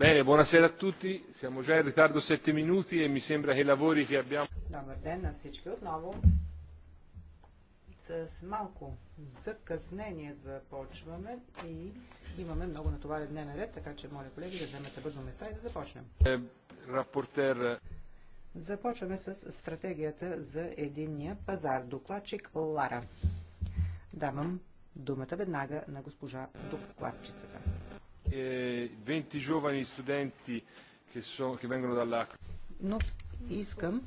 Bene, buonasera a tutti. Siamo già in ritardo 7 minuti e mi sembra che i lavori che abbiamo... Добър ден на всички отново. С малко закъснение започваме и имаме много натоварен дневен ред, така че моля колеги да вземете бързо места и да започнем. Е, рапортер... Започваме с стратегията за единния пазар. Докладчик Лара. Давам думата веднага на госпожа докладчицата eh, 20 giovani studenti che, so, che vengono Но искам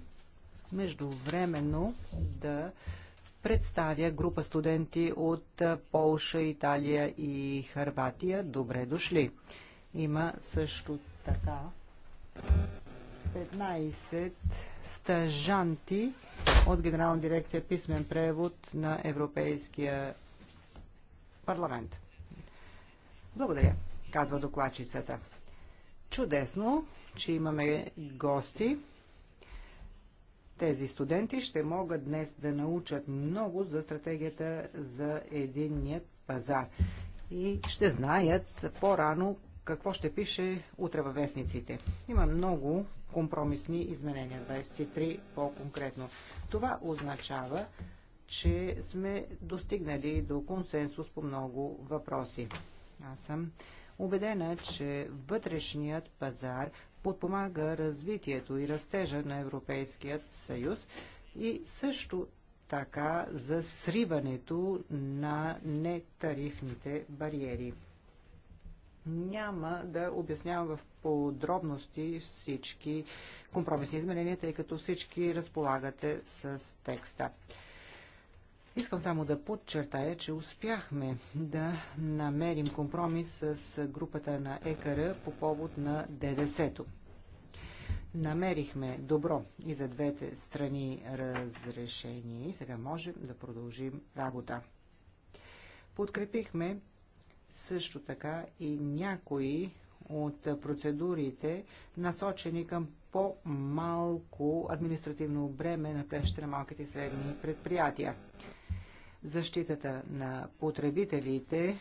междувременно да представя група студенти от Полша, Италия и Харватия. Добре дошли! Има също така 15 стажанти от Генерална дирекция Писмен превод на Европейския парламент. Благодаря казва докладчицата. Чудесно, че имаме гости. Тези студенти ще могат днес да научат много за стратегията за единният пазар и ще знаят по-рано какво ще пише утре във вестниците. Има много компромисни изменения, 23 по-конкретно. Това означава, че сме достигнали до консенсус по много въпроси. Аз съм Убедена, че вътрешният пазар подпомага развитието и растежа на Европейският съюз и също така за сриването на нетарифните бариери. Няма да обяснявам в подробности всички компромисни изменения, тъй като всички разполагате с текста. Искам само да подчертая, че успяхме да намерим компромис с групата на ЕКР по повод на ДДС-то. Намерихме добро и за двете страни разрешение и сега можем да продължим работа. Подкрепихме също така и някои от процедурите, насочени към по-малко административно бреме на плещите на малките и средни предприятия. Защитата на потребителите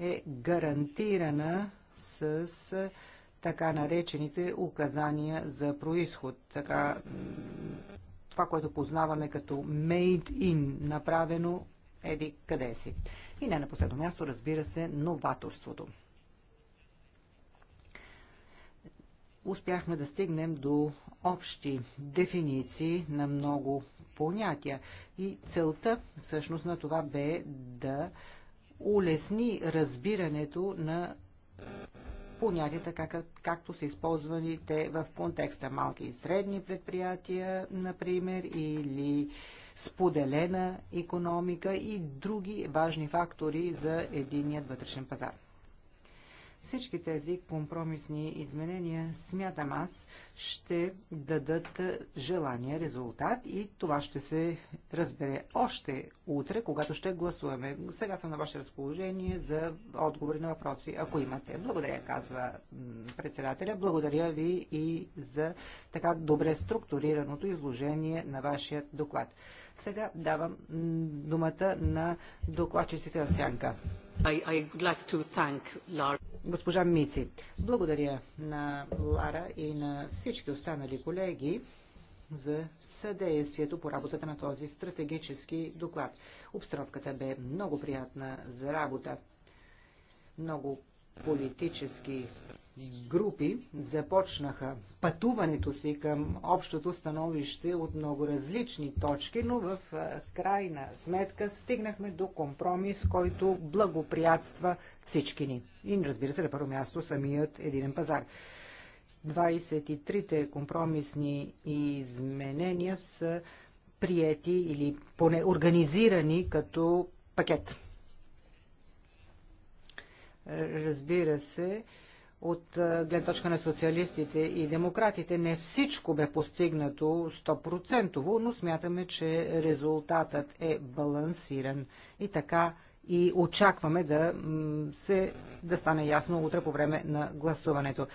е гарантирана с така наречените указания за происход. Така, това, което познаваме като made in, направено еди къде си. И не на последно място, разбира се, новаторството. Успяхме да стигнем до общи дефиниции на много понятия. И целта всъщност на това бе да улесни разбирането на понятията, как, както са използвани те в контекста малки и средни предприятия, например, или споделена економика и други важни фактори за единият вътрешен пазар. Всички тези компромисни изменения, смятам аз, ще дадат желания резултат и това ще се разбере още утре, когато ще гласуваме. Сега съм на ваше разположение за отговори на въпроси, ако имате. Благодаря, казва председателя. Благодаря ви и за така добре структурираното изложение на вашия доклад. Сега давам думата на докладчиците на сянка. Like Госпожа Мици, благодаря на Лара и на всички останали колеги за съдействието по работата на този стратегически доклад. Обстановката бе много приятна за работа. Много политически групи започнаха пътуването си към общото становище от много различни точки, но в крайна сметка стигнахме до компромис, който благоприятства всички ни. И разбира се, на първо място самият единен пазар. 23-те компромисни изменения са приети или поне организирани като пакет. Разбира се, от гледна точка на социалистите и демократите не всичко бе постигнато 100%, но смятаме, че резултатът е балансиран и така и очакваме да, се, да стане ясно утре по време на гласуването.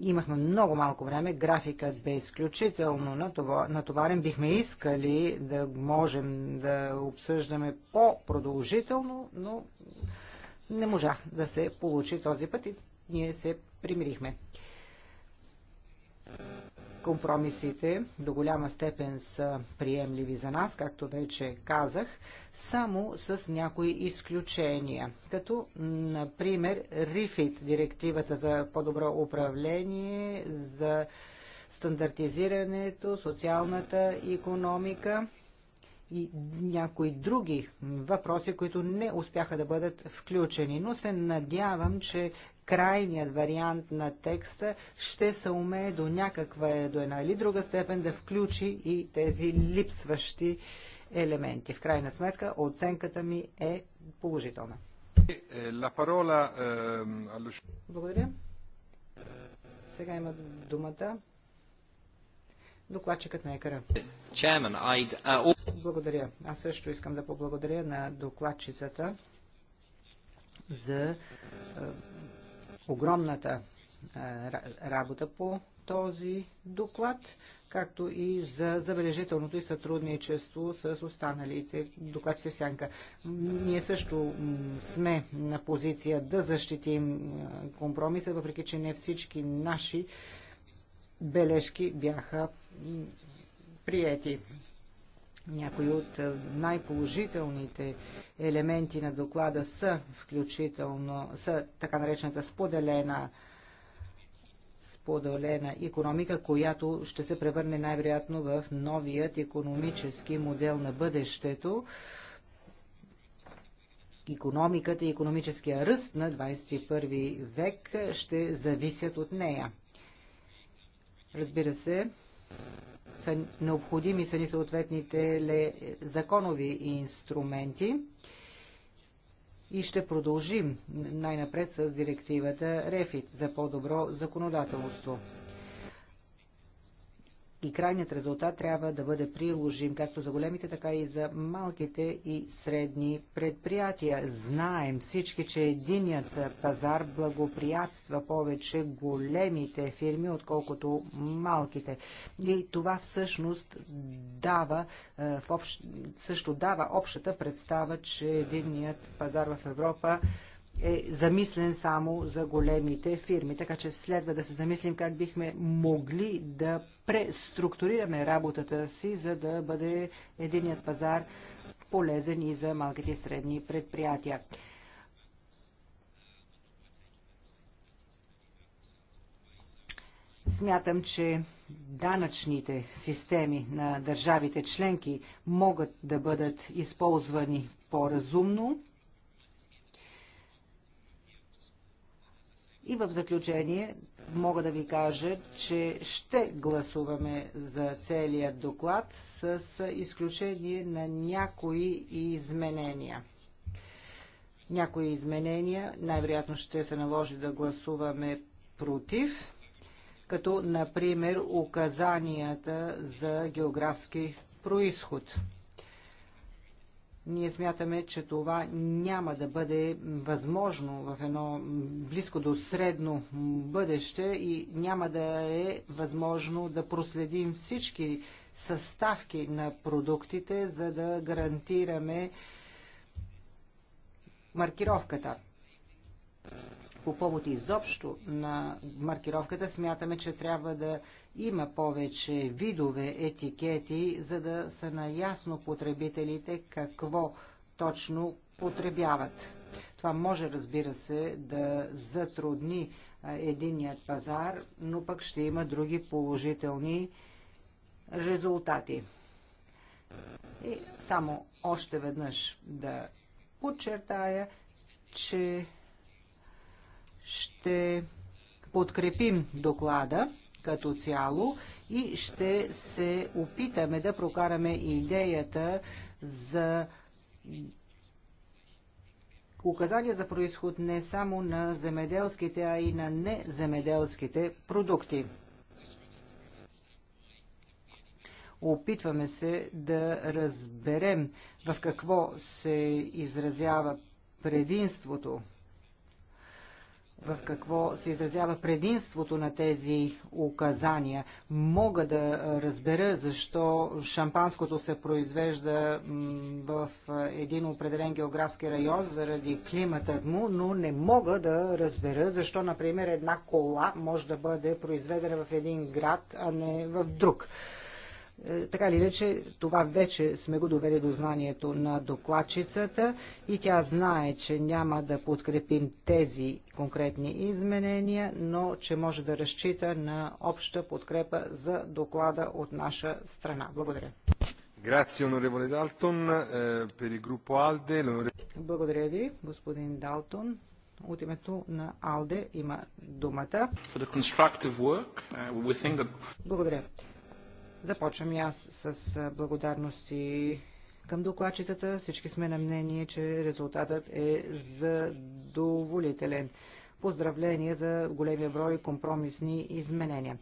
Имахме много малко време, графикът бе изключително натоварен. Бихме искали да можем да обсъждаме по-продължително, но не можа да се получи този път и ние се примирихме. Компромисите до голяма степен са приемливи за нас, както вече казах, само с някои изключения, като например РИФИТ, директивата за по-добро управление, за стандартизирането, социалната економика – и някои други въпроси, които не успяха да бъдат включени. Но се надявам, че крайният вариант на текста ще се умее до някаква, до една или друга степен да включи и тези липсващи елементи. В крайна сметка оценката ми е положителна. Ehm, Благодаря. Сега има думата докладчикът на екара. Uh, Благодаря. Аз също искам да поблагодаря на докладчицата за е, огромната е, работа по този доклад, както и за забележителното и сътрудничество с останалите докладчици в сянка. Ние също сме на позиция да защитим е, компромиса, въпреки че не всички наши бележки бяха приети. Някои от най-положителните елементи на доклада са включително, са така наречената споделена споделена економика, която ще се превърне най-вероятно в новият економически модел на бъдещето. Економиката и економическия ръст на 21 век ще зависят от нея. Разбира се, са необходими са ни съответните ле, законови инструменти и ще продължим най-напред с директивата РЕФИТ за по-добро законодателство и крайният резултат трябва да бъде приложим както за големите, така и за малките и средни предприятия. Знаем всички, че единият пазар благоприятства повече големите фирми, отколкото малките. И това всъщност дава, е, също дава общата представа, че единият пазар в Европа е замислен само за големите фирми. Така че следва да се замислим как бихме могли да преструктурираме работата си, за да бъде единият пазар полезен и за малките и средни предприятия. Смятам, че данъчните системи на държавите членки могат да бъдат използвани по-разумно И в заключение мога да ви кажа, че ще гласуваме за целият доклад с изключение на някои изменения. Някои изменения най-вероятно ще се наложи да гласуваме против, като например указанията за географски происход. Ние смятаме, че това няма да бъде възможно в едно близко до средно бъдеще и няма да е възможно да проследим всички съставки на продуктите, за да гарантираме маркировката. По повод изобщо на маркировката смятаме, че трябва да има повече видове етикети, за да са наясно потребителите какво точно потребяват. Това може, разбира се, да затрудни единният пазар, но пък ще има други положителни резултати. И само още веднъж да подчертая, че ще подкрепим доклада като цяло и ще се опитаме да прокараме идеята за указания за происход не само на земеделските, а и на неземеделските продукти. Опитваме се да разберем в какво се изразява предимството в какво се изразява предимството на тези указания. Мога да разбера защо шампанското се произвежда в един определен географски район заради климата му, но не мога да разбера защо, например, една кола може да бъде произведена в един град, а не в друг. Е, така или иначе, това вече сме го довели до знанието на докладчицата и тя знае, че няма да подкрепим тези конкретни изменения, но че може да разчита на обща подкрепа за доклада от наша страна. Благодаря. Е, Благодаря ви, господин Далтон. От името на Алде има думата. Uh, that... Благодаря. Започвам и аз с благодарности към докладчицата. Всички сме на мнение, че резултатът е задоволителен. Поздравление за големия брой компромисни изменения.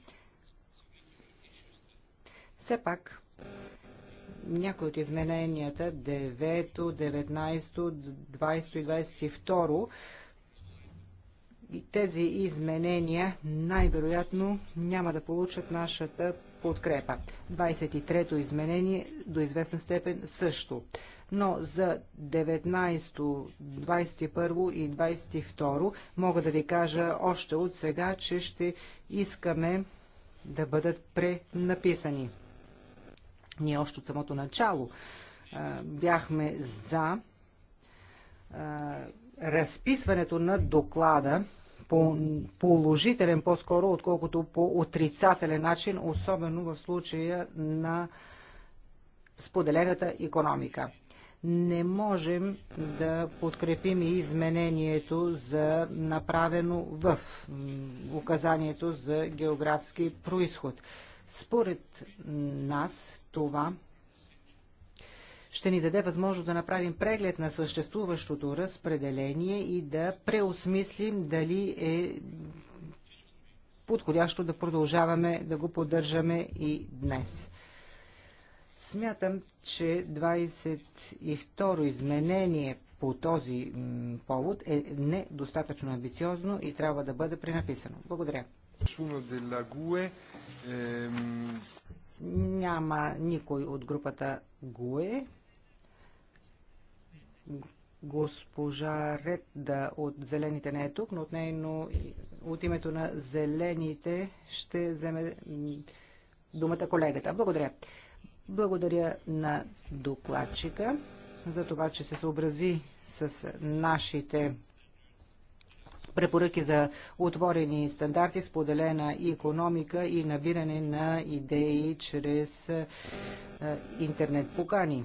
Все пак, някои от измененията, 9, 19, 20 и 22, тези изменения най-вероятно няма да получат нашата подкрепа. 23-то изменение до известна степен също. Но за 19-то, 21 то и 22 то мога да ви кажа още от сега, че ще искаме да бъдат пренаписани. Ние още от самото начало а, бяхме за а, разписването на доклада по положителен по-скоро, отколкото по отрицателен начин, особено в случая на споделената економика. Не можем да подкрепим и изменението за направено в указанието за географски происход. Според нас това ще ни даде възможност да направим преглед на съществуващото разпределение и да преосмислим дали е подходящо да продължаваме да го поддържаме и днес. Смятам, че 22 изменение по този повод е недостатъчно амбициозно и трябва да бъде пренаписано. Благодаря. E, ehm, Няма никой от групата ГУЕ госпожа Редда от Зелените не е тук, но от нейно от името на Зелените ще вземе думата колегата. Благодаря. Благодаря на докладчика за това, че се съобрази с нашите препоръки за отворени стандарти, споделена и економика и набиране на идеи чрез е, интернет покани.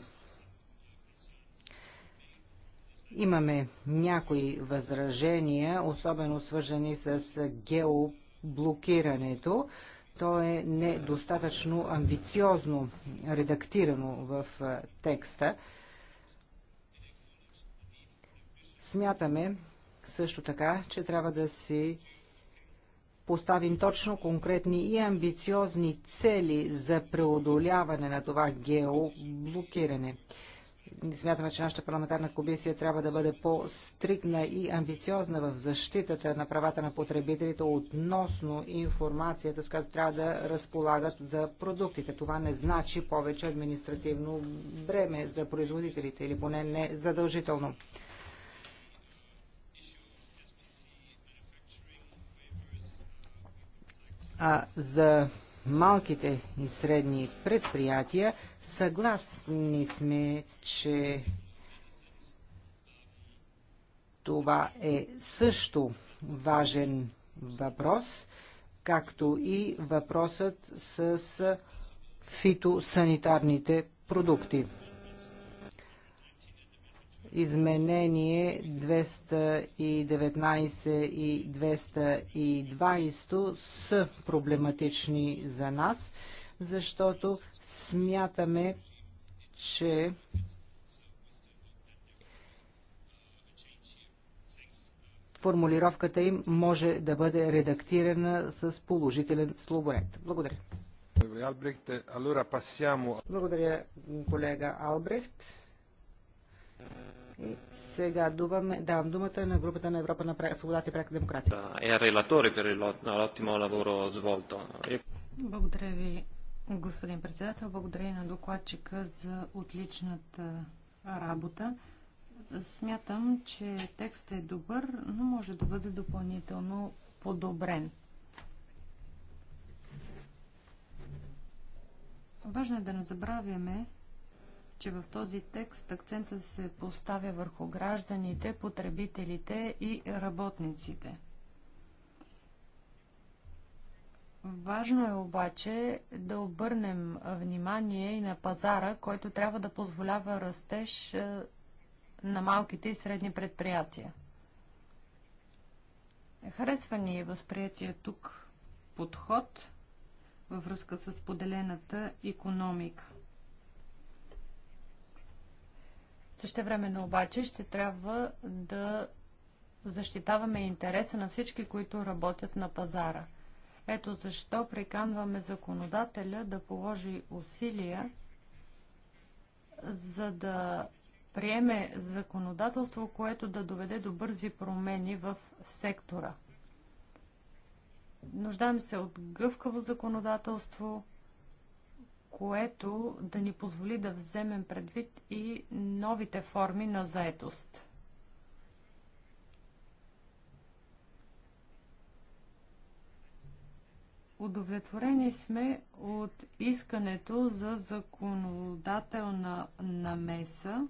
Имаме някои възражения, особено свържени с геоблокирането. То е недостатъчно амбициозно редактирано в текста. Смятаме също така, че трябва да си поставим точно конкретни и амбициозни цели за преодоляване на това геоблокиране. Смятаме, че нашата парламентарна комисия трябва да бъде по-стрикна и амбициозна в защитата на правата на потребителите относно информацията, с която трябва да разполагат за продуктите. Това не значи повече административно бреме за производителите или поне не задължително. А за малките и средни предприятия Съгласни сме, че това е също важен въпрос, както и въпросът с фитосанитарните продукти. Изменение 219 и 220 са проблематични за нас, защото Смятаме, че формулировката им може да бъде редактирана с положителен словоред. Благодаря. Благодаря, колега Албрехт. И сега дуваме, давам думата на групата на Европа на свободата и пряка демокрация. Е, е е Благодаря ви, Господин председател, благодаря на докладчика за отличната работа. Смятам, че текстът е добър, но може да бъде допълнително подобрен. Важно е да не забравяме, че в този текст акцента се поставя върху гражданите, потребителите и работниците – Важно е обаче да обърнем внимание и на пазара, който трябва да позволява растеж е, на малките и средни предприятия. Харесва ни е възприятие тук подход във връзка с поделената економика. Същевременно обаче ще трябва да защитаваме интереса на всички, които работят на пазара. Ето защо приканваме законодателя да положи усилия, за да приеме законодателство, което да доведе до бързи промени в сектора. Нуждаем се от гъвкаво законодателство, което да ни позволи да вземем предвид и новите форми на заетост. Удовлетворени сме от искането за законодателна намеса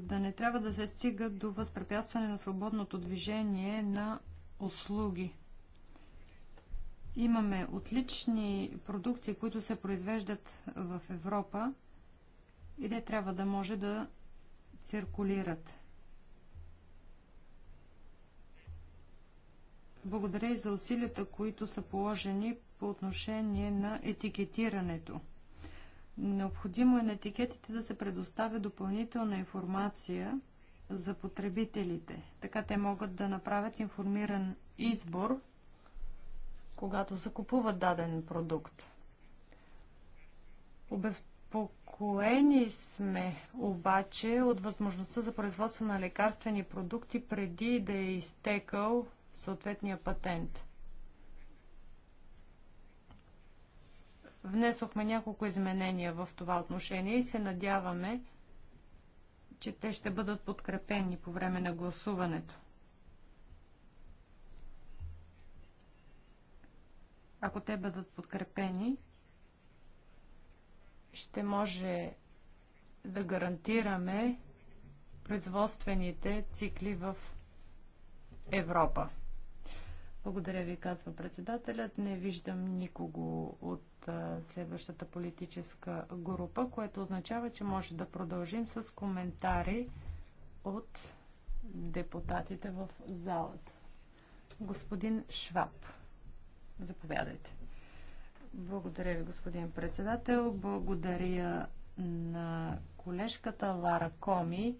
да не трябва да се стига до възпрепятстване на свободното движение на услуги. Имаме отлични продукти, които се произвеждат в Европа и те трябва да може да циркулират. Благодаря и за усилията, които са положени по отношение на етикетирането. Необходимо е на етикетите да се предоставя допълнителна информация за потребителите. Така те могат да направят информиран избор, когато закупуват даден продукт. Обезпокоени сме обаче от възможността за производство на лекарствени продукти преди да е изтекал съответния патент. Внесохме няколко изменения в това отношение и се надяваме, че те ще бъдат подкрепени по време на гласуването. Ако те бъдат подкрепени, ще може да гарантираме производствените цикли в Европа. Благодаря ви, казва председателят. Не виждам никого от следващата политическа група, което означава, че може да продължим с коментари от депутатите в залата. Господин Шваб, заповядайте. Благодаря ви, господин председател. Благодаря на колежката Лара Коми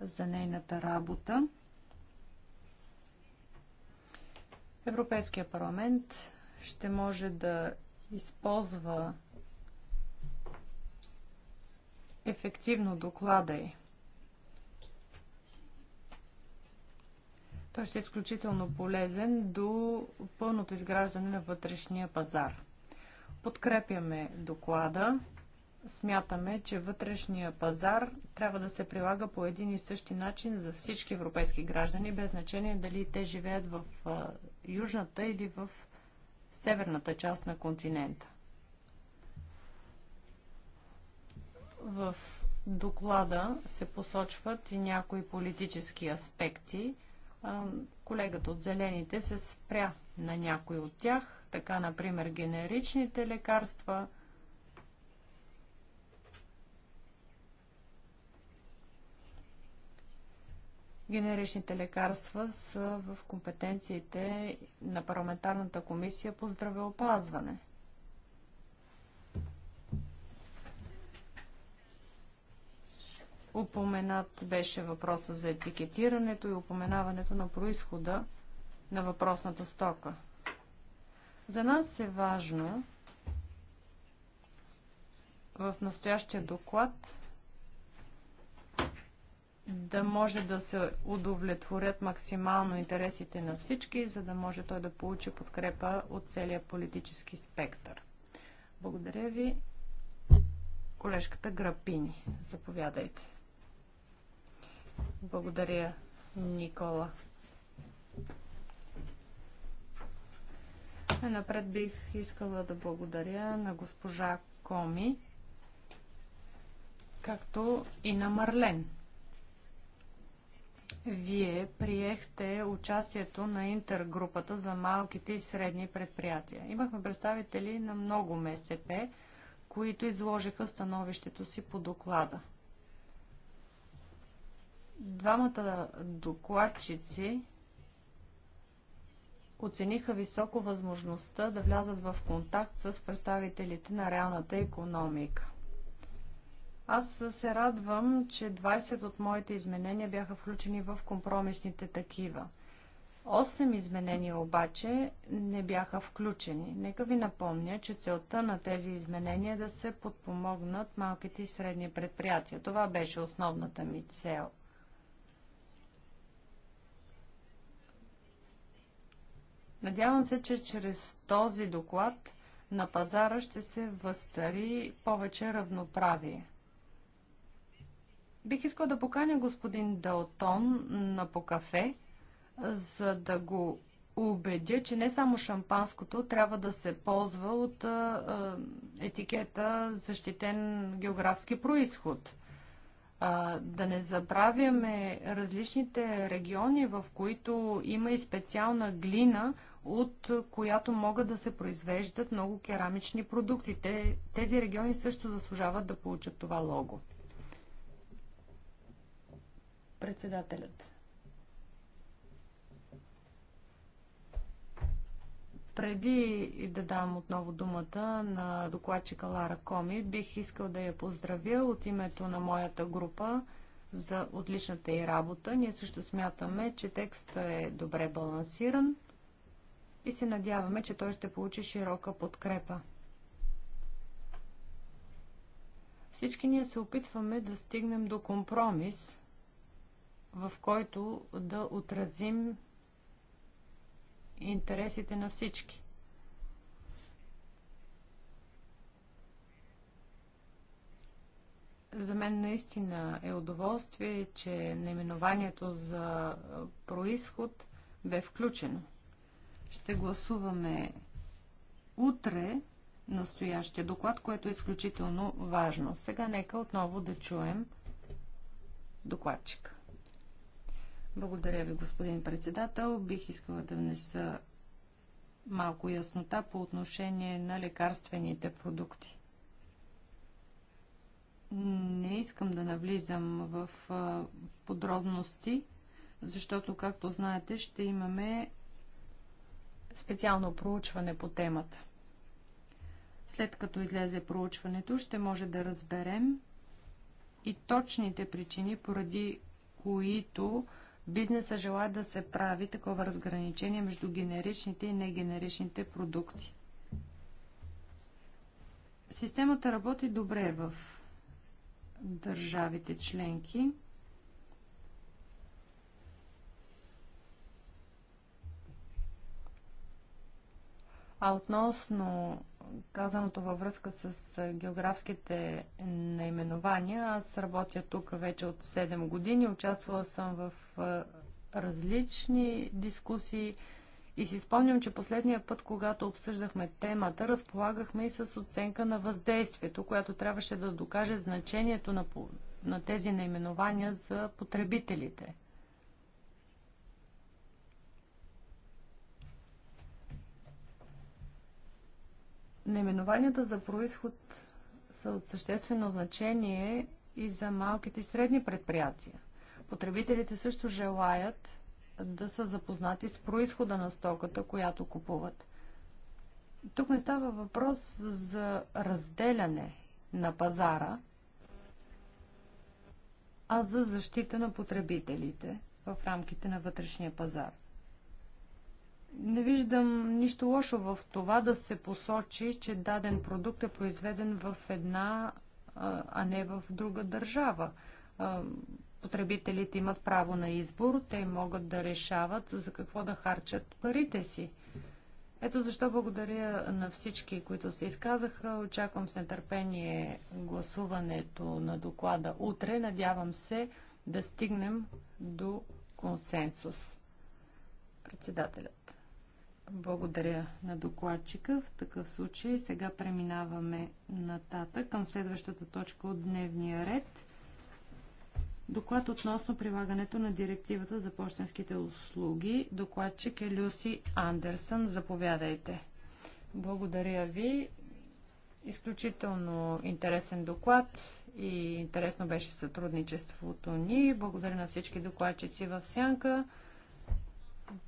за нейната работа. Европейския парламент ще може да използва ефективно доклада й. Той ще е изключително полезен до пълното изграждане на вътрешния пазар. Подкрепяме доклада. Смятаме, че вътрешния пазар трябва да се прилага по един и същи начин за всички европейски граждани, без значение дали те живеят в южната или в северната част на континента. В доклада се посочват и някои политически аспекти. Колегата от Зелените се спря на някой от тях така, например, генеричните лекарства. Генеричните лекарства са в компетенциите на парламентарната комисия по здравеопазване. Упоменат беше въпроса за етикетирането и упоменаването на происхода на въпросната стока. За нас е важно в настоящия доклад да може да се удовлетворят максимално интересите на всички, за да може той да получи подкрепа от целия политически спектър. Благодаря ви. Колежката Грапини, заповядайте. Благодаря, Никола. напред бих искала да благодаря на госпожа Коми, както и на Марлен. Вие приехте участието на интергрупата за малките и средни предприятия. Имахме представители на много МСП, които изложиха становището си по доклада. Двамата докладчици оцениха високо възможността да влязат в контакт с представителите на реалната економика. Аз се радвам, че 20 от моите изменения бяха включени в компромисните такива. 8 изменения обаче не бяха включени. Нека ви напомня, че целта на тези изменения е да се подпомогнат малките и средни предприятия. Това беше основната ми цел – Надявам се, че чрез този доклад на пазара ще се възцари повече равноправие. Бих искал да поканя господин Далтон на покафе, за да го убедя, че не само шампанското трябва да се ползва от а, етикета защитен географски происход. А, да не забравяме различните региони, в които има и специална глина, от която могат да се произвеждат много керамични продукти. Те, тези региони също заслужават да получат това лого. Председателят. Преди да дам отново думата на докладчика Лара Коми, бих искал да я поздравя от името на моята група за отличната й работа. Ние също смятаме, че текстът е добре балансиран и се надяваме, че той ще получи широка подкрепа. Всички ние се опитваме да стигнем до компромис, в който да отразим интересите на всички. За мен наистина е удоволствие, че наименованието за происход бе включено. Ще гласуваме утре настоящия доклад, което е изключително важно. Сега нека отново да чуем докладчика. Благодаря ви, господин председател. Бих искала да внеса малко яснота по отношение на лекарствените продукти. Не искам да навлизам в подробности, защото, както знаете, ще имаме специално проучване по темата. След като излезе проучването, ще може да разберем и точните причини, поради които бизнеса желая да се прави такова разграничение между генеричните и негенеричните продукти. Системата работи добре в държавите членки. А относно казаното във връзка с географските наименования, аз работя тук вече от 7 години, участвала съм в различни дискусии и си спомням, че последния път, когато обсъждахме темата, разполагахме и с оценка на въздействието, която трябваше да докаже значението на, на тези наименования за потребителите – Наименованията за происход са от съществено значение и за малките и средни предприятия. Потребителите също желаят да са запознати с происхода на стоката, която купуват. Тук не става въпрос за разделяне на пазара, а за защита на потребителите в рамките на вътрешния пазар. Не виждам нищо лошо в това да се посочи, че даден продукт е произведен в една, а не в друга държава. Потребителите имат право на избор, те могат да решават за какво да харчат парите си. Ето защо благодаря на всички, които се изказаха. Очаквам с нетърпение гласуването на доклада утре. Надявам се да стигнем до консенсус. Председателят. Благодаря на докладчика. В такъв случай сега преминаваме нататък към следващата точка от дневния ред. Доклад относно прилагането на директивата за почтенските услуги. Докладчик е Люси Андерсън. Заповядайте. Благодаря ви. Изключително интересен доклад и интересно беше сътрудничеството ни. Благодаря на всички докладчици в Сянка.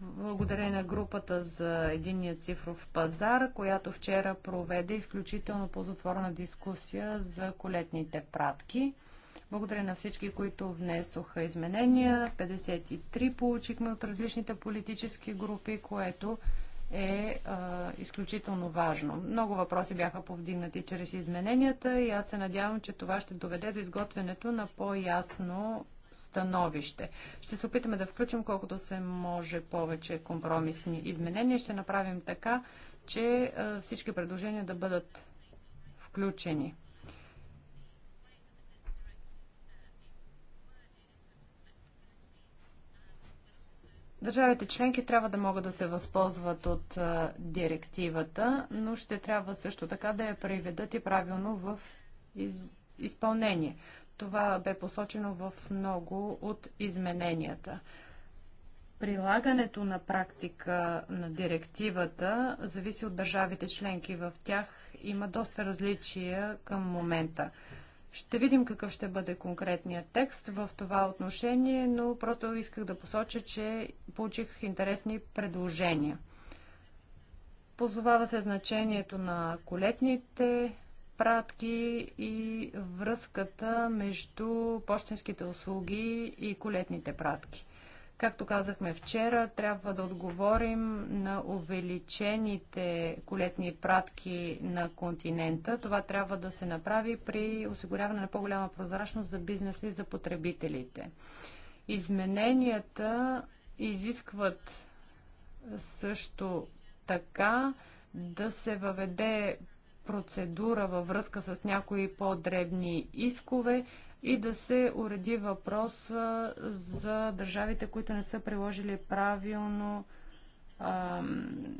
Благодаря на групата за единния цифров пазар, която вчера проведе изключително ползотворна дискусия за колетните пратки. Благодаря на всички, които внесоха изменения. 53 получихме от различните политически групи, което е а, изключително важно. Много въпроси бяха повдигнати чрез измененията и аз се надявам, че това ще доведе до изготвянето на по-ясно становище. Ще се опитаме да включим колкото се може повече компромисни изменения. Ще направим така, че всички предложения да бъдат включени. Държавите членки трябва да могат да се възползват от директивата, но ще трябва също така да я приведат и правилно в изпълнение. Това бе посочено в много от измененията. Прилагането на практика на директивата зависи от държавите членки. В тях има доста различия към момента. Ще видим какъв ще бъде конкретният текст в това отношение, но просто исках да посоча, че получих интересни предложения. Позовава се значението на колетните пратки и връзката между почтенските услуги и колетните пратки. Както казахме вчера, трябва да отговорим на увеличените колетни пратки на континента. Това трябва да се направи при осигуряване на по-голяма прозрачност за бизнеса и за потребителите. Измененията изискват също така да се въведе процедура във връзка с някои по-дребни искове и да се уреди въпрос за държавите, които не са приложили правилно а,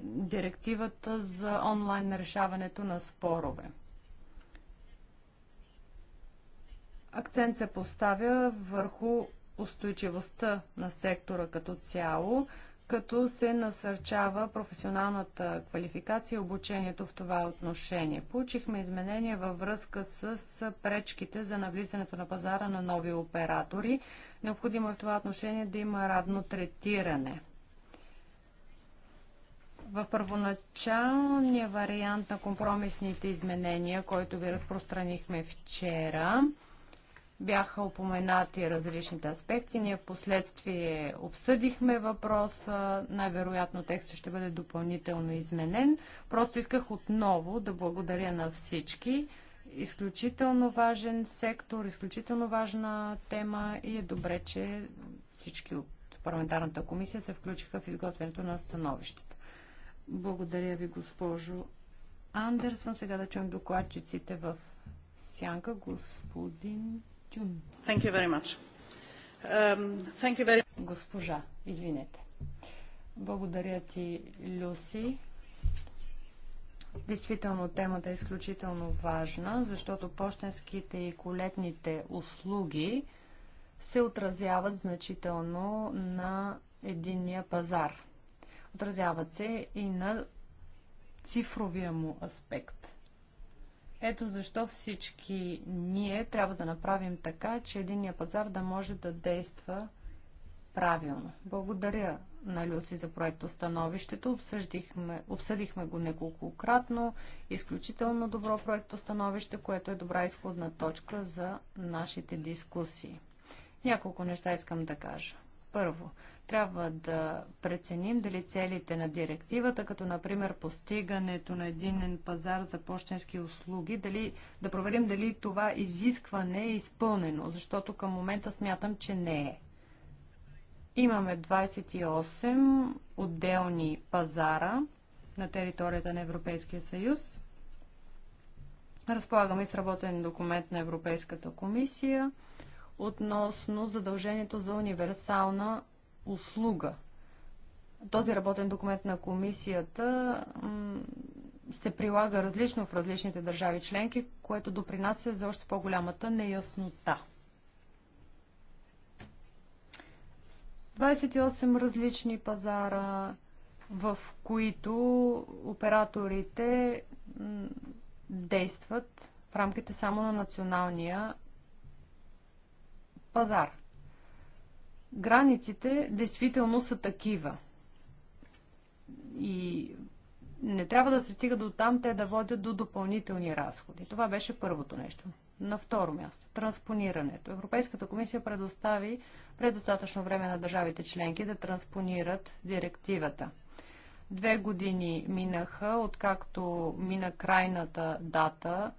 директивата за онлайн решаването на спорове. Акцент се поставя върху устойчивостта на сектора като цяло като се насърчава професионалната квалификация и обучението в това отношение. Получихме изменения във връзка с пречките за навлизането на пазара на нови оператори. Необходимо е в това отношение да има равно третиране. В първоначалния вариант на компромисните изменения, който ви разпространихме вчера, бяха упоменати различните аспекти. Ние в последствие обсъдихме въпроса. Най-вероятно текстът ще бъде допълнително изменен. Просто исках отново да благодаря на всички. Изключително важен сектор, изключително важна тема и е добре, че всички от парламентарната комисия се включиха в изготвянето на становището. Благодаря ви, госпожо Андерсън. Сега да чуем докладчиците в сянка. Господин Um, Госпожа, извинете. Благодаря ти, Люси. Действително темата е изключително важна, защото почтенските и колетните услуги се отразяват значително на единния пазар. Отразяват се и на цифровия му аспект – ето защо всички ние трябва да направим така, че единния пазар да може да действа правилно. Благодаря на Люси за проекто становището. Обсъждихме, обсъдихме го неколкократно. Изключително добро проекто становище, което е добра изходна точка за нашите дискусии. Няколко неща искам да кажа. Първо, трябва да преценим дали целите на директивата, като например постигането на единен пазар за почтенски услуги, дали, да проверим дали това изискване е изпълнено, защото към момента смятам, че не е. Имаме 28 отделни пазара на територията на Европейския съюз. Разполагаме изработен документ на Европейската комисия – относно задължението за универсална услуга. Този работен документ на комисията се прилага различно в различните държави членки, което допринася за още по-голямата неяснота. 28 различни пазара, в които операторите действат в рамките само на националния пазар. Границите действително са такива. И не трябва да се стига до там те да водят до допълнителни разходи. Това беше първото нещо. На второ място, транспонирането. Европейската комисия предостави предостатъчно време на държавите членки да транспонират директивата. Две години минаха, откакто мина крайната дата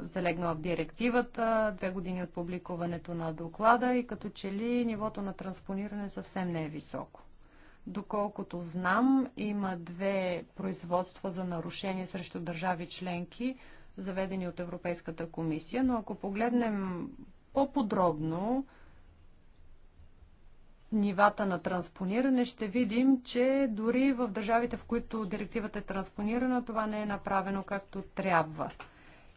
залегнала в директивата, две години от публикуването на доклада и като че ли нивото на транспониране е съвсем не е високо. Доколкото знам, има две производства за нарушение срещу държави членки, заведени от Европейската комисия, но ако погледнем по-подробно нивата на транспониране, ще видим, че дори в държавите, в които директивата е транспонирана, това не е направено както трябва.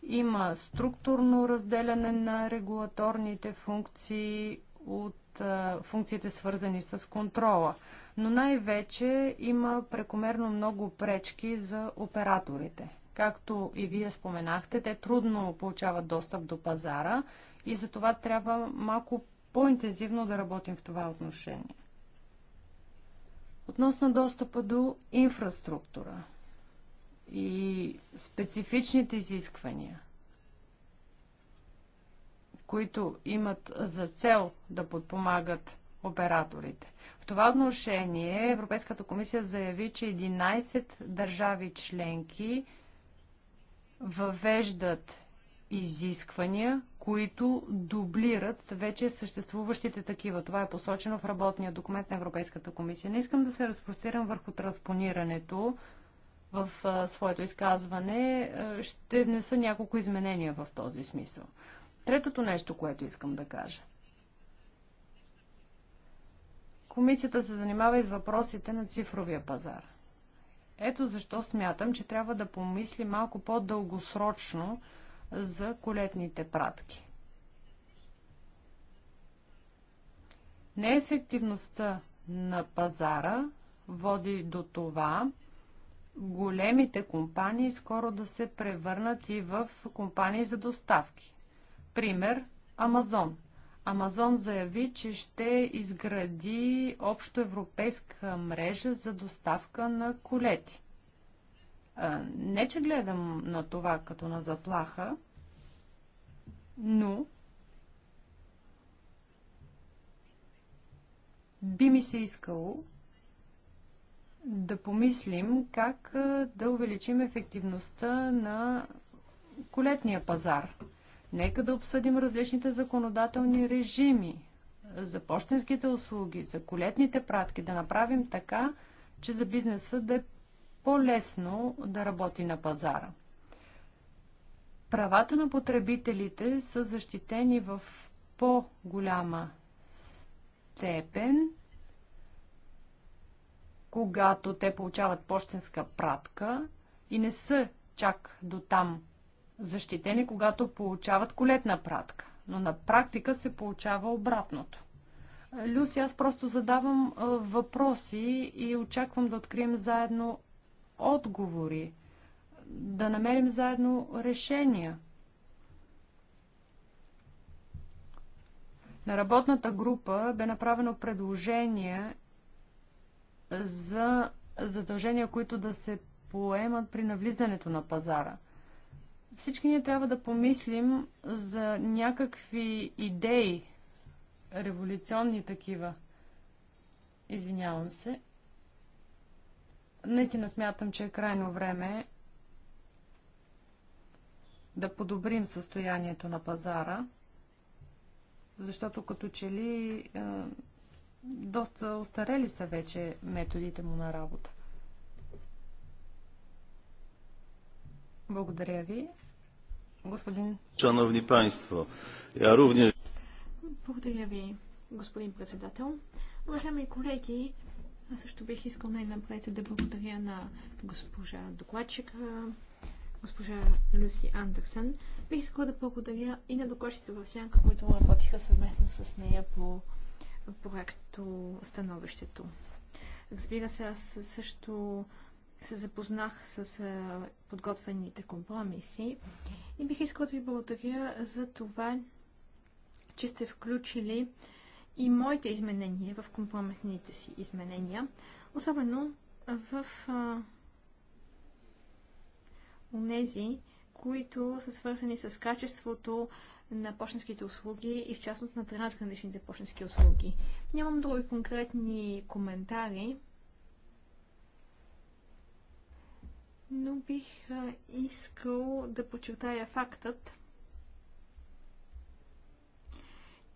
Има структурно разделяне на регулаторните функции от а, функциите свързани с контрола. Но най-вече има прекомерно много пречки за операторите. Както и вие споменахте, те трудно получават достъп до пазара и за това трябва малко по-интензивно да работим в това отношение. Относно достъпа до инфраструктура и специфичните изисквания, които имат за цел да подпомагат операторите. В това отношение Европейската комисия заяви, че 11 държави членки въвеждат изисквания, които дублират вече съществуващите такива. Това е посочено в работния документ на Европейската комисия. Не искам да се разпростирам върху транспонирането, в своето изказване, ще внеса няколко изменения в този смисъл. Третото нещо, което искам да кажа. Комисията се занимава и с въпросите на цифровия пазар. Ето защо смятам, че трябва да помисли малко по-дългосрочно за колетните пратки. Неефективността на пазара води до това, големите компании скоро да се превърнат и в компании за доставки. Пример Амазон. Амазон заяви, че ще изгради общо европейска мрежа за доставка на колети. Не, че гледам на това като на заплаха, но би ми се искало да помислим как да увеличим ефективността на колетния пазар. Нека да обсъдим различните законодателни режими за почтенските услуги, за колетните пратки, да направим така, че за бизнеса да е по-лесно да работи на пазара. Правата на потребителите са защитени в по-голяма степен – когато те получават почтенска пратка и не са чак до там защитени, когато получават колетна пратка. Но на практика се получава обратното. Люси, аз просто задавам въпроси и очаквам да открием заедно отговори, да намерим заедно решения. На работната група бе направено предложение за задължения, които да се поемат при навлизането на пазара. Всички ние трябва да помислим за някакви идеи, революционни такива. Извинявам се. Наистина смятам, че е крайно време да подобрим състоянието на пазара, защото като че ли е, доста устарели са вече методите му на работа. Благодаря ви. Господин... Шановни панство, я również... Благодаря ви, господин председател. Уважаеми колеги, аз също бих искал най-напред да благодаря на госпожа докладчика, госпожа Люси Андерсен. Бих искала да благодаря и на докладчите в Сянка, които работиха съвместно с нея по проекто становището. Разбира се, аз също се запознах с подготвените компромиси и бих искала да ви благодаря за това, че сте включили и моите изменения в компромисните си изменения, особено в унези, които са свързани с качеството на почтенските услуги и в частност на трансграничните почтенски услуги. Нямам други конкретни коментари, но бих искал да подчертая фактът,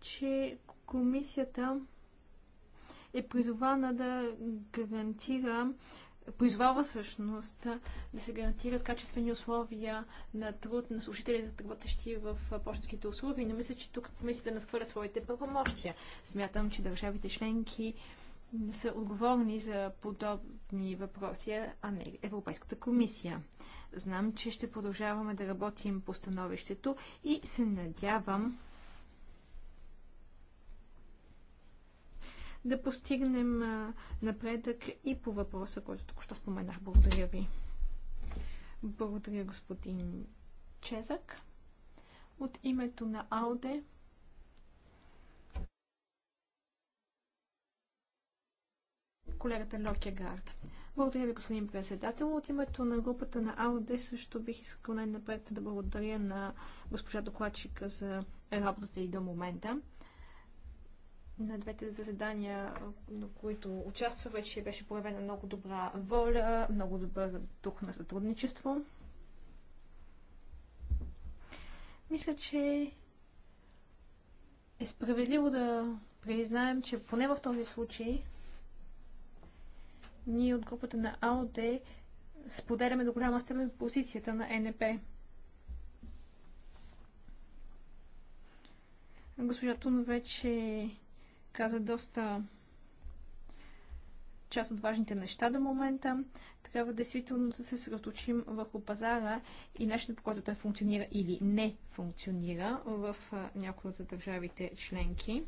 че комисията е призована да гарантира призвава всъщност да се гарантират качествени условия на труд на служителите, работещи в почтенските услуги. Не мисля, че тук комисията надхвърля своите правомощия. Смятам, че държавите членки са отговорни за подобни въпроси, а не Европейската комисия. Знам, че ще продължаваме да работим по становището и се надявам да постигнем напредък и по въпроса, който току-що споменах. Благодаря ви. Благодаря, господин Чезък. От името на Ауде. Колегата Локегард. Благодаря ви, господин председател. От името на групата на АОД също бих искал най-напред да благодаря на госпожа докладчика за работата и до момента на двете заседания, на които участва, вече беше проявена много добра воля, много добър дух на сътрудничество. Мисля, че е справедливо да признаем, че поне в този случай ние от групата на АОД споделяме до голяма степен позицията на НП. Госпожа Тун вече каза доста част от важните неща до момента. Трябва действително да се съсредоточим върху пазара и начинът по който той функционира или не функционира в някои от държавите членки.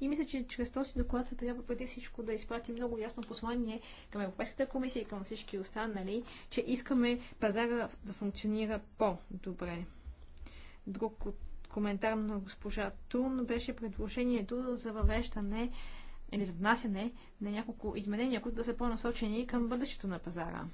И мисля, че чрез този доклад трябва преди всичко да изпрати много ясно послание към Европейската комисия и към всички останали, че искаме пазара да функционира по-добре. Друг от коментар на госпожа Тун беше предложението за въвеждане или за внасяне на няколко изменения, които да са по-насочени към бъдещето на пазара.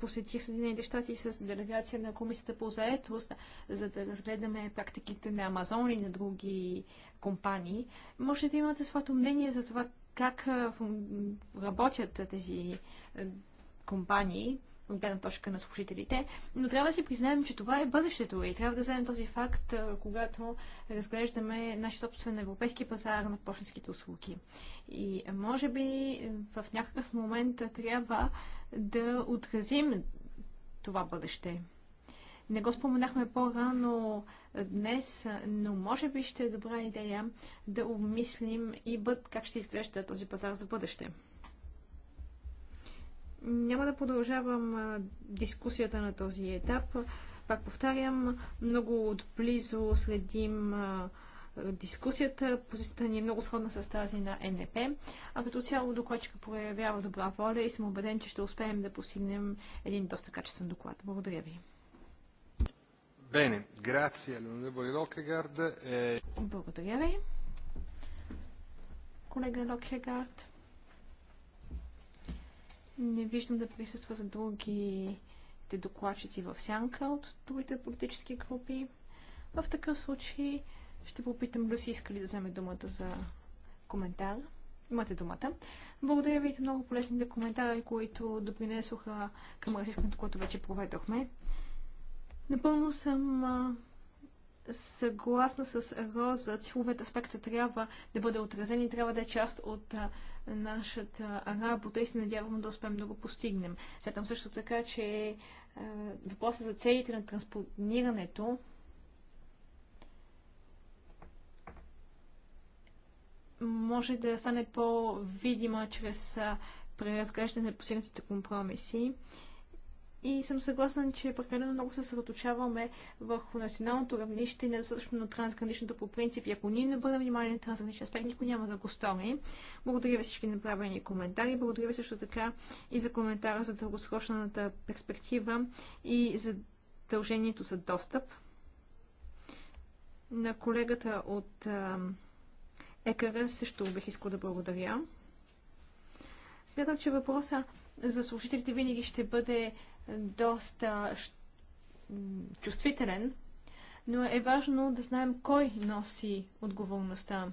посетих Съединените щати с делегация на Комисията по заетост, за да разгледаме практиките на Амазон и на други компании. Може да имате своето мнение за това как работят тези компании от гледна точка на служителите, но трябва да си признаем, че това е бъдещето и трябва да вземем този факт, когато разглеждаме нашия собствен европейски пазар на почтенските услуги. И може би в някакъв момент трябва да отразим това бъдеще. Не го споменахме по-рано днес, но може би ще е добра идея да обмислим и бъд как ще изглежда този пазар за бъдеще. Няма да продължавам дискусията на този етап. Пак повтарям, много отблизо следим дискусията. Позицията ни е много сходна с тази на НП. А като цяло докладчика проявява добра воля и съм убеден, че ще успеем да постигнем един доста качествен доклад. Благодаря ви. Bene, grazie all'onorevole Lockegaard. Е- Благодаря ви, колега Локегард, не виждам да присъстват другите докладчици в сянка от другите политически групи. В такъв случай ще попитам Люси иска ли да вземе думата за коментар. Имате думата. Благодаря ви за много полезните коментари, които допринесоха към разискването, което вече проведохме. Напълно съм съгласна с Роза. Цифровият аспект трябва да бъде отразен и трябва да е част от нашата работа и се надявам да успеем да го постигнем. Сетам също така, че въпросът за целите на транспонирането може да стане по-видима чрез преразглеждане на постигнатите компромиси и съм съгласен, че прекалено много се съсредоточаваме върху националното равнище и недостатъчно на трансграничното по принцип. И ако ние не бъдем внимание на трансграничен аспект, никой няма да го стори. Благодаря ви всички направени коментари. Благодаря ви също така и за коментара за дългосрочната перспектива и за дължението за достъп на колегата от ЕКР също бих искал да благодаря. Смятам, че въпроса за служителите винаги ще бъде доста чувствителен, но е важно да знаем кой носи отговорността.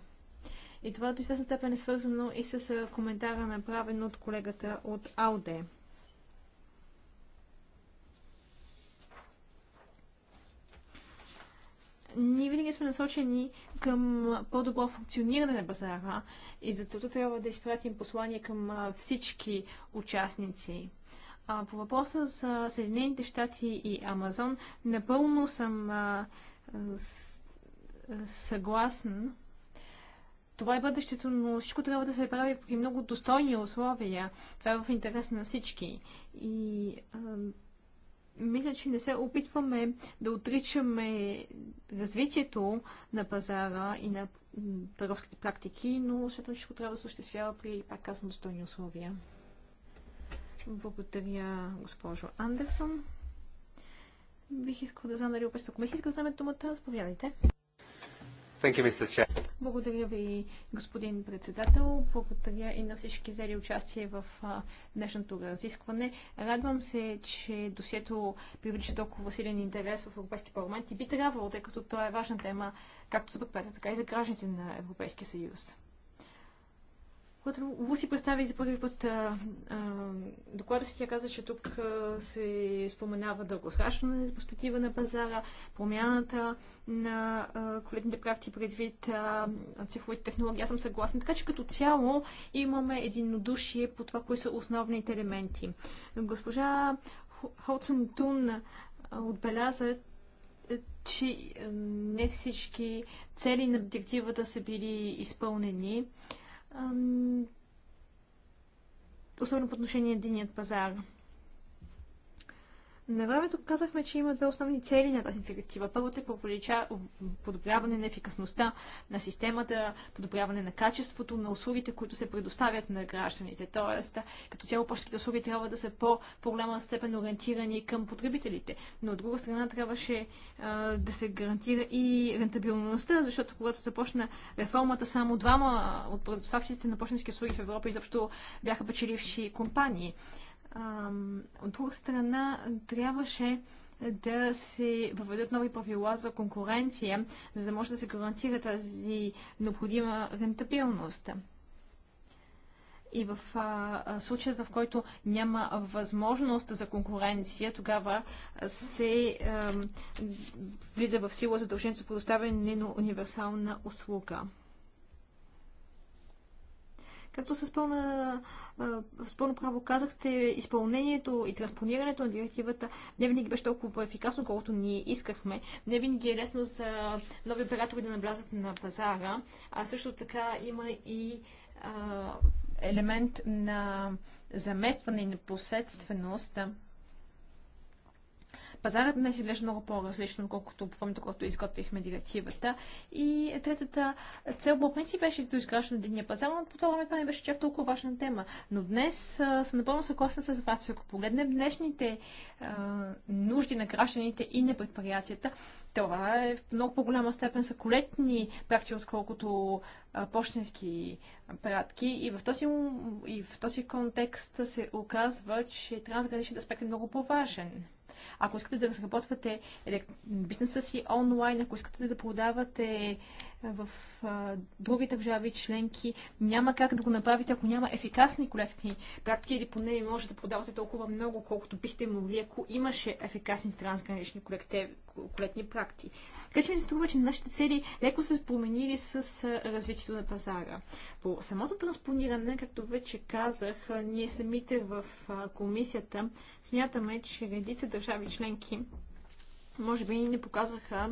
И това до известна степен е свързано и с коментара направен от колегата от Ауде. ние винаги сме насочени към по-добро функциониране на базара и за целта трябва да изпратим послание към всички участници. А, по въпроса за Съединените щати и Амазон, напълно съм а, съгласен. Това е бъдещето, но всичко трябва да се прави при много достойни условия. Това е в интерес на всички. И а, мисля, че не се опитваме да отричаме развитието на пазара и на търговските практики, но смятам, всичко трябва да се осъществява при, пак казвам, достойни условия. Благодаря, госпожо Андерсон. Бих искал да знам дали Европейската комисия иска да вземе думата. Заповядайте. You, Благодаря ви, господин председател. Благодаря и на всички взели участие в а, днешното разискване. Радвам се, че досието привлича толкова силен интерес в Европейски парламент и би трябвало, тъй като това е важна тема както за предприятията, така и за гражданите на Европейския съюз. Когато Луси представи за първи път а, а, доклада си, тя каза, че тук а, се споменава дългосрочна перспектива на пазара, промяната на колетните практики предвид а, цифровите технологии. Аз съм съгласна. Така че като цяло имаме единодушие по това, кои са основните елементи. Госпожа Холцен Тун отбеляза, е, че не всички цели на директивата са били изпълнени особено по отношение на единият пазар. На времето казахме, че има две основни цели на тази директива. Първата е подобряване на ефикасността на системата, подобряване на качеството на услугите, които се предоставят на гражданите. Тоест, като цяло почтите услуги трябва да са по-голяма степен ориентирани към потребителите. Но от друга страна трябваше а, да се гарантира и рентабилността, защото когато започна реформата, само двама от предоставчиците на почтенски услуги в Европа изобщо бяха печеливши компании. От друга страна, трябваше да се въведат нови правила за конкуренция, за да може да се гарантира тази необходима рентабилност. И в а, случаят, в който няма възможност за конкуренция, тогава се а, влиза в сила задължението за предоставяне на универсална услуга. Както с, пълна, с пълно право казахте, изпълнението и транспонирането на директивата не винаги беше толкова ефикасно, колкото ние искахме. Не винаги е лесно за нови оператори да наблязат на пазара, а също така има и елемент на заместване и непосредственост пазарът не изглежда много по-различно, колкото помните, когато изготвихме директивата. И третата цел по принцип беше да изграждане на единния пазар, но по това време това не беше чак толкова важна тема. Но днес а, съм напълно съгласна с вас. Ако погледнем днешните а, нужди на гражданите и на предприятията, това е в много по-голяма степен са колетни практики, отколкото почтенски пратки. И в, този, и в този контекст се оказва, че трансграничният аспект е много по-важен. Ако искате да разработвате бизнеса си онлайн, ако искате да продавате в а, други държави членки. Няма как да го направите, ако няма ефикасни колектни практики или поне не може да продавате толкова много, колкото бихте могли, ако имаше ефикасни трансгранични колектни пратки. Така че ми се струва, че нашите цели леко са променили с развитието на пазара. По самото транспониране, както вече казах, ние самите в комисията смятаме, че редица държави членки може би не показаха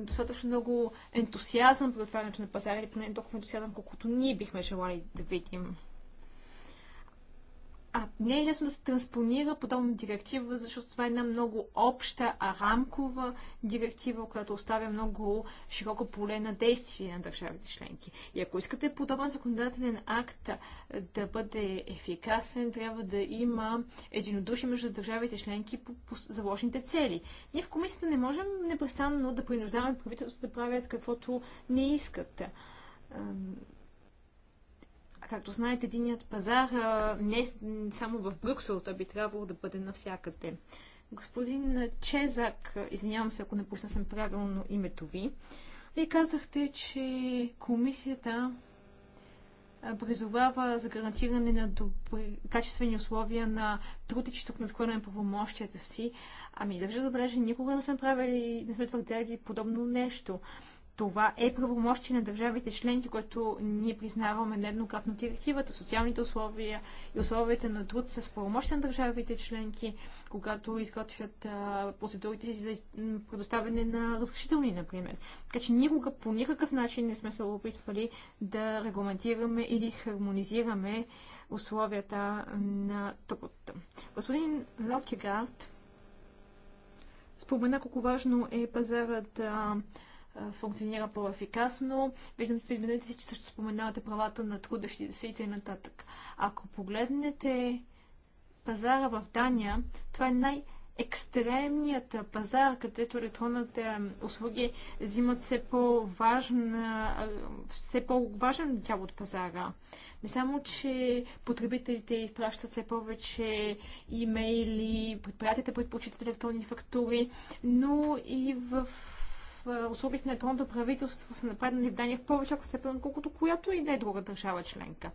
достатъчно много ентусиазъм при отварянето на пазара или поне толкова ентусиазъм, колкото ние бихме желали да видим а не е лесно да се транспонира подобна директива, защото това е една много обща рамкова директива, която оставя много широко поле на действие на държавите членки. И ако искате подобен законодателен акт да бъде ефикасен, трябва да има единодушие между държавите членки по, по заложните цели. Ние в комисията не можем непрестанно да принуждаваме правителството да правят каквото не искат Както знаете, единият пазар не само в Брюксел, той би трябвало да бъде навсякъде. Господин Чезак, извинявам се, ако не съм правилно името ви, вие казахте, че комисията призовава за гарантиране на добри, качествени условия на труд и че тук надхвърляме правомощията си. Ами държа добре, че никога не сме правили, не сме твърдели подобно нещо това е правомощие на държавите членки, което ние признаваме нееднократно директивата. Социалните условия и условията на труд с правомощие на държавите членки, когато изготвят процедурите си за предоставяне на разрешителни, например. Така че никога по никакъв начин не сме се опитвали да регламентираме или хармонизираме условията на труд. Господин Локегард спомена колко важно е пазарът а, функционира по-ефикасно. Виждам, че в изменените си, че също споменавате правата на трудещите се и т.н. Ако погледнете пазара в Дания, това е най- екстремният пазар, където електронните услуги взимат все по-важен, все по-важен дял от пазара. Не само, че потребителите изпращат все повече имейли, предприятията предпочитат електронни фактури, но и в е, услугите на електронното правителство са напреднали в Дания в повече степен, отколкото която и да е друга държава членка.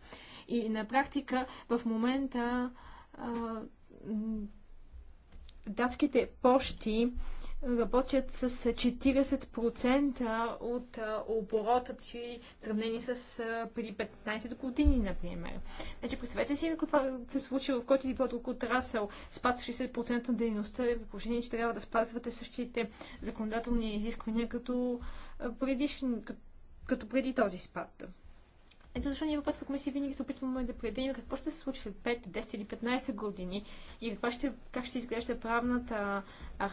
И на практика в момента а, датските почти работят с 40% от оборотът си, в сравнение с преди 15 години, например. Значи, представете си, ако това се случи в който и друг отрасъл, спад с 60% на дейността, при положение, че трябва да спазвате същите законодателни изисквания, като, предишни, като, като преди този спад. Ето защо ние ми си винаги се опитваме да предвидим какво ще се случи след 5, 10 или 15 години и каква ще, как ще изглежда правната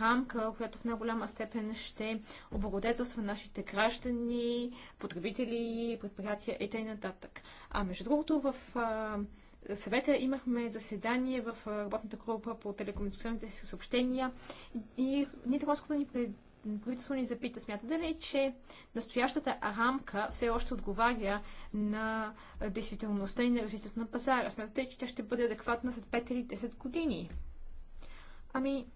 рамка, която в най-голяма степен ще облагодетелства нашите граждани, потребители, предприятия и т.н. А между другото в а, съвета имахме заседание в работната група по телекомуникационните съобщения и ние трябва да ни пред правителство ни запита, смятате ли, че настоящата рамка все още отговаря на действителността и на развитието на пазара? Смятате ли, че тя ще бъде адекватна след 5 или 10 години? Ами,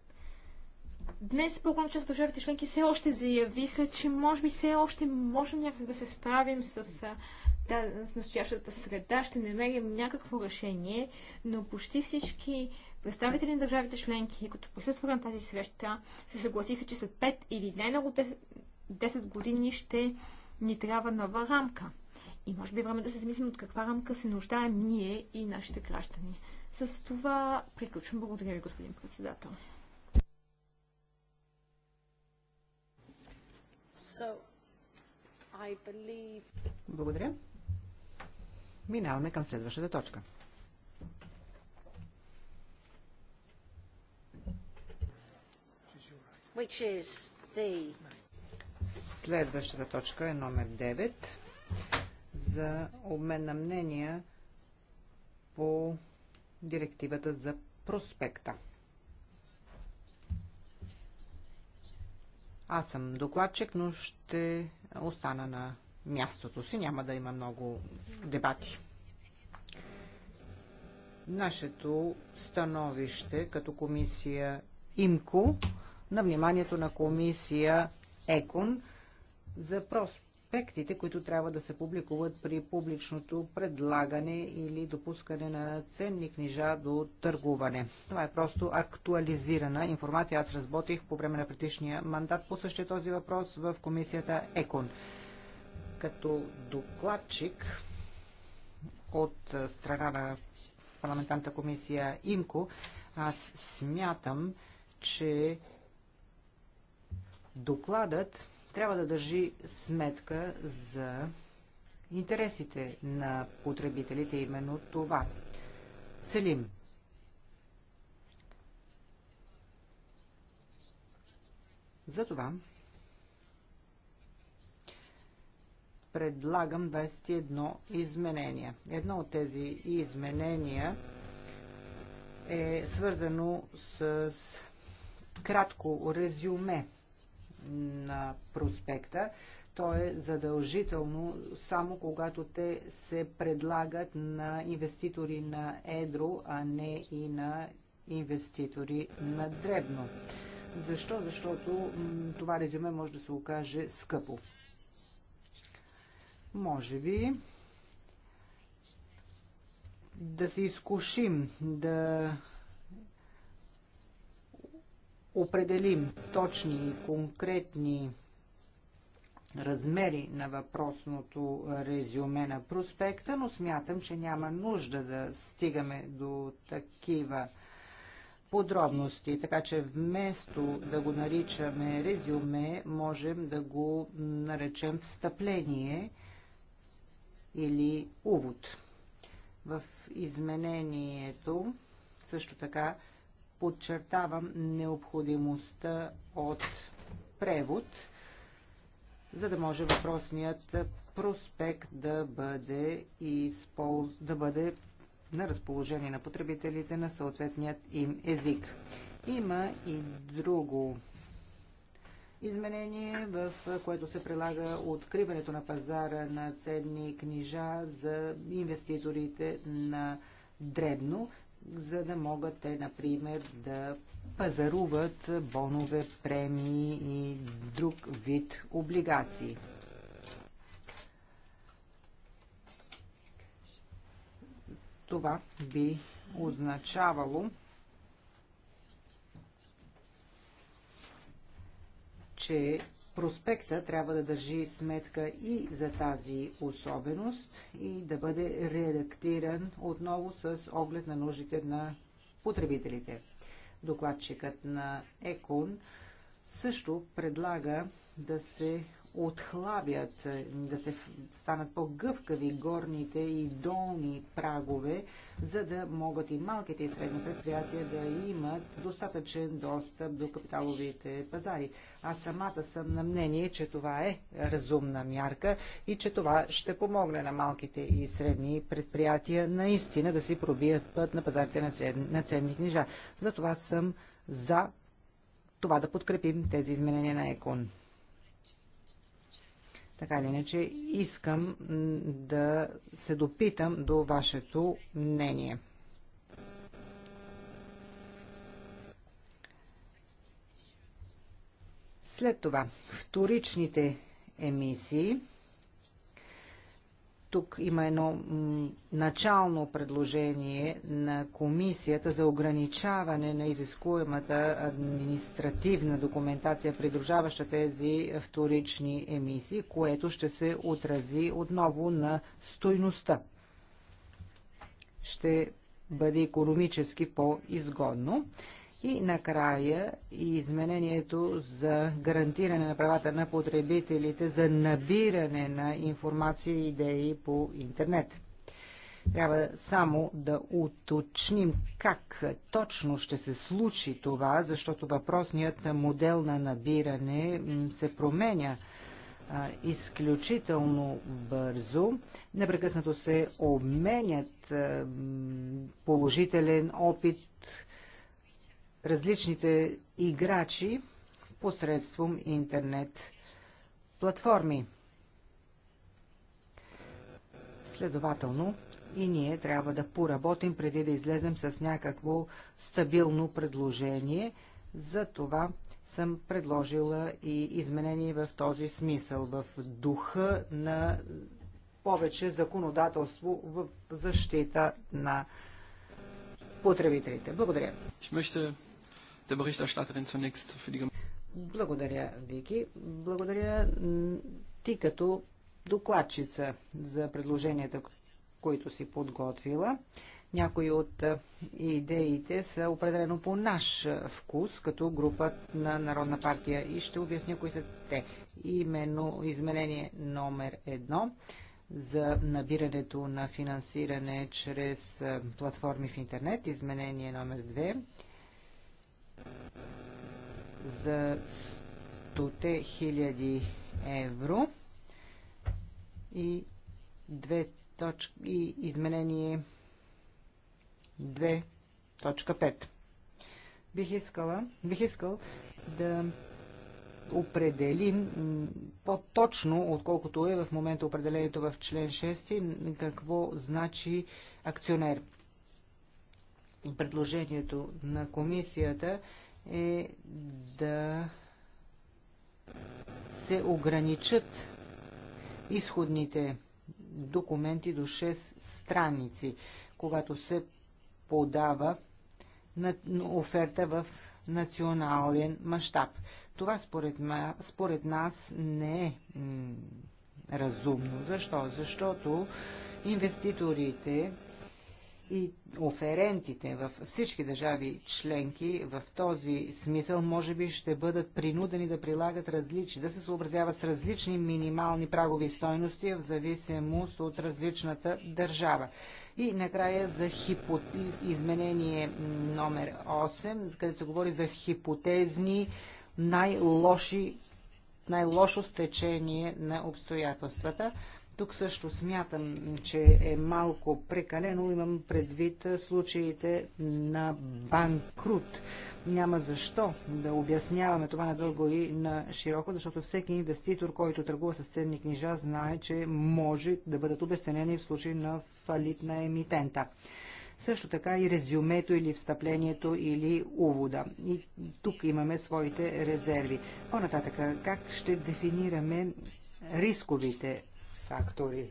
Днес по-голяма част от държавите членки все още заявиха, че може би все още можем някак да се справим с, да, с настоящата среда, ще намерим някакво решение, но почти всички Представители на държавите членки, които присъстваха на тази среща, се съгласиха, че след 5 или най-много 10 години ще ни трябва нова рамка. И може би е време да се замислим от каква рамка се нуждаем ние и нашите граждани. С това приключвам. Благодаря ви, господин председател. So, I believe... Благодаря. Минаваме към следващата точка. which is the... Следващата точка е номер 9 за обмен на мнения по директивата за проспекта. Аз съм докладчик, но ще остана на мястото си. Няма да има много дебати. Нашето становище като комисия ИМКО на вниманието на комисия ЕКОН за проспектите, които трябва да се публикуват при публичното предлагане или допускане на ценни книжа до търгуване. Това е просто актуализирана информация. Аз разботих по време на предишния мандат по същия този въпрос в комисията ЕКОН. Като докладчик от страна на парламентарната комисия ИМКО, аз смятам, че Докладът трябва да държи сметка за интересите на потребителите, именно това. Целим. Затова предлагам 21 изменения. Едно от тези изменения е свързано с кратко резюме на проспекта. То е задължително само когато те се предлагат на инвеститори на едро, а не и на инвеститори на дребно. Защо? Защото това резюме може да се окаже скъпо. Може би да се изкушим да определим точни и конкретни размери на въпросното резюме на проспекта, но смятам, че няма нужда да стигаме до такива подробности, така че вместо да го наричаме резюме, можем да го наречем встъпление или увод. В изменението също така подчертавам необходимостта от превод, за да може въпросният проспект да бъде, използ... да бъде на разположение на потребителите на съответният им език. Има и друго изменение, в което се прилага откриването на пазара на ценни книжа за инвеститорите на дребно за да могат те, например, да пазаруват бонове, премии и друг вид облигации. Това би означавало, че проспекта трябва да държи сметка и за тази особеност и да бъде редактиран отново с оглед на нуждите на потребителите. Докладчикът на ЕКОН също предлага да се отхлабят, да се станат по-гъвкави горните и долни прагове, за да могат и малките и средни предприятия да имат достатъчен достъп до капиталовите пазари. Аз самата съм на мнение, че това е разумна мярка и че това ще помогне на малките и средни предприятия наистина да си пробият път на пазарите на ценни книжа. За това съм за това да подкрепим тези изменения на ЕКОН. Така или иначе, искам да се допитам до вашето мнение. След това, вторичните емисии – тук има едно начално предложение на комисията за ограничаване на изискуемата административна документация, придружаваща тези вторични емисии, което ще се отрази отново на стойността. Ще бъде економически по-изгодно. И накрая и изменението за гарантиране на правата на потребителите за набиране на информация и идеи по интернет. Трябва само да уточним как точно ще се случи това, защото въпросният модел на набиране се променя а, изключително бързо. Непрекъснато се обменят а, положителен опит, различните играчи посредством интернет платформи. Следователно, и ние трябва да поработим преди да излезем с някакво стабилно предложение. За това съм предложила и изменение в този смисъл, в духа на повече законодателство в защита на потребителите. Благодаря der Berichterstatterin zunächst für die Благодаря, Вики. Благодаря ти като докладчица за предложенията, които си подготвила. Някои от идеите са определено по наш вкус, като група на Народна партия. И ще обясня кои са те. Именно изменение номер едно за набирането на финансиране чрез платформи в интернет. Изменение номер две – за 100 000 евро и, две точ... и изменение 2.5. Бих искала, бих искал да определим по-точно, отколкото е в момента определението в член 6, какво значи акционер предложението на комисията е да се ограничат изходните документи до 6 страници, когато се подава на оферта в национален мащаб. Това според, ма, според нас не е разумно. Защо? Защото инвеститорите и оферентите в всички държави членки в този смисъл може би ще бъдат принудени да прилагат различни, да се съобразяват с различни минимални прагови стойности в зависимост от различната държава. И накрая за хипот... изменение номер 8, където се говори за хипотезни най-лоши най-лошо стечение на обстоятелствата. Тук също смятам, че е малко прекалено. Имам предвид случаите на банкрут. Няма защо да обясняваме това надълго и на широко, защото всеки инвеститор, който търгува с ценни книжа, знае, че може да бъдат обесценени в случай на фалит на емитента също така и резюмето или встъплението или увода. И тук имаме своите резерви. По-нататък, как ще дефинираме рисковите фактори.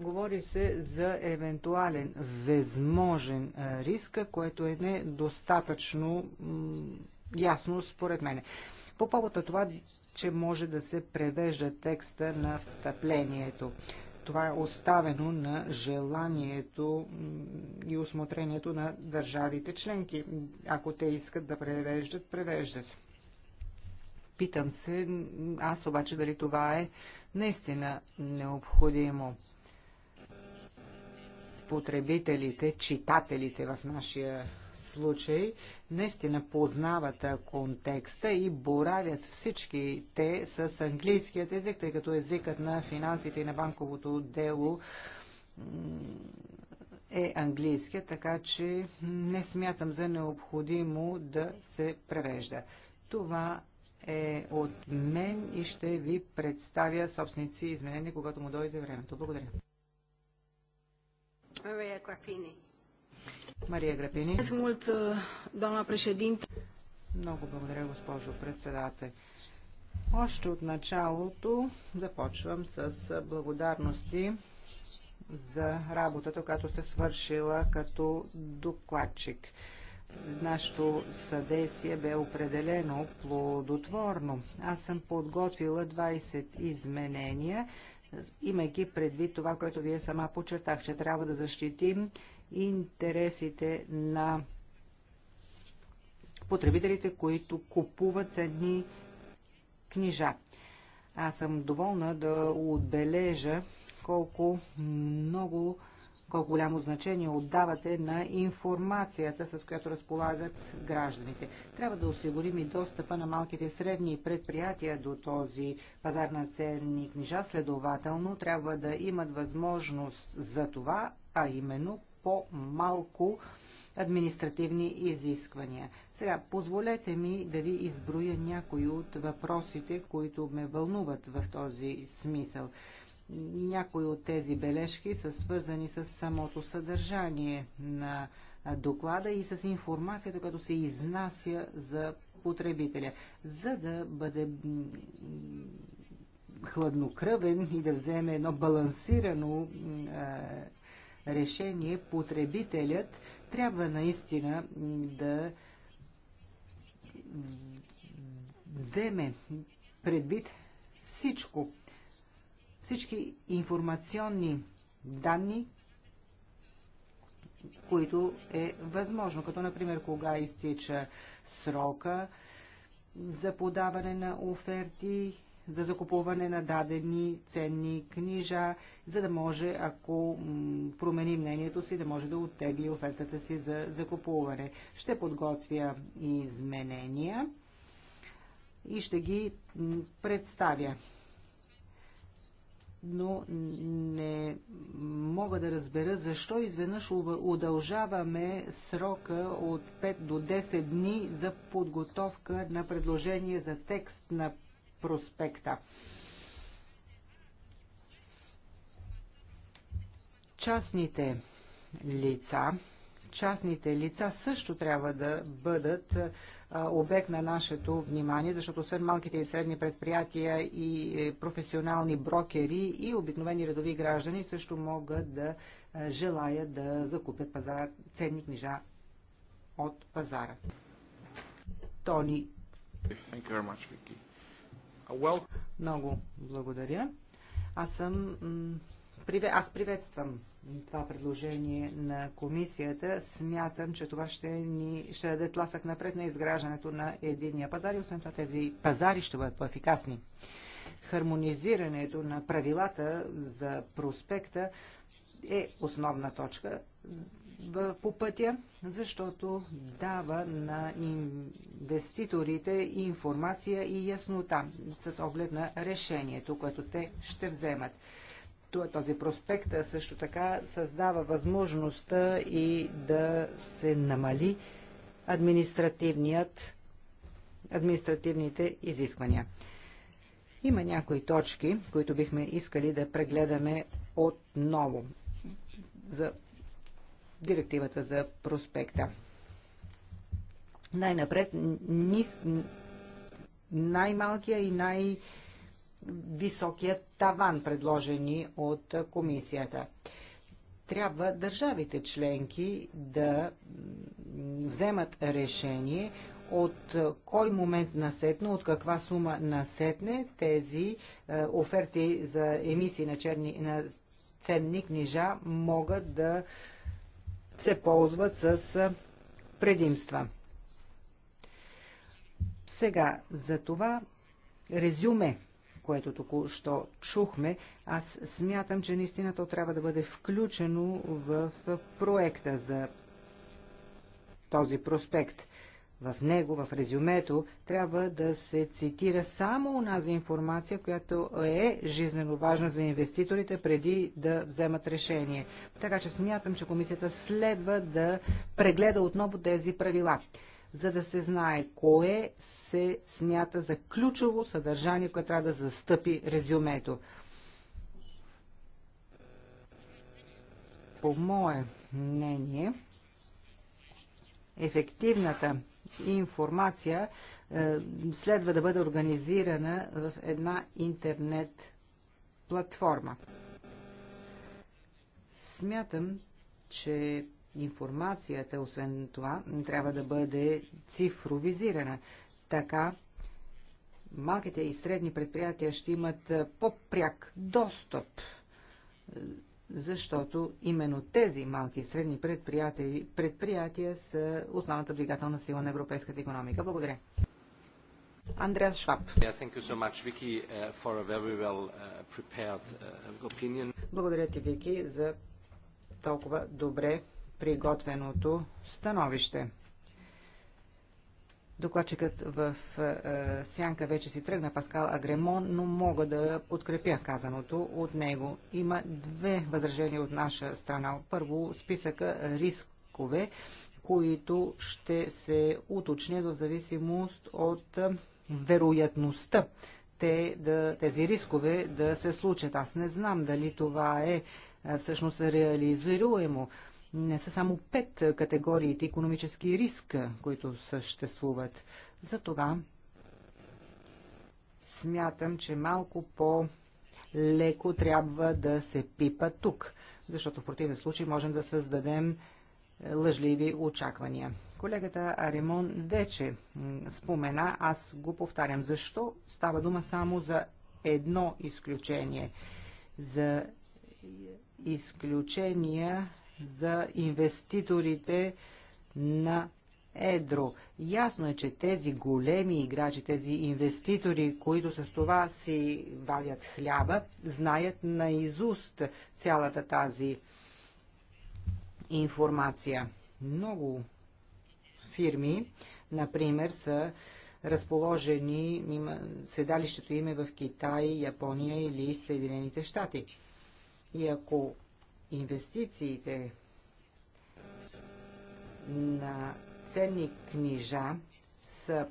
Говори се за евентуален възможен риск, което е недостатъчно ясно според мен. По повод на това, че може да се превежда текста на встъплението. Това е оставено на желанието и осмотрението на държавите членки. Ако те искат да превеждат, превеждат. Питам се, аз обаче дали това е наистина необходимо потребителите, читателите в нашия случай, наистина познават контекста и боравят всички те с английският език, тъй като езикът на финансите и на банковото дело е английския, така че не смятам за необходимо да се превежда. Това е от мен и ще ви представя собственици изменения, когато му дойде времето. Благодаря. Мария Грапини. Мария Грапини. доамна Много благодаря, госпожо председател. Още от началото започвам с благодарности за работата, която се свършила като докладчик нашето съдействие бе определено плодотворно. Аз съм подготвила 20 изменения, имайки предвид това, което вие сама почертах, че трябва да защитим интересите на потребителите, които купуват ценни книжа. Аз съм доволна да отбележа колко много колко голямо значение отдавате на информацията, с която разполагат гражданите. Трябва да осигурим и достъпа на малките и средни предприятия до този пазар на ценни книжа. Следователно, трябва да имат възможност за това, а именно по-малко административни изисквания. Сега, позволете ми да ви изброя някои от въпросите, които ме вълнуват в този смисъл. Някои от тези бележки са свързани с самото съдържание на доклада и с информацията, която се изнася за потребителя, за да бъде хладнокръвен и да вземе едно балансирано решение, потребителят трябва наистина да вземе предвид всичко, всички информационни данни, които е възможно, като например кога изтича срока за подаване на оферти, за закупуване на дадени ценни книжа, за да може, ако промени мнението си, да може да оттегли офертата си за закупуване. Ще подготвя изменения и ще ги представя но не мога да разбера защо изведнъж удължаваме срока от 5 до 10 дни за подготовка на предложение за текст на проспекта. Частните лица частните лица също трябва да бъдат обект на нашето внимание, защото освен малките и средни предприятия и е, професионални брокери и обикновени редови граждани също могат да желаят да закупят пазара ценни книжа от пазара. Тони. Много благодаря. Аз съм... Аз приветствам това предложение на комисията, смятам, че това ще, ни, ще даде тласък напред на изграждането на единния пазар и освен това тези пазари ще бъдат по-ефикасни. Хармонизирането на правилата за проспекта е основна точка по пътя, защото дава на инвеститорите информация и яснота с оглед на решението, което те ще вземат този проспект също така създава възможността и да се намали административният, административните изисквания. Има някои точки, които бихме искали да прегледаме отново за директивата за проспекта. Най-напред най-малкия и най- високият таван, предложени от комисията. Трябва държавите членки да вземат решение от кой момент насетне, от каква сума насетне тези е, оферти за емисии на, черни, на ценни книжа могат да се ползват с е, предимства. Сега за това резюме което току-що чухме, аз смятам, че наистина то трябва да бъде включено в проекта за този проспект. В него, в резюмето, трябва да се цитира само унази информация, която е жизненно важна за инвеститорите преди да вземат решение. Така че смятам, че комисията следва да прегледа отново тези правила за да се знае кое се смята за ключово съдържание, което трябва да застъпи резюмето. По мое мнение, ефективната информация е, следва да бъде организирана в една интернет платформа. Смятам, че информацията, освен това, трябва да бъде цифровизирана. Така малките и средни предприятия ще имат по-пряк достъп, защото именно тези малки и средни предприятия, предприятия са основната двигателна сила на европейската економика. Благодаря. Андреас Шваб. Uh, uh, uh, Благодаря ти, Вики, за толкова добре приготвеното становище. Докладчикът в е, Сянка вече си тръгна, Паскал Агремон, но мога да подкрепя казаното от него. Има две възражения от наша страна. Първо, списъка рискове, които ще се уточнят в зависимост от е, вероятността те да, тези рискове да се случат. Аз не знам дали това е, е всъщност реализируемо не са само пет категориите економически риск, които съществуват. Затова смятам, че малко по-леко трябва да се пипа тук, защото в противен случай можем да създадем е, лъжливи очаквания. Колегата Аремон вече спомена, аз го повтарям, защо става дума само за едно изключение. За изключения за инвеститорите на едро. Ясно е, че тези големи играчи, тези инвеститори, които с това си вадят хляба, знаят наизуст цялата тази информация. Много фирми, например, са разположени, има, седалището им е в Китай, Япония или Съединените щати. И ако инвестициите на ценни книжа са,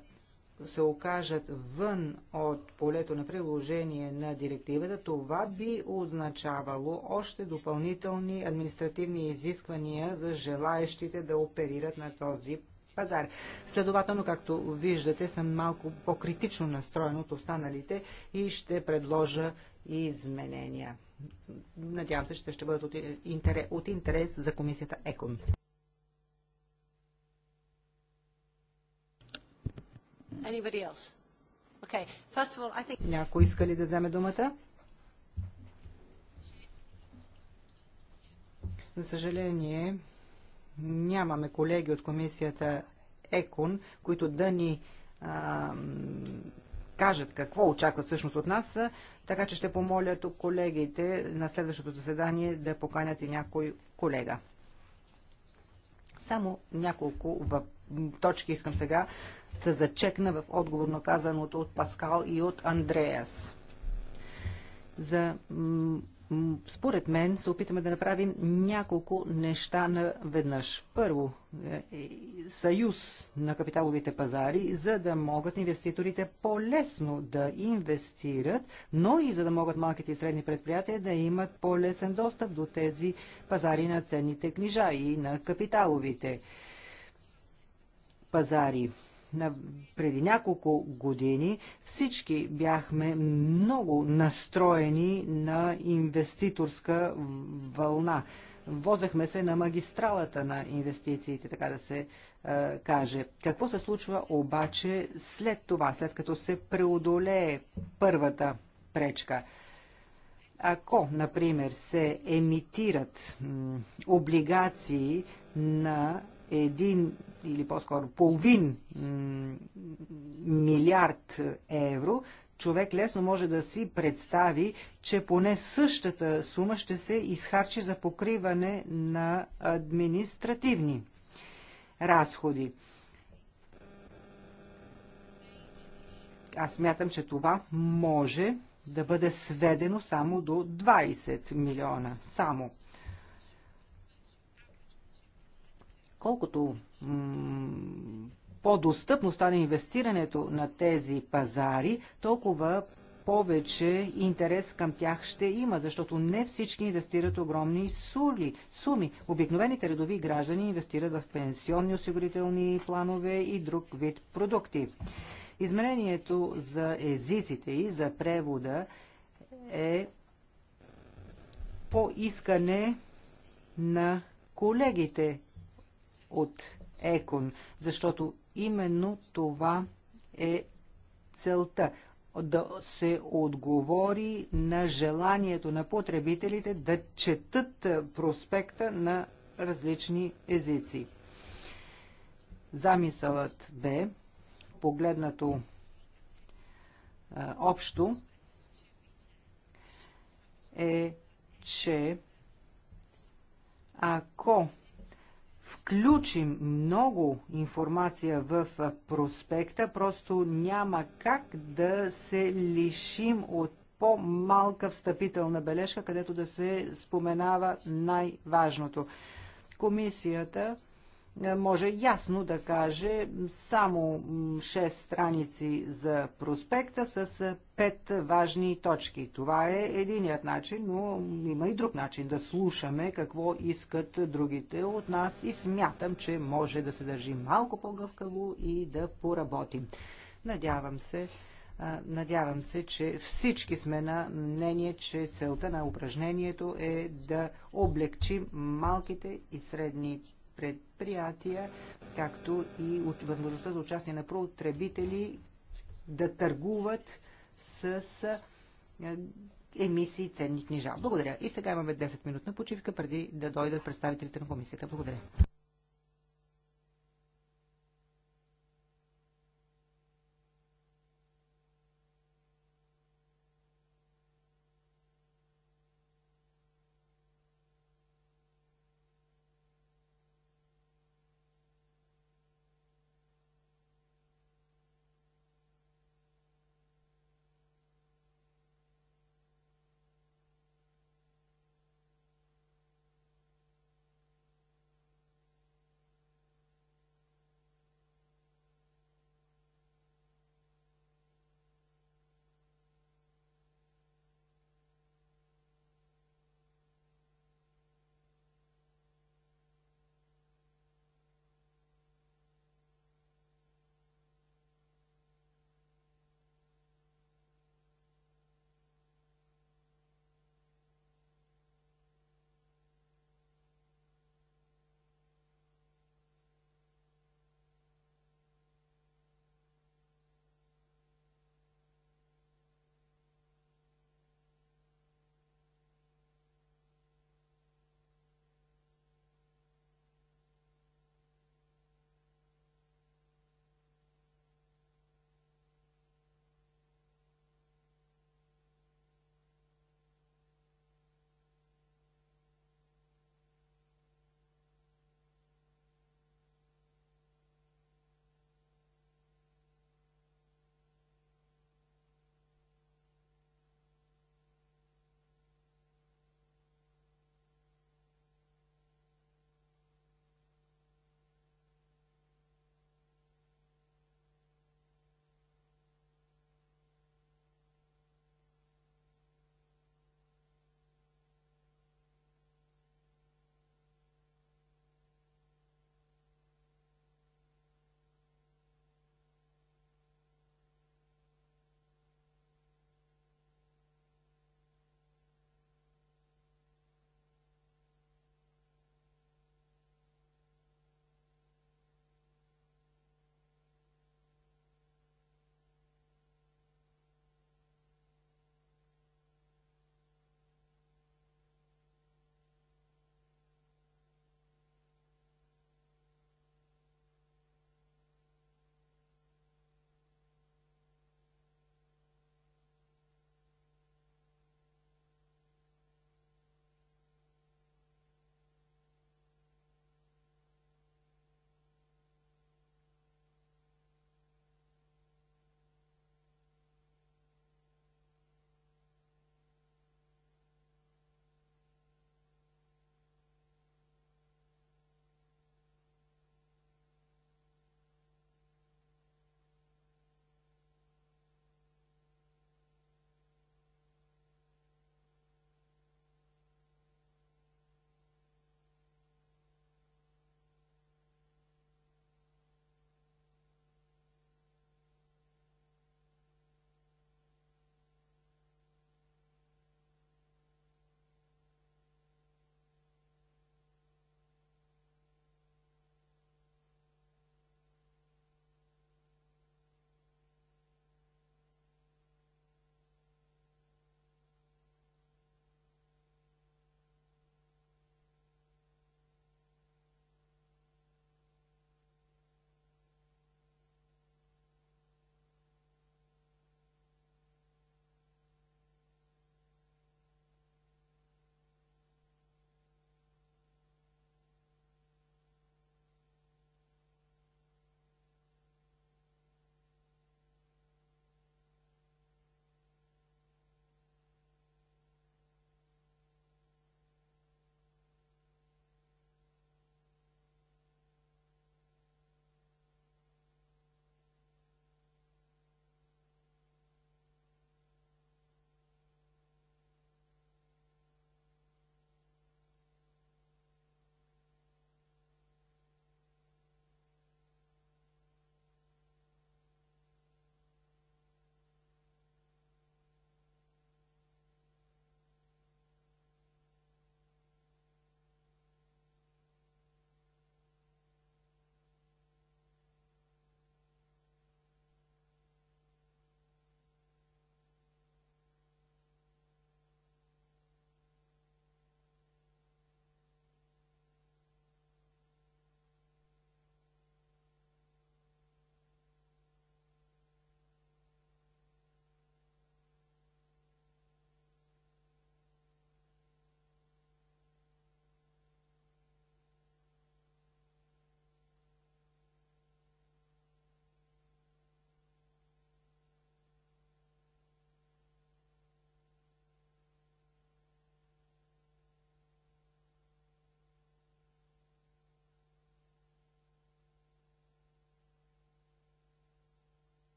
се окажат вън от полето на приложение на директивата, това би означавало още допълнителни административни изисквания за желаещите да оперират на този пазар. Следователно, както виждате, съм малко по-критично настроен от останалите и ще предложа изменения. Надявам се, че ще бъдат от интерес, от интерес за комисията ЕКОН. Някой иска ли да вземе думата? За съжаление, нямаме колеги от комисията ЕКОН, които да ни а, кажат какво очакват всъщност от нас, така че ще помоля тук колегите на следващото заседание да поканят и някой колега. Само няколко въп... точки искам сега да зачекна в отговор на казаното от Паскал и от Андреас. За според мен се опитаме да направим няколко неща наведнъж. Първо, е, е, съюз на капиталовите пазари, за да могат инвеститорите по-лесно да инвестират, но и за да могат малките и средни предприятия да имат по-лесен достъп до тези пазари на ценните книжа и на капиталовите пазари на, преди няколко години всички бяхме много настроени на инвеститорска вълна. Возехме се на магистралата на инвестициите, така да се е, каже. Какво се случва обаче след това, след като се преодолее първата пречка? Ако, например, се емитират облигации на един или по-скоро половин милиард евро, човек лесно може да си представи, че поне същата сума ще се изхарчи за покриване на административни разходи. Аз смятам, че това може да бъде сведено само до 20 милиона. Само. колкото по-достъпно стане инвестирането на тези пазари, толкова повече интерес към тях ще има, защото не всички инвестират огромни сули, суми. Обикновените редови граждани инвестират в пенсионни осигурителни планове и друг вид продукти. Измерението за езиците и за превода е по искане на колегите от ЕКОН, защото именно това е целта да се отговори на желанието на потребителите да четат проспекта на различни езици. Замисълът бе, погледнато а, общо, е, че ако включим много информация в проспекта, просто няма как да се лишим от по-малка встъпителна бележка, където да се споменава най-важното. Комисията е, може ясно да каже само 6 страници за проспекта с 5 е, важни точки. Това е единият начин, но има и друг начин да слушаме какво искат другите от нас и смятам, че може да се държи малко по-гъвкаво и да поработим. Надявам се, е, Надявам се, че всички сме на мнение, че целта на упражнението е да облегчим малките и средни предприятия, както и възможността за участие на потребители да търгуват с емисии ценни книжа. Благодаря. И сега имаме 10 минутна почивка преди да дойдат представителите на комисията. Благодаря.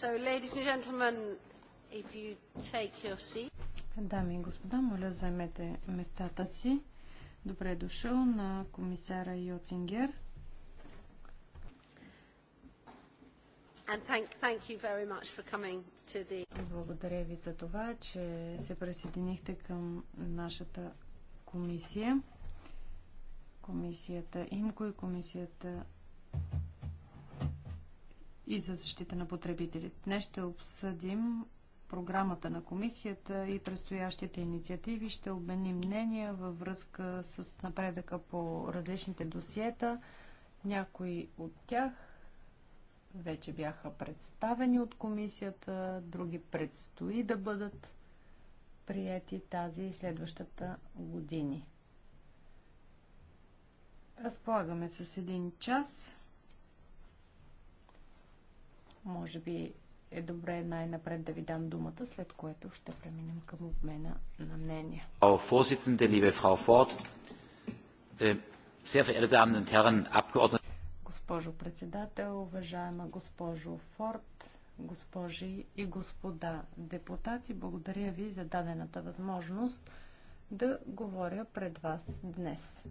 So, ladies and gentlemen, if you take your seat. Дами и господа, моля займете местата си. Добре е дошъл на комисара Йотингер. And thank, thank you very much for coming to the... Благодаря ви за това, че се присъединихте към нашата комисия. Комисията ИМКО и комисията и за защита на потребителите. Днес ще обсъдим програмата на комисията и предстоящите инициативи. Ще обменим мнения във връзка с напредъка по различните досиета. Някои от тях вече бяха представени от комисията, други предстои да бъдат прияти тази и следващата години. Разполагаме с един час може би е добре най-напред да ви дам думата, след което ще преминем към обмена на мнения. Frau Vorsitzende, liebe Frau Ford, äh, sehr verehrte Damen und Herren, Abgeordnete. Госпожо председател, уважаема госпожо Форд, госпожи и господа депутати, благодаря ви за дадената възможност да говоря пред вас днес.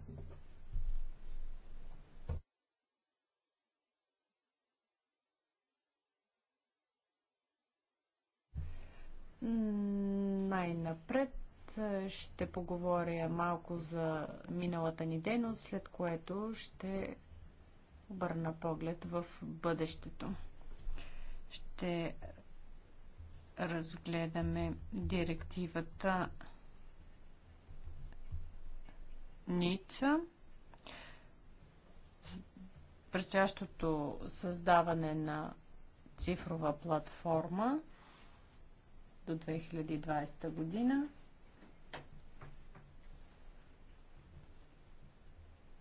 Най-напред е, ще поговоря малко за миналата ни дейност, след което ще обърна поглед в бъдещето. Ще разгледаме директивата Ница, предстоящото създаване на цифрова платформа до 2020 година.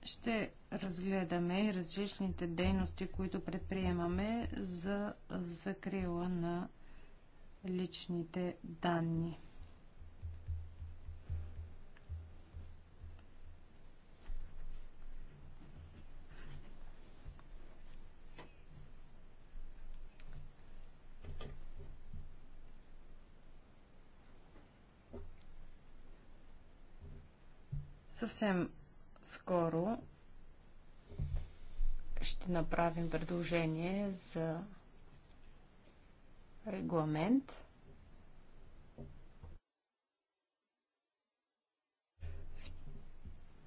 Ще разгледаме различните дейности, които предприемаме за закрила на личните данни. Съвсем скоро ще направим предложение за регламент.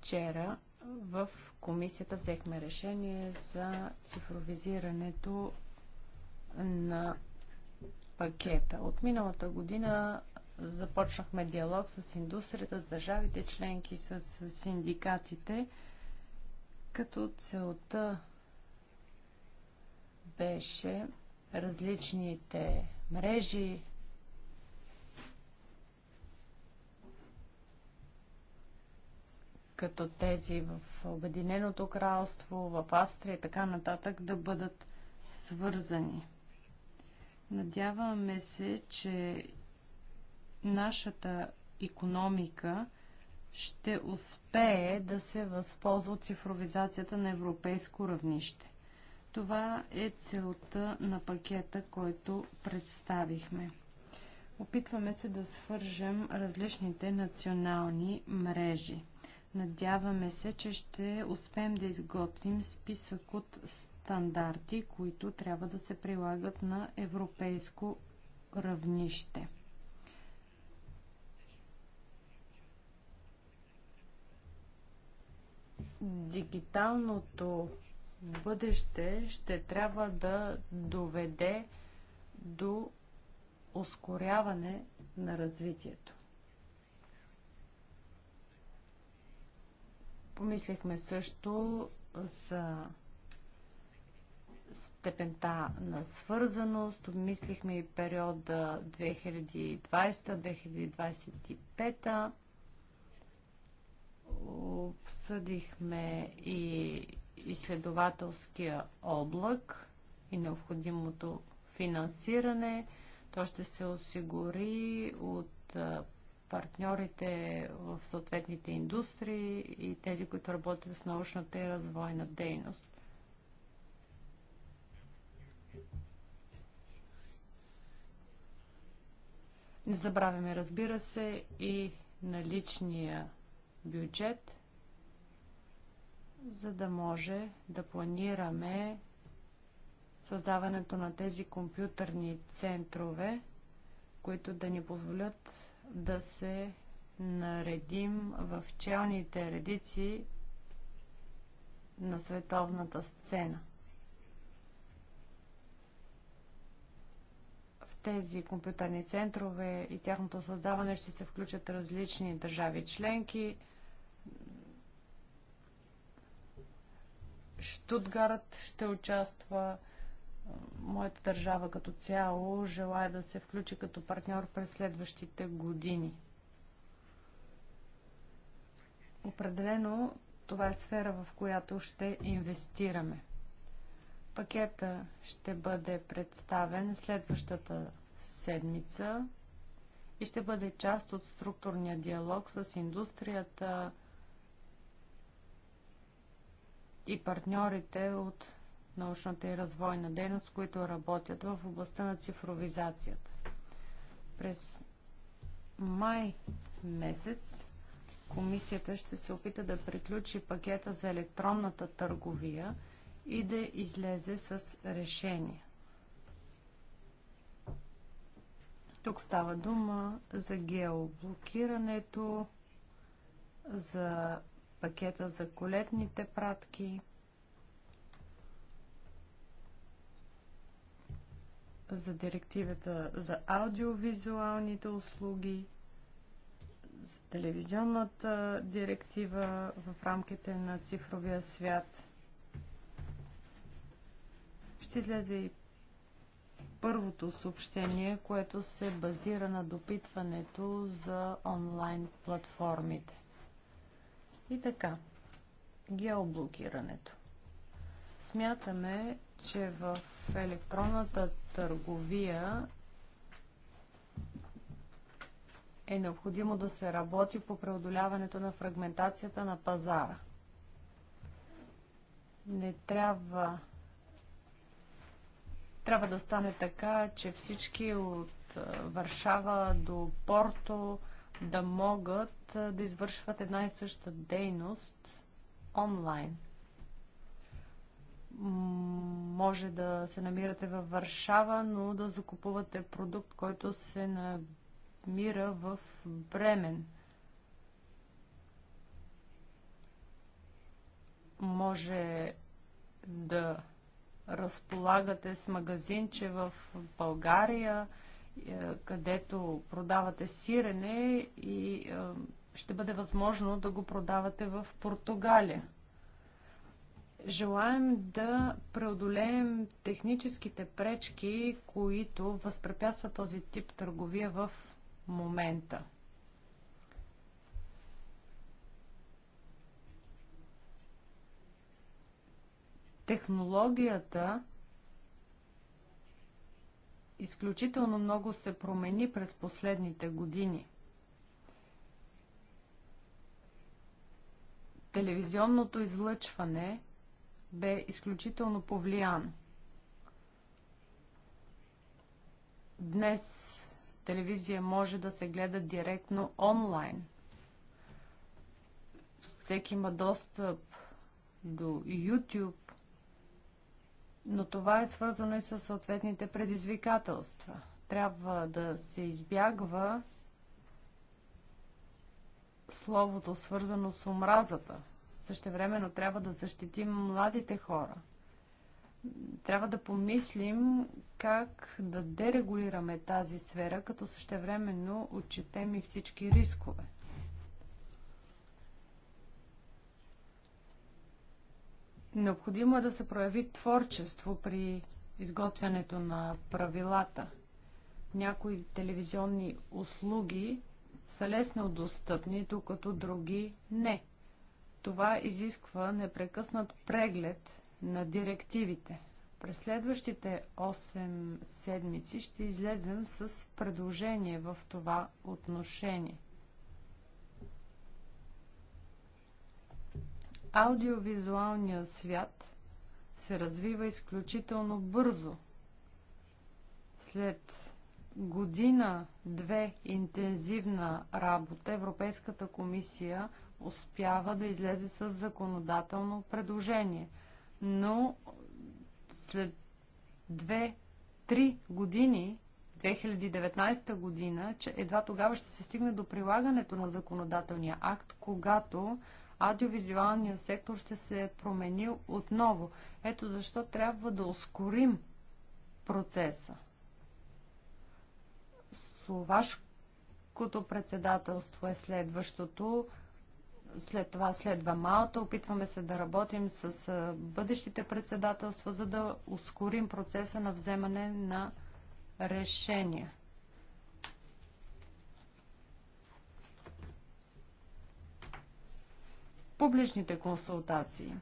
Вчера в комисията взехме решение за цифровизирането на пакета. От миналата година започнахме диалог с индустрията, с държавите членки, с синдикатите, като целта беше различните мрежи, като тези в Обединеното кралство, в Австрия и така нататък, да бъдат свързани. Надяваме се, че нашата економика ще успее да се възползва от цифровизацията на европейско равнище. Това е целта на пакета, който представихме. Опитваме се да свържем различните национални мрежи. Надяваме се, че ще успеем да изготвим списък от стандарти, които трябва да се прилагат на европейско равнище. дигиталното бъдеще ще трябва да доведе до ускоряване на развитието. Помислихме също за степента на свързаност, обмислихме и периода 2020-2025 обсъдихме и изследователския облак и необходимото финансиране. То ще се осигури от партньорите в съответните индустрии и тези, които работят с научната и развойна дейност. Не забравяме, разбира се, и наличния бюджет, за да може да планираме създаването на тези компютърни центрове, които да ни позволят да се наредим в челните редици на световната сцена. В тези компютърни центрове и тяхното създаване ще се включат различни държави членки – Штутгарт ще участва. Е, моята държава като цяло желая да се включи като партньор през следващите години. Определено това е сфера, в която ще инвестираме. Пакета ще бъде представен следващата седмица и ще бъде част от структурния диалог с индустрията, и партньорите от научната и развойна дейност, които работят в областта на цифровизацията. През май месец комисията ще се опита да приключи пакета за електронната търговия и да излезе с решение. Тук става дума за геоблокирането, за пакета за колетните пратки, за директивата за аудиовизуалните услуги, за телевизионната директива в рамките на цифровия свят. Ще излезе и първото съобщение, което се базира на допитването за онлайн платформите. И така, геоблокирането. Смятаме, че в електронната търговия е необходимо да се работи по преодоляването на фрагментацията на пазара. Не трябва трябва да стане така, че всички от Варшава до Порто да могат да извършват една и съща дейност онлайн. Може да се намирате във Варшава, но да закупувате продукт, който се намира в Бремен. Може да разполагате с магазинче в България, е, където продавате сирене и е, ще бъде възможно да го продавате в Португалия. Желаем да преодолеем техническите пречки, които възпрепятства този тип търговия в момента. Технологията изключително много се промени през последните години. Телевизионното излъчване бе изключително повлиян. Днес телевизия може да се гледа директно онлайн. Всеки има достъп до YouTube, но това е свързано и с съответните предизвикателства. Трябва да се избягва словото, свързано с омразата. Същевременно трябва да защитим младите хора. Трябва да помислим как да дерегулираме тази сфера, като същевременно отчетем и всички рискове. Необходимо е да се прояви творчество при изготвянето на правилата. Някои телевизионни услуги са лесно достъпни, докато други не. Това изисква непрекъснат преглед на директивите. През следващите 8 седмици ще излезем с предложение в това отношение – Аудиовизуалният свят се развива изключително бързо. След година-две интензивна работа Европейската комисия успява да излезе с законодателно предложение. Но след 2-3 години, 2019 година, че едва тогава ще се стигне до прилагането на законодателния акт, когато аудиовизуалният сектор ще се промени отново. Ето защо трябва да ускорим процеса. Словашкото председателство е следващото. След това следва Малта. Опитваме се да работим с бъдещите председателства, за да ускорим процеса на вземане на решения. публичните консултации.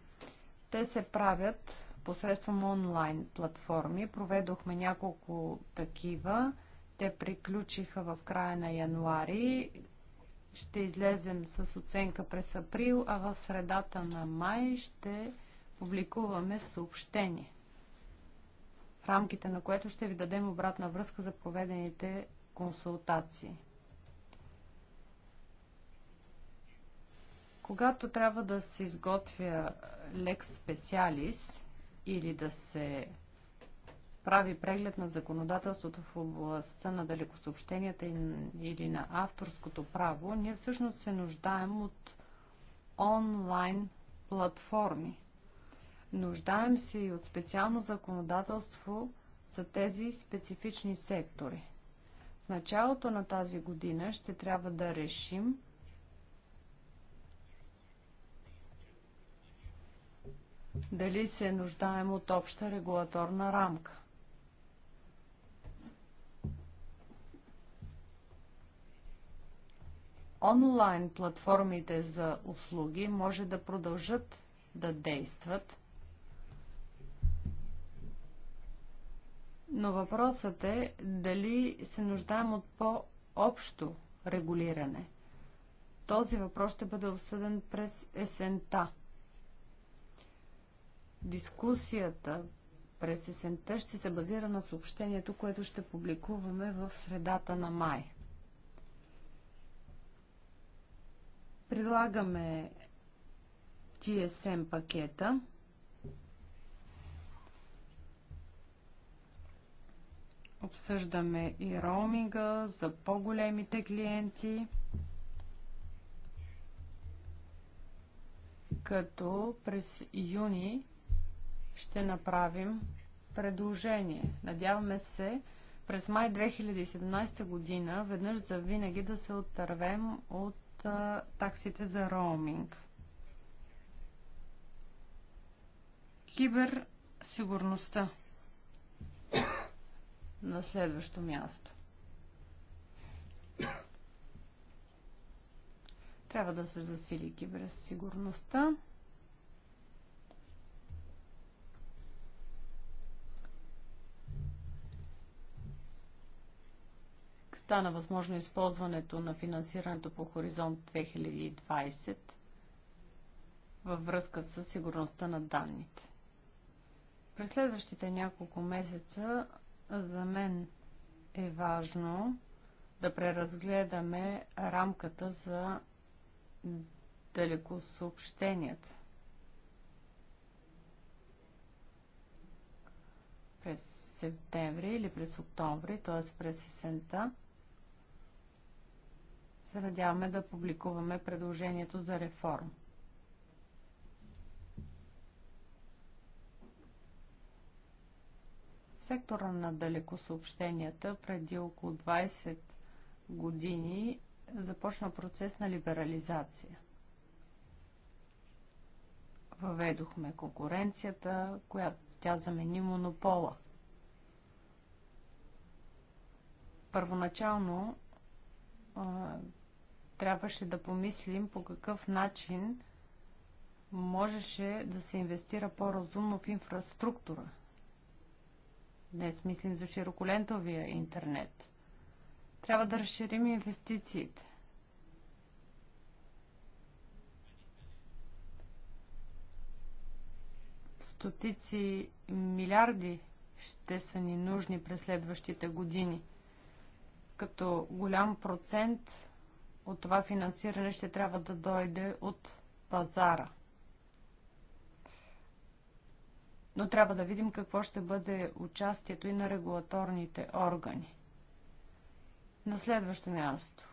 Те се правят посредством онлайн платформи. Проведохме няколко такива. Те приключиха в края на януари. Ще излезем с оценка през април, а в средата на май ще публикуваме съобщение, в рамките на което ще ви дадем обратна връзка за проведените консултации. Когато трябва да се изготвя лекс специалис или да се прави преглед на законодателството в областта на далекосъобщенията или на авторското право, ние всъщност се нуждаем от онлайн платформи. Нуждаем се и от специално законодателство за тези специфични сектори. В началото на тази година ще трябва да решим дали се нуждаем от обща регулаторна рамка. Онлайн платформите за услуги може да продължат да действат, но въпросът е дали се нуждаем от по-общо регулиране. Този въпрос ще бъде обсъден през есента. Дискусията през есента ще се базира на съобщението, което ще публикуваме в средата на май. Прилагаме TSM пакета. Обсъждаме и роуминга за по-големите клиенти, като през юни ще направим предложение. Надяваме се през май 2017 година веднъж за винаги да се отървем от а, таксите за роуминг. Киберсигурността на следващо място. Трябва да се засили киберсигурността. стана възможно използването на финансирането по Хоризонт 2020 във връзка с сигурността на данните. През следващите няколко месеца за мен е важно да преразгледаме рамката за далекосъобщенията. През септември или през октомври, т.е. през есента, се надяваме да публикуваме предложението за реформ. сектора на далекосъобщенията преди около 20 години започна процес на либерализация. Въведохме конкуренцията, която тя замени монопола. Първоначално трябваше да помислим по какъв начин можеше да се инвестира по-разумно в инфраструктура. Днес мислим за широколентовия интернет. Трябва да разширим инвестициите. Стотици милиарди ще са ни нужни през следващите години. Като голям процент от това финансиране ще трябва да дойде от пазара. Но трябва да видим какво ще бъде участието и на регулаторните органи. На следващо място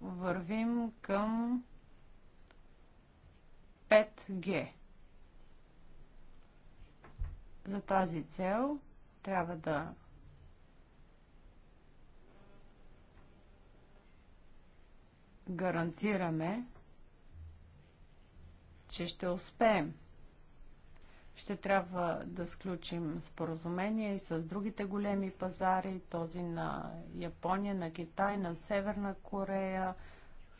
вървим към 5G. За тази цел трябва да гарантираме, че ще успеем. Ще трябва да сключим споразумение и с другите големи пазари, този на Япония, на Китай, на Северна Корея,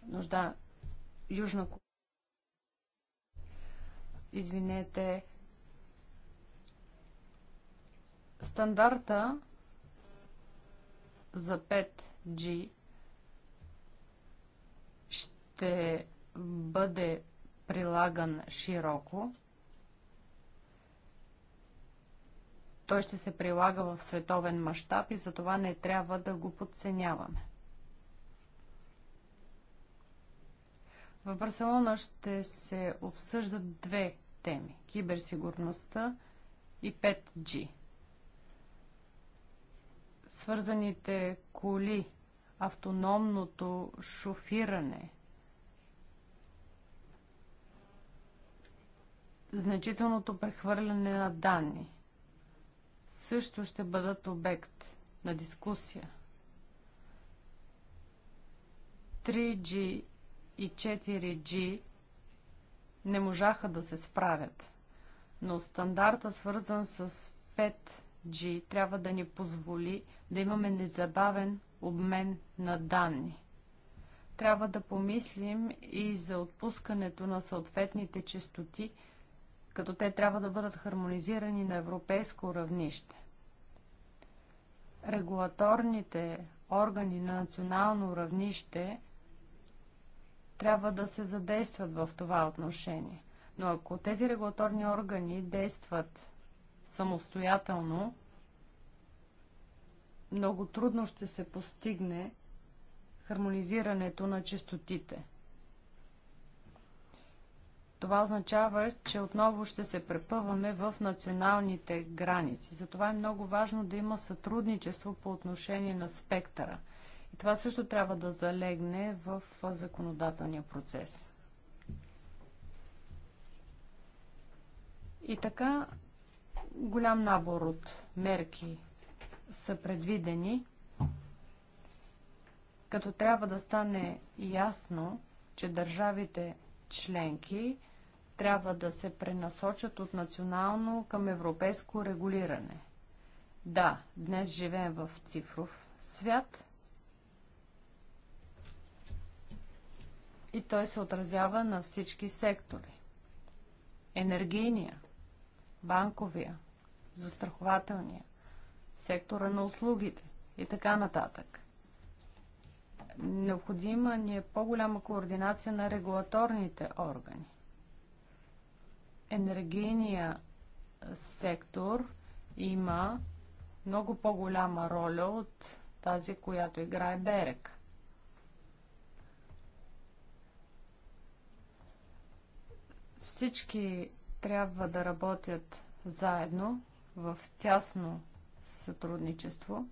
нужда... Южна Корея. Извинете. Стандарта за 5G ще бъде прилаган широко. Той ще се прилага в световен мащаб и затова не трябва да го подценяваме. В Барселона ще се обсъждат две теми – киберсигурността и 5G. Свързаните коли, автономното шофиране – значителното прехвърляне на данни също ще бъдат обект на дискусия. 3G и 4G не можаха да се справят, но стандарта свързан с 5G трябва да ни позволи да имаме незабавен обмен на данни. Трябва да помислим и за отпускането на съответните частоти – като те трябва да бъдат хармонизирани на европейско равнище. Регулаторните органи на национално равнище трябва да се задействат в това отношение. Но ако тези регулаторни органи действат самостоятелно, много трудно ще се постигне хармонизирането на чистотите. Това означава, че отново ще се препъваме в националните граници. Затова е много важно да има сътрудничество по отношение на спектъра. И това също трябва да залегне в законодателния процес. И така, голям набор от мерки са предвидени, като трябва да стане ясно, че държавите членки трябва да се пренасочат от национално към европейско регулиране. Да, днес живеем в цифров свят и той се отразява на всички сектори. Енергийния, банковия, застрахователния, сектора на услугите и така нататък. Необходима ни е по-голяма координация на регулаторните органи енергийния сектор има много по-голяма роля от тази, която играе Берек. Всички трябва да работят заедно в тясно сътрудничество.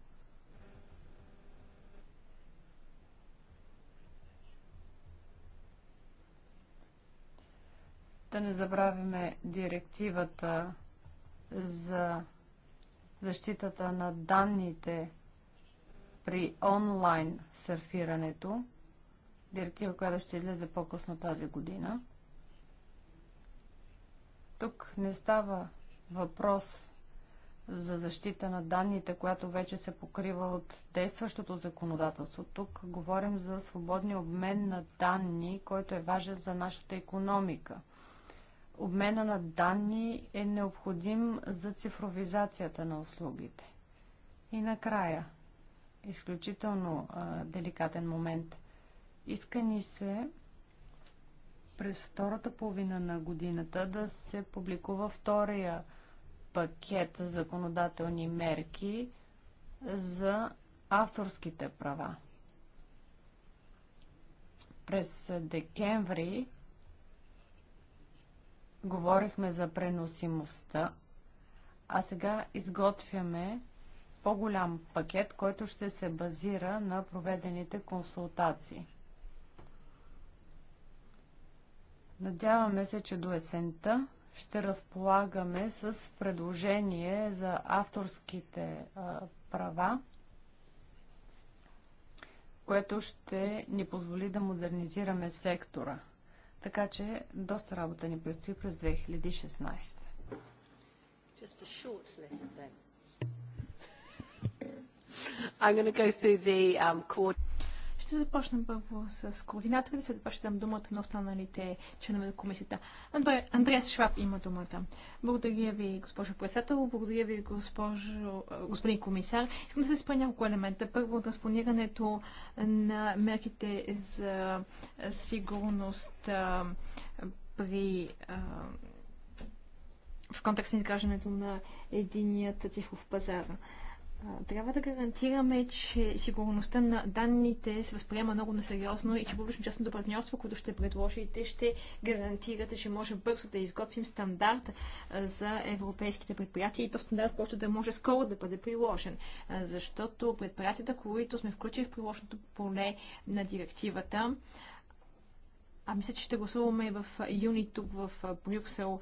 Да не забравяме директивата за защитата на данните при онлайн серфирането, Директива, която ще излезе по-късно тази година. Тук не става въпрос за защита на данните, която вече се покрива от действащото законодателство. Тук говорим за свободния обмен на данни, който е важен за нашата економика – Обмена на данни е необходим за цифровизацията на услугите. И накрая, изключително а, деликатен момент. Иска ни се през втората половина на годината да се публикува втория пакет законодателни мерки за авторските права. През декември говорихме за преносимостта, а сега изготвяме по-голям пакет, който ще се базира на проведените консултации. Надяваме се, че до есента ще разполагаме с предложение за авторските а, права, което ще ни позволи да модернизираме сектора. Така че доста работа ни предстои през 2016. Just a short list then. I'm going to go through the um, coordinates. Ще започна първо с координатори, след това ще дам думата на останалите членове на комисията. Андреас Шваб има думата. Благодаря ви, госпожо председател, благодаря ви, госпожо... господин комисар. Искам да се спра няколко елемента. Първо, транспонирането на мерките за сигурност а, при а, в контекст на изграждането на единият цифров пазар трябва да гарантираме, че сигурността на данните се възприема много насериозно и че публично-частното партньорство, което ще предложите, ще гарантирате, че може бързо да изготвим стандарт за европейските предприятия и то стандарт, който да може скоро да бъде приложен. Защото предприятията, които сме включили в приложното поле на директивата, а мисля, че ще гласуваме в юни тук в Брюксел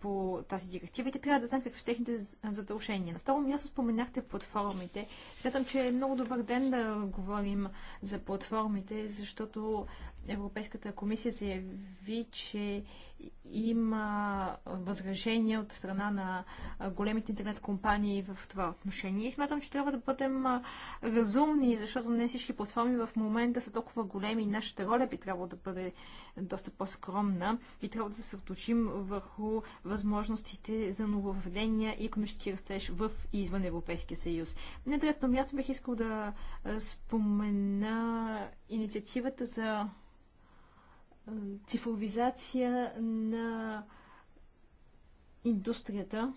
по тази директива и те трябва да знаят какви са техните задължения. На второ място споменахте платформите. Смятам, че е много добър ден да говорим за платформите, защото Европейската комисия заяви, че има възражения от страна на големите интернет компании в това отношение. И смятам, че трябва да бъдем разумни, защото не всички платформи в момента са толкова големи и нашата роля би трябвало да бъде доста по-скромна и трябва да се съсредоточим върху възможностите за нововведения и економически растеж в и извън Европейския съюз. На трето място бих искал да спомена инициативата за цифровизация на индустрията.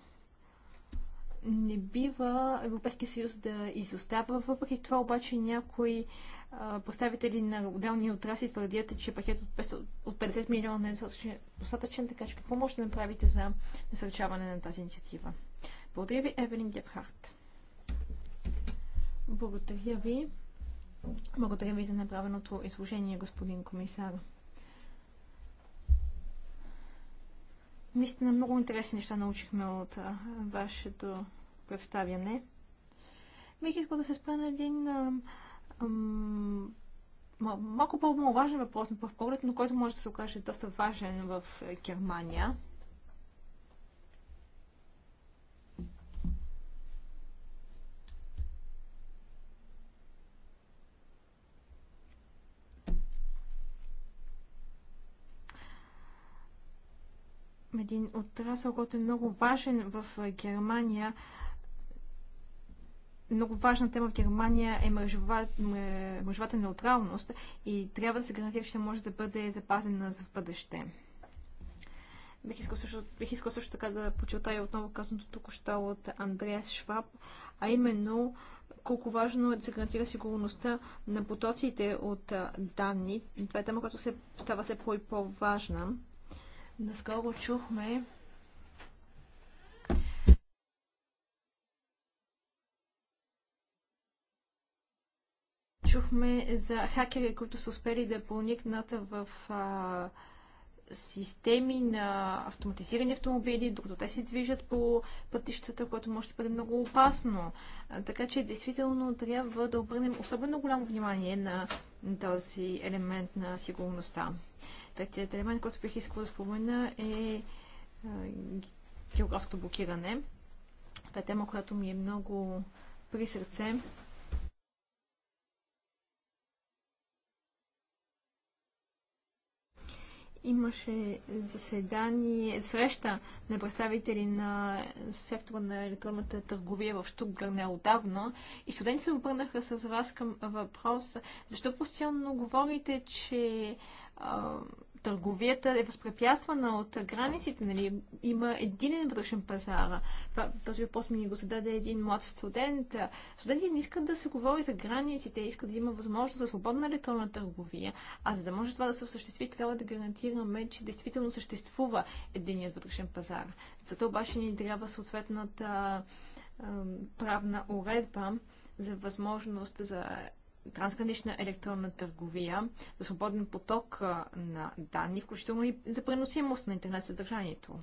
Не бива Европейския съюз да изостава, въпреки това обаче някои представители на отделни отрасли твърдят, че пакет от, от 50 милиона не е достатъчен, достатъчен, така че какво може да направите за насърчаване на тази инициатива? Благодаря ви, Евелин Гепхарт. Благодаря ви. Благодаря ви за направеното изложение, господин комисар. Наистина много интересни неща научихме от вашето представяне. Бих искал да се спра на един малко по важен въпрос на пръв поглед, но който може да се окаже доста важен в е, Германия – имахме един отрасъл, който е много важен в Германия. Много важна тема в Германия е мъжова, мъжовата неутралност и трябва да се гарантира, че може да бъде запазена за в бъдеще. Бих искал, също, бих искал също така да почертая отново казаното току-що от Андреас Шваб, а именно колко важно е да се гарантира сигурността на потоците от данни. Това е тема, която се, става все по- и по-важна. Наскоро чухме чухме за хакери, които са успели да проникнат в а, системи на автоматизирани автомобили, докато те се движат по пътищата, което може да бъде много опасно. Така че действително трябва да обърнем особено голямо внимание на този елемент на сигурността. Третият елемент, който бих искала да спомена е географското блокиране. Това е тема, която ми е много при сърце. имаше заседание, среща на представители на сектора на електронната търговия в Штутгар неодавна и студенти се обърнаха с вас към въпрос, защо постоянно говорите, че а, търговията е възпрепятствана от границите, нали? Има един вътрешен пазар. Този въпрос ми го зададе един млад студент. Студентите не искат да се говори за границите, искат да има възможност за свободна електронна търговия. А за да може това да се осъществи, трябва да гарантираме, че действително съществува единият вътрешен пазар. Зато обаче ни трябва съответната правна уредба за възможност за трансгранична електронна търговия, за свободен поток на данни, включително и за преносимост на интернет съдържанието.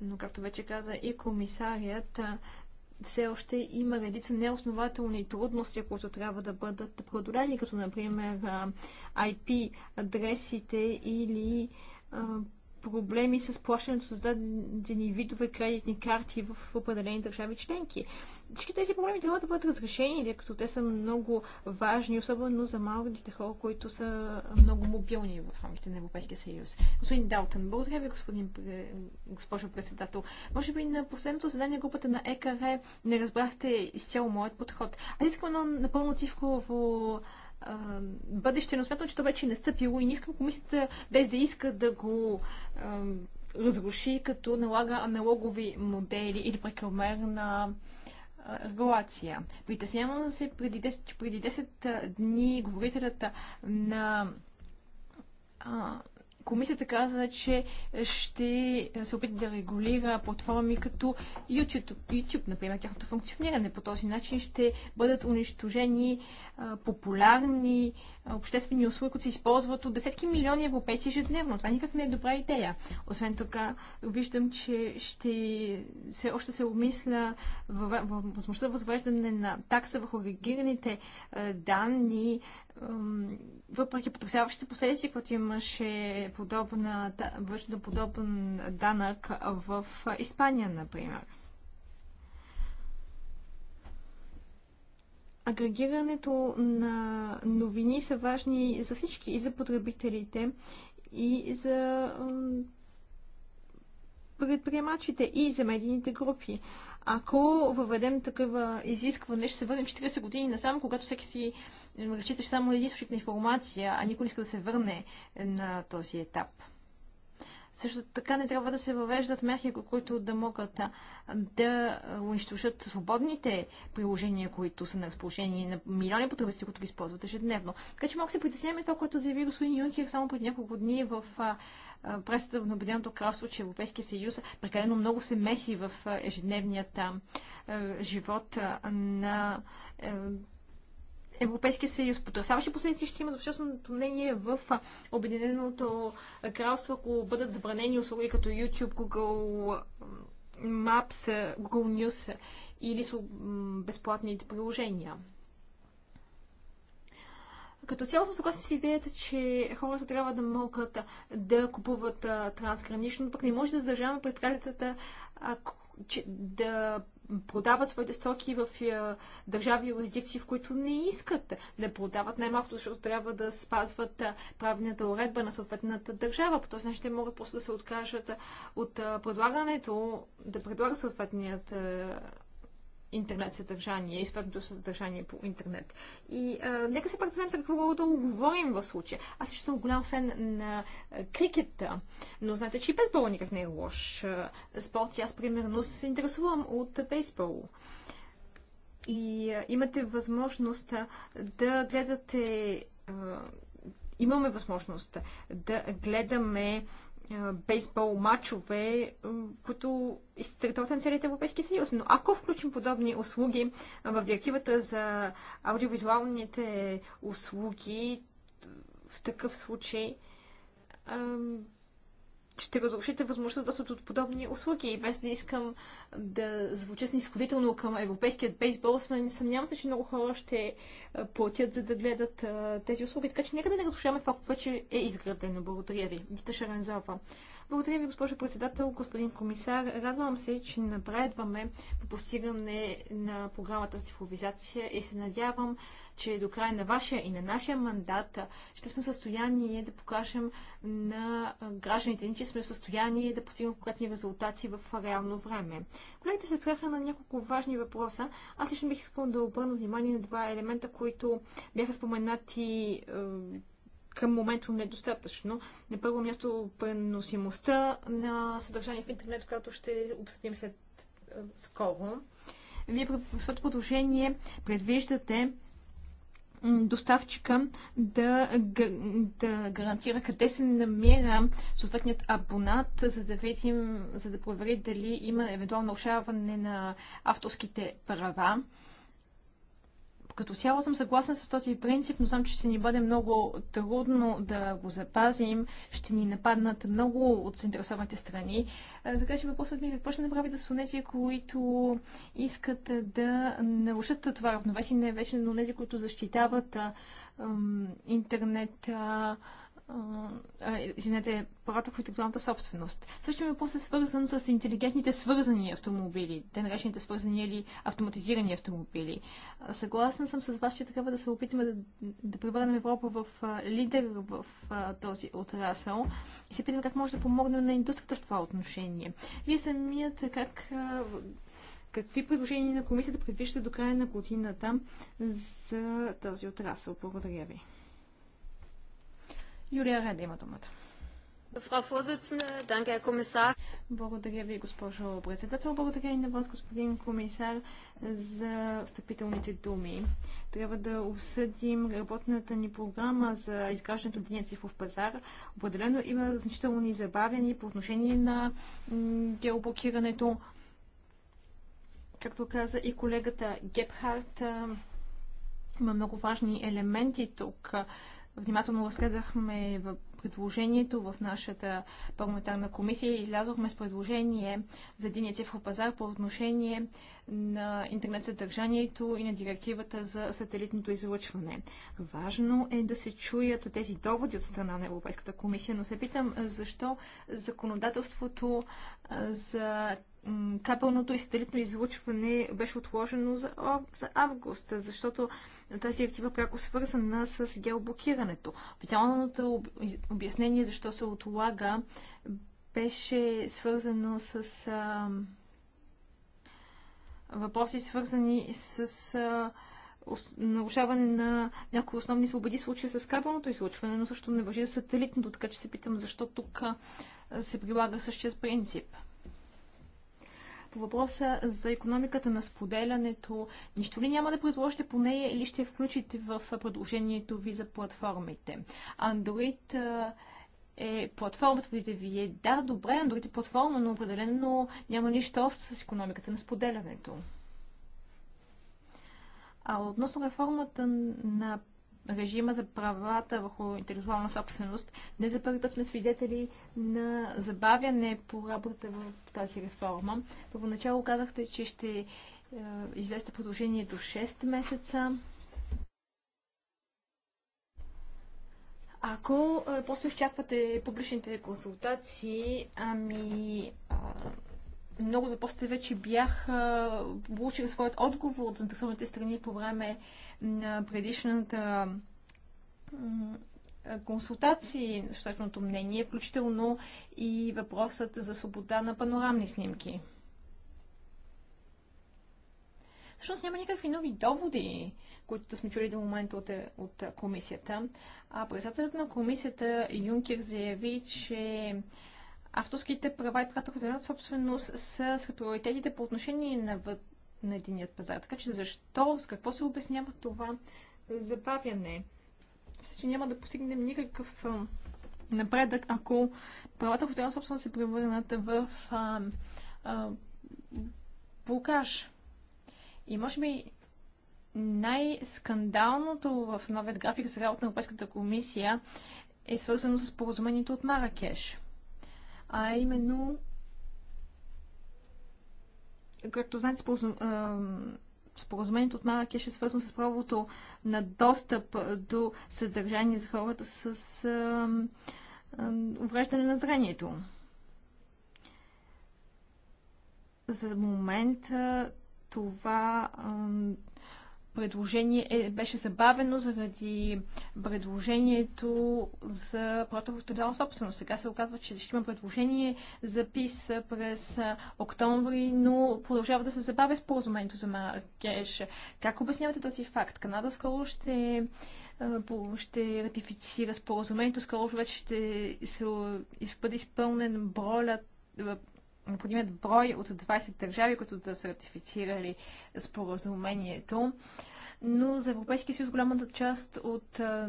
Но, както вече каза и комисарият, все още има редица неоснователни трудности, които трябва да бъдат преодолени, като например IP адресите или проблеми с плащането с дадени видове кредитни карти в определени държави членки. Всички тези проблеми трябва да бъдат разрешени, тъй като те са много важни, особено за малките хора, които са много мобилни в рамките на Европейския съюз. Господин Далтън, благодаря ви, господин, госпожо председател. Може би на последното задание групата на ЕКР не разбрахте изцяло моят подход. Аз искам едно напълно цифрово а, бъдеще, но смятам, че то вече е настъпило и не искам комисията без да иска да го а, разруши, като налага аналогови модели или прекомерна регулация. Притеснявам се, преди 10, че преди 10 дни говорителята на а, Комисията каза, че ще се опита да регулира платформи като YouTube, YouTube например, тяхното функциониране. По този начин ще бъдат унищожени популярни обществени услуги, които се използват от десетки милиони европейци ежедневно. Това никак не е добра идея. Освен така, виждам, че ще се, още се обмисля възможността възвеждане на такса върху регираните данни въпреки потрясаващите последствия, които имаше подобна, външно подобен данък в Испания, например. Агрегирането на новини са важни за всички, и за потребителите, и за предприемачите, и за медийните групи. Ако въведем такива изискване, ще се върнем 40 години насам, когато всеки си е, разчиташ само един източник на информация, а никой не иска да се върне на този етап. Също така не трябва да се въвеждат мерки, които да могат да унищожат свободните приложения, които са на разположение на милиони потребители, които ги използват ежедневно. Така че малко се притесняваме това, което заяви господин Юнкер само преди няколко дни в пресата на Обединеното кралство, че Европейския съюз прекалено много се меси в ежедневният живот на Европейския съюз. Потрясаващи последици ще има за общественото мнение в Обединеното кралство, ако бъдат забранени услуги като YouTube, Google Maps, Google News или безплатните приложения. Като цяло съм съгласен с идеята, че хората трябва да могат да купуват а, трансгранично, пък не може да задържаваме предприятията да продават своите стоки в а, държави и юрисдикции, в които не искат да продават, най-малкото защото трябва да спазват правилната уредба на съответната държава. По този начин те могат просто да се откажат от а, предлагането, да предлагат съответният интернет съдържание, изпратното съдържание по интернет. И а, нека се пак да знаем за какво да говорим в случая. Аз също съм голям фен на а, крикета, но знаете, че и бейсбола никак не е лош а, спорт. И аз, примерно, се интересувам от бейсбол. И а, имате възможност а, да гледате. А, имаме възможност да гледаме а, бейсбол матчове, които изтъртоват на целите Европейски съюз. Но ако включим подобни услуги в директивата за аудиовизуалните услуги, в такъв случай ще разрушите възможността да от подобни услуги. И без да искам да звуча снисходително към европейският бейсбол, съмнявам се, че много хора ще е, платят, за да гледат е, тези услуги. Така че нека да не разрушаваме това, което е изградено. Благодаря ви. Дита Шаранзова. Благодаря ви, госпожо председател, господин комисар. Радвам се, че напредваме по постигане на програмата цифровизация и се надявам, че до края на вашия и на нашия мандат ще сме в състояние да покажем на гражданите ни, че сме в състояние да постигнем конкретни резултати в реално време. Колегите се спряха на няколко важни въпроса. Аз лично бих искал да обърна внимание на два елемента, които бяха споменати е, към момента недостатъчно. На първо място преносимостта на съдържание в интернет, която ще обсъдим след е, скоро. Вие в своето продължение предвиждате доставчика да, да гарантира къде се намира съответният абонат, за да видим, за да провери дали има евентуално нарушаване на авторските права като цяло съм съгласна с този принцип, но знам, че ще ни бъде много трудно да го запазим. Ще ни нападнат много от заинтересованите страни. Така че въпросът ми е какво ще направите с тези, които искат да нарушат това равновесие, не вече, но тези, които защитават а, интернет а, извинете, правата които интелектуалната собственост. Също ми въпрос е свързан с интелигентните свързани автомобили, те наречените свързани или автоматизирани автомобили. Съгласна съм с вас, че трябва да се опитаме да, да превърнем Европа в а, лидер в а, този отрасъл и се питаме как може да помогнем на индустрията в това отношение. Вие самият как а, какви предложения на комисията предвижда до края на годината за този отрасъл? Благодаря ви. Юлия Реда има думата. Благодаря ви, госпожо председател. Благодаря и на вас, господин комисар, за встъпителните думи. Трябва да обсъдим работната ни програма за изграждането на цифров пазар. Определено има значителни забавени по отношение на геоблокирането. Както каза и колегата Гепхарт, има много важни елементи тук внимателно разгледахме предложението в нашата парламентарна комисия и излязохме с предложение за единия цифров пазар по отношение на интернет съдържанието и на директивата за сателитното излъчване. Важно е да се чуят тези доводи от страна на Европейската комисия, но се питам защо законодателството за капълното и сателитно излъчване беше отложено за август, защото на тази директива пряко свързана с геоблокирането. Официалното обяснение защо се отлага беше свързано с а, въпроси, свързани с а, нарушаване на някои основни свободи, случая с кабелното излъчване, но също не въжи за сателитното, така че се питам защо тук а, се прилага същият принцип по въпроса за економиката на споделянето, нищо ли няма да предложите по нея или ще включите в предложението ви за платформите? Android е платформата, видите е. да, добре, Android е платформа, но определено няма нищо общо с економиката на споделянето. А относно реформата на режима за правата върху интелектуална собственост. Не за първи път сме свидетели на забавяне по работата в тази реформа. Първоначало казахте, че ще е, излезте продължение до 6 месеца. Ако е, после изчаквате публичните консултации, ами а, много въпросите вече бях получили своят отговор от заинтересованите страни по време на предишната консултации на мнение, включително и въпросът за свобода на панорамни снимки. Всъщност няма никакви нови доводи, които сме чули до момента от, е, от комисията. А председателят на комисията Юнкер заяви, че авторските права и пратък от собственост са с приоритетите по отношение на, на единият пазар. Така че защо, с какво се обяснява това забавяне? Мисля, че няма да постигнем никакъв напредък, ако правата, в на собственост се превърнат в а, а, блокаж. И може би най-скандалното в новият график за работа на Европейската комисия е свързано с поразумението от Маракеш. А именно както знаете, споразумението от Маракеш е свързано с правото на достъп до съдържание за хората с увреждане на зрението. За момента това предложение е, беше забавено заради предложението за протоколто собственост. Сега се оказва, че ще има предложение за ПИС през октомври, но продължава да се забавя споразумението за Маркеш. Как обяснявате този факт? Канада скоро ще ще ратифицира споразумението, скоро вече ще се бъде изпълнен броля необходимият брой от 20 държави, които да са ратифицирали споразумението. Но за Европейския съюз голямата част от а,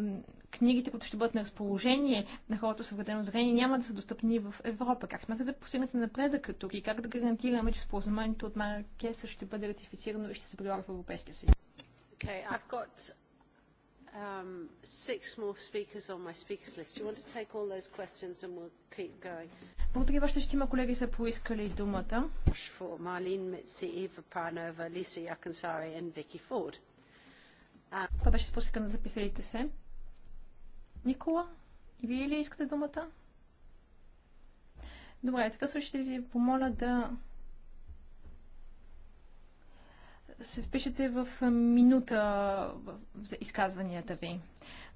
книгите, които ще бъдат на разположение на хората с увредено зрение, няма да са достъпни в Европа. Как смятате да постигнете напредък тук и как да гарантираме, че споразумението от Маракеса ще бъде ратифицирано и ще се прилага в Европейския съюз? Okay, I've got um, six more speakers on my speakers list. Do you want to take all those questions and we'll keep going? Благодаря вашите шестима колеги са поискали думата. For Marlene Mitzi, Eva Panova, Lisa Yakansari and Vicky Ford. Това беше списъка на записалите се. Никола, и вие ли искате думата? Добре, така случай ще ви помоля да се впишете в минута за изказванията ви.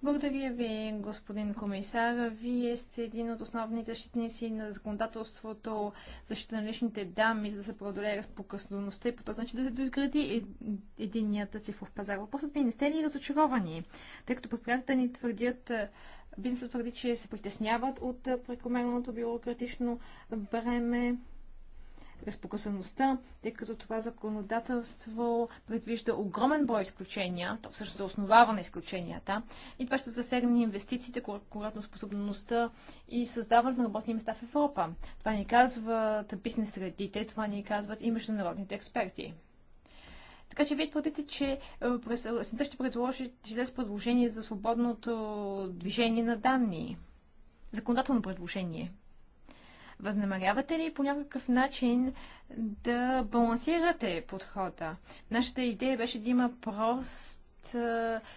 Благодаря ви, господин комисар. Вие сте един от основните защитници на законодателството защита на личните данни, за да се преодолее разпокъсността и по този начин да се доизгради единният цифров пазар. Въпросът ми е, не сте ли разочаровани, тъй като предприятията ни твърдят, е, бизнесът твърди, че се притесняват от е, прекомерното бюрократично бреме, разпокъсаността, тъй като това законодателство предвижда огромен брой изключения, то всъщност се основава на изключенията, и това ще засегне инвестициите, конкурентно способността и създаването на работни места в Европа. Това ни казват бизнес средите, това ни казват и международните експерти. Така че вие твърдите, че е, през е, ще предложи чрез предложение за свободното движение на данни. Законодателно предложение. Възнамерявате ли по някакъв начин да балансирате подхода? Нашата идея беше да има прост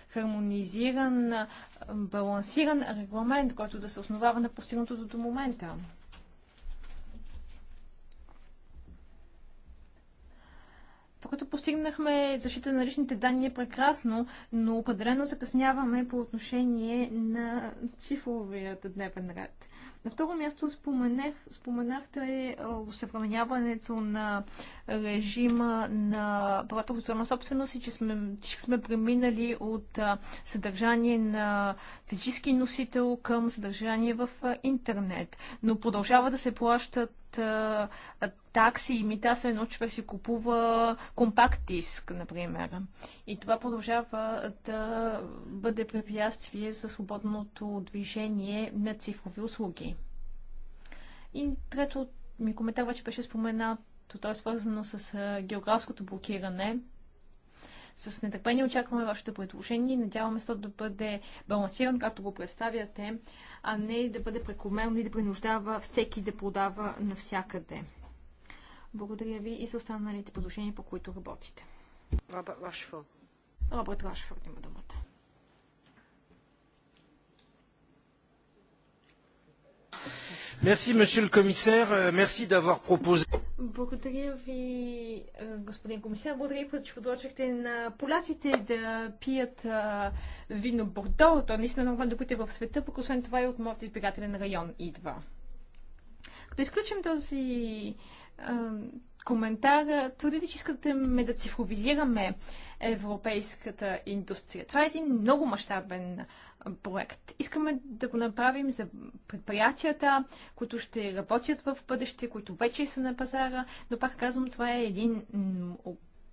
хармонизиран, балансиран регламент, който да се основава на постигнатото до момента. Когато постигнахме защита на личните данни е прекрасно, но определено закъсняваме по отношение на цифровият дневен ред. На второ място споменах, споменахте усъвременяването е, на режима на правата културна собственост и че сме, че сме преминали от съдържание на физически носител към съдържание в интернет. Но продължава да се плащат а, такси и мита, се едно човек си купува компакт диск, например. И това продължава да бъде препятствие за свободното движение на цифрови услуги. И трето ми коментар вече беше споменато, то е свързано с географското блокиране – с нетърпение очакваме вашето предложение и надяваме се да бъде балансиран, както го представяте, а не да бъде прекомерно и да принуждава всеки да продава навсякъде. Благодаря ви и за останалите предложения, по които работите. Робърт Рашфорд. Робърт Рашфорд има думата. Merci, monsieur le commissaire. Euh, merci d'avoir proposé. Благодаря ви, е, господин комисар. Благодаря ви, че подложихте на поляците да пият а, е, вино Бордо. То наистина е много добрите в света, пък освен това и от моят избирателен район идва. Като изключим този а, коментар, твърдите, че искате ме да цифровизираме европейската индустрия. Това е един много мащабен проект. Искаме да го направим за предприятията, които ще работят в бъдеще, които вече са на пазара, но пак казвам, това е един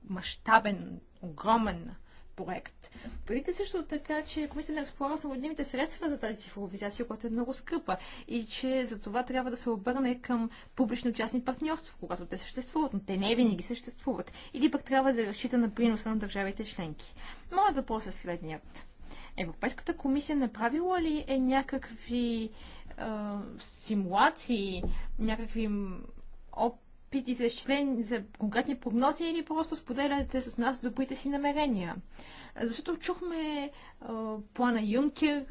мащабен, огромен проект. Твърдите също така, че комисията не разполага с необходимите средства за тази цифровизация, която е много скъпа и че за това трябва да се обърне към публично-частни партньорства, когато те съществуват, но те не винаги съществуват. Или пък трябва да разчита на приноса на държавите членки. Моят въпрос е следният. Европейската комисия направила ли е някакви е, симулации, някакви опити за изчислени, за конкретни прогнози или просто споделяте с нас добрите си намерения? Защото чухме е, плана Юнкер,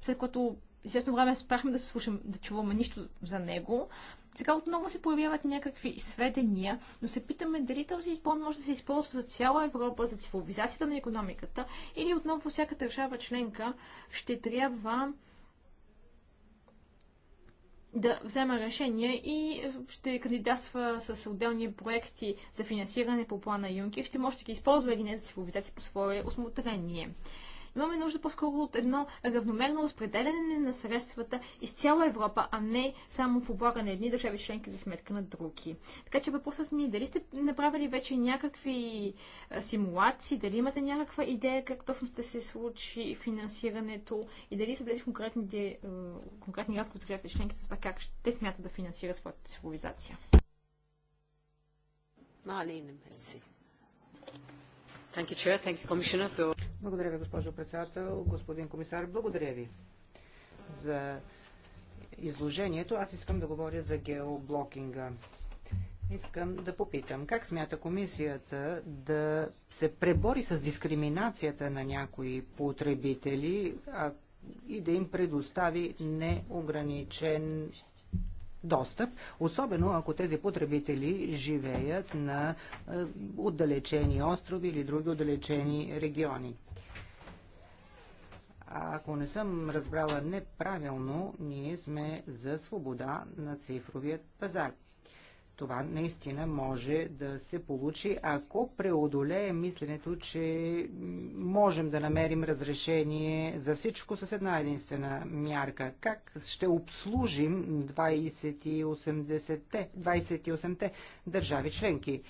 след което известно време спряхме да слушам, да чуваме нищо за него, сега отново се появяват някакви сведения, но се питаме дали този план може да се използва за цяла Европа, за цивилизацията на економиката или отново всяка държава членка ще трябва да взема решение и ще кандидатства с отделни проекти за финансиране по плана Юнки, ще може да ги използва или не за цивилизация по свое осмотрение. Имаме нужда по-скоро от едно равномерно разпределяне на средствата из цяла Европа, а не само в облага на едни държави членки за сметка на други. Така че въпросът ми е дали сте направили вече някакви симулации, дали имате някаква идея как точно ще се случи финансирането и дали са влезли в конкретни, конкретни разговори с държавите членки за това как те смятат да финансират своята цивилизация. Thank you, Chair. Thank you, Commissioner, for благодаря ви, госпожо председател, господин комисар. Благодаря ви за изложението. Аз искам да говоря за геоблокинга. Искам да попитам, как смята комисията да се пребори с дискриминацията на някои потребители а, и да им предостави неограничен достъп, особено ако тези потребители живеят на е, отдалечени острови или други отдалечени региони. А ако не съм разбрала неправилно, ние сме за свобода на цифровият пазар. Това наистина може да се получи, ако преодолее мисленето, че можем да намерим разрешение за всичко с една единствена мярка. Как ще обслужим 28-те 28 държави членки?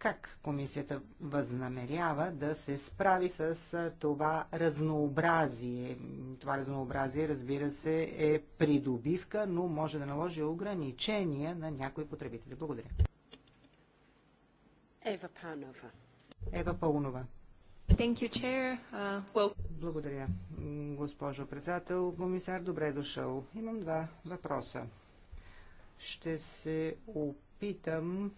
как комисията възнамерява да се справи с това разнообразие. Това разнообразие, разбира се, е придобивка, но може да наложи ограничения на някои потребители. Благодаря. Ева Панова. Ева Паунова. Thank you, chair. Uh, well... Благодаря, госпожо председател. Комисар, добре е дошъл. Имам два въпроса. Ще се опитам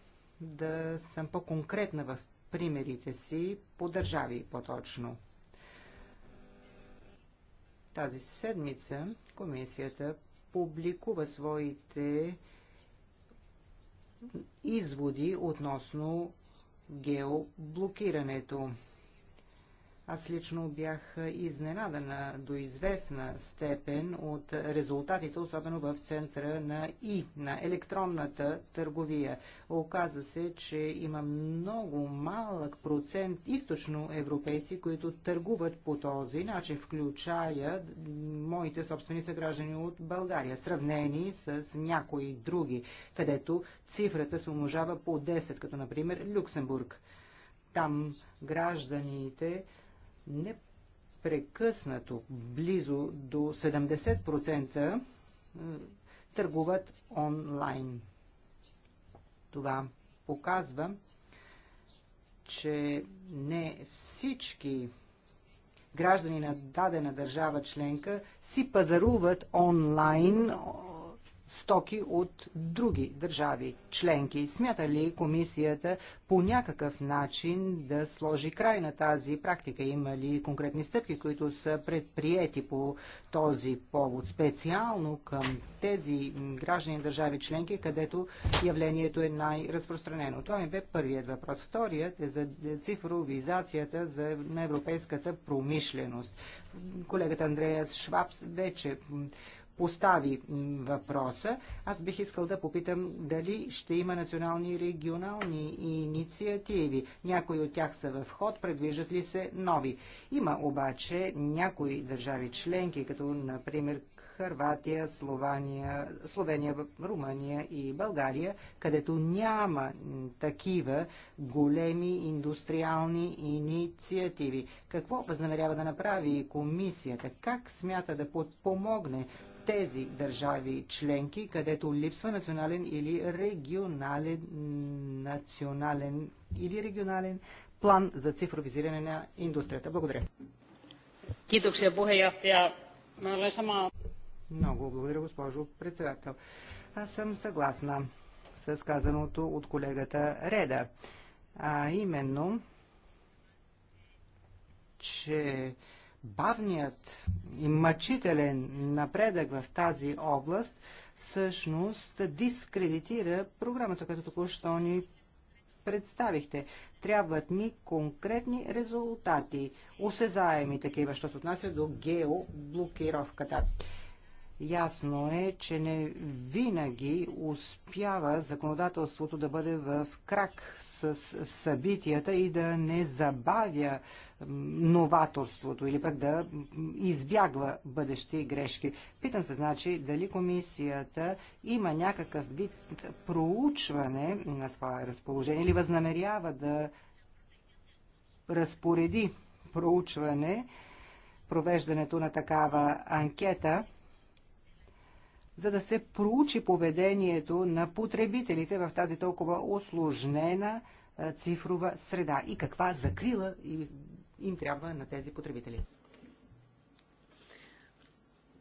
да съм по-конкретна в примерите си по държави по-точно. Тази седмица комисията публикува своите изводи относно геоблокирането. Аз лично бях изненадана до известна степен от резултатите, особено в центъра на И, на електронната търговия. Оказа се, че има много малък процент източно европейци, които търгуват по този начин, включая моите собствени съграждани от България, сравнени с някои други, където цифрата се умножава по 10, като например Люксембург. Там гражданите непрекъснато близо до 70% търгуват онлайн. Това показва, че не всички граждани на дадена държава членка си пазаруват онлайн стоки от други държави членки. Смята ли комисията по някакъв начин да сложи край на тази практика? Има ли конкретни стъпки, които са предприяти по този повод, специално към тези граждани държави членки, където явлението е най-разпространено? Това ми бе първият въпрос. Вторият е за цифровизацията за, на европейската промишленост. Колегата Андреас Швабс вече постави въпроса, аз бих искал да попитам дали ще има национални и регионални инициативи. Някои от тях са в ход, предвиждат ли се нови. Има обаче някои държави членки, като например Харватия, Слования, Словения, Румъния и България, където няма такива големи индустриални инициативи. Какво възнамерява да направи комисията? Как смята да подпомогне тези държави членки, където липсва национален или регионален, национален или регионален план за цифровизиране на индустрията. Благодаря. Е Много благодаря, госпожо председател. Аз съм съгласна с казаното от колегата Реда. А именно, че бавният и мъчителен напредък в тази област всъщност дискредитира програмата, като току-що ни представихте. Трябват ни конкретни резултати, осезаеми такива, що се отнася до геоблокировката. Ясно е, че не винаги успява законодателството да бъде в крак с събитията и да не забавя новаторството или пък да избягва бъдещи грешки. Питам се, значи, дали комисията има някакъв вид проучване на своя разположение или възнамерява да разпореди проучване, провеждането на такава анкета – за да се проучи поведението на потребителите в тази толкова осложнена цифрова среда и каква закрила им трябва на тези потребители.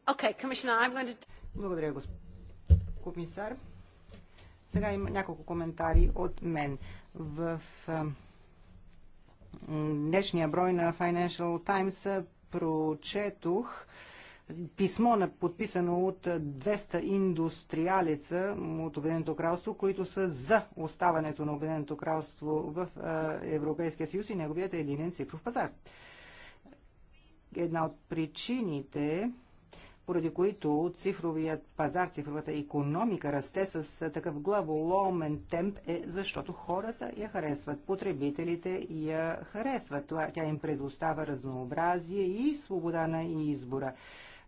Okay, to... Благодаря, господин комисар. Сега има няколко коментари от мен. В днешния брой на Financial Times прочетох писмо, на подписано от 200 индустриалица от Обединеното кралство, които са за оставането на Обединеното кралство в Европейския съюз и неговият единен цифров пазар. Една от причините поради които цифровият пазар, цифровата економика расте с такъв главоломен темп е защото хората я харесват, потребителите я харесват. Това, тя им предоставя разнообразие и свобода на избора.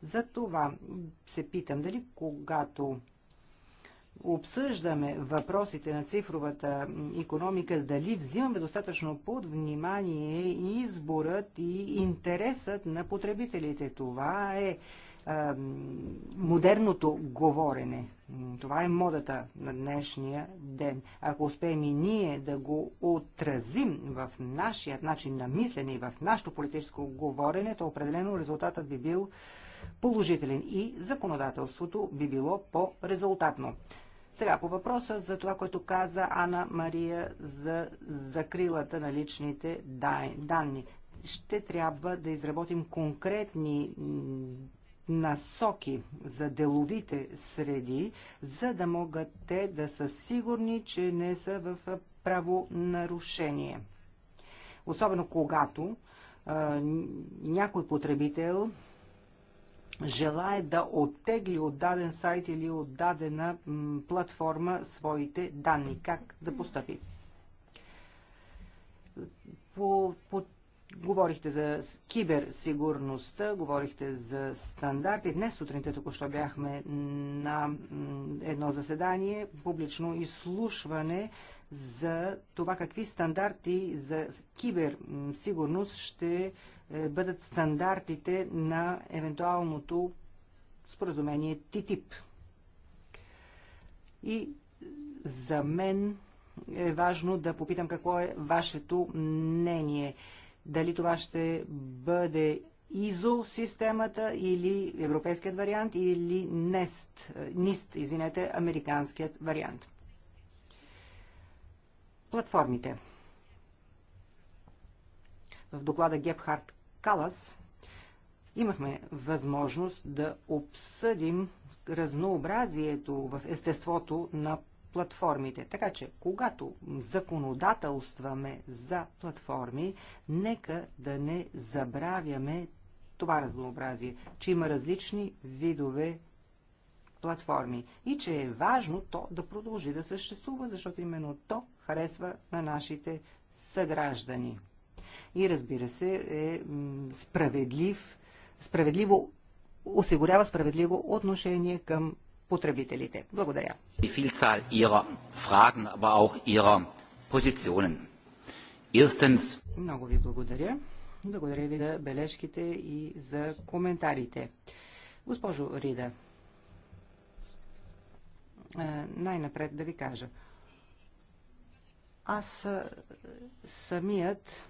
За това се питам дали когато обсъждаме въпросите на цифровата економика, дали взимаме достатъчно под внимание изборът и интересът на потребителите. Това е модерното говорене. Това е модата на днешния ден. Ако успеем и ние да го отразим в нашия начин на мислене и в нашето политическо говорене, то определено резултатът би бил положителен и законодателството би било по-резултатно. Сега по въпроса за това, което каза Ана Мария за закрилата на личните данни. Ще трябва да изработим конкретни насоки за деловите среди, за да могат те да са сигурни, че не са в правонарушение. Особено когато а, някой потребител желае да оттегли от даден сайт или от дадена платформа своите данни. Как да постъпи? По, по, говорихте за киберсигурността, говорихте за стандарти. Днес сутринта току-що бяхме на едно заседание, публично изслушване за това какви стандарти за киберсигурност ще е, бъдат стандартите на евентуалното споразумение ТИТИП. И за мен е важно да попитам какво е вашето мнение. Дали това ще бъде ИЗО системата или европейският вариант или НЕСТ, е, НИСТ, извинете, американският вариант. Платформите. В доклада Гепхард Калас имахме възможност да обсъдим разнообразието в естеството на платформите. Така че, когато законодателстваме за платформи, нека да не забравяме това разнообразие, че има различни видове платформи и че е важно то да продължи да съществува, защото именно то харесва на нашите съграждани и разбира се е справедлив, справедливо, осигурява справедливо отношение към потребителите. Благодаря. Много ви благодаря. Благодаря ви за бележките и за коментарите. Госпожо Рида, е, най-напред да ви кажа. Аз е, самият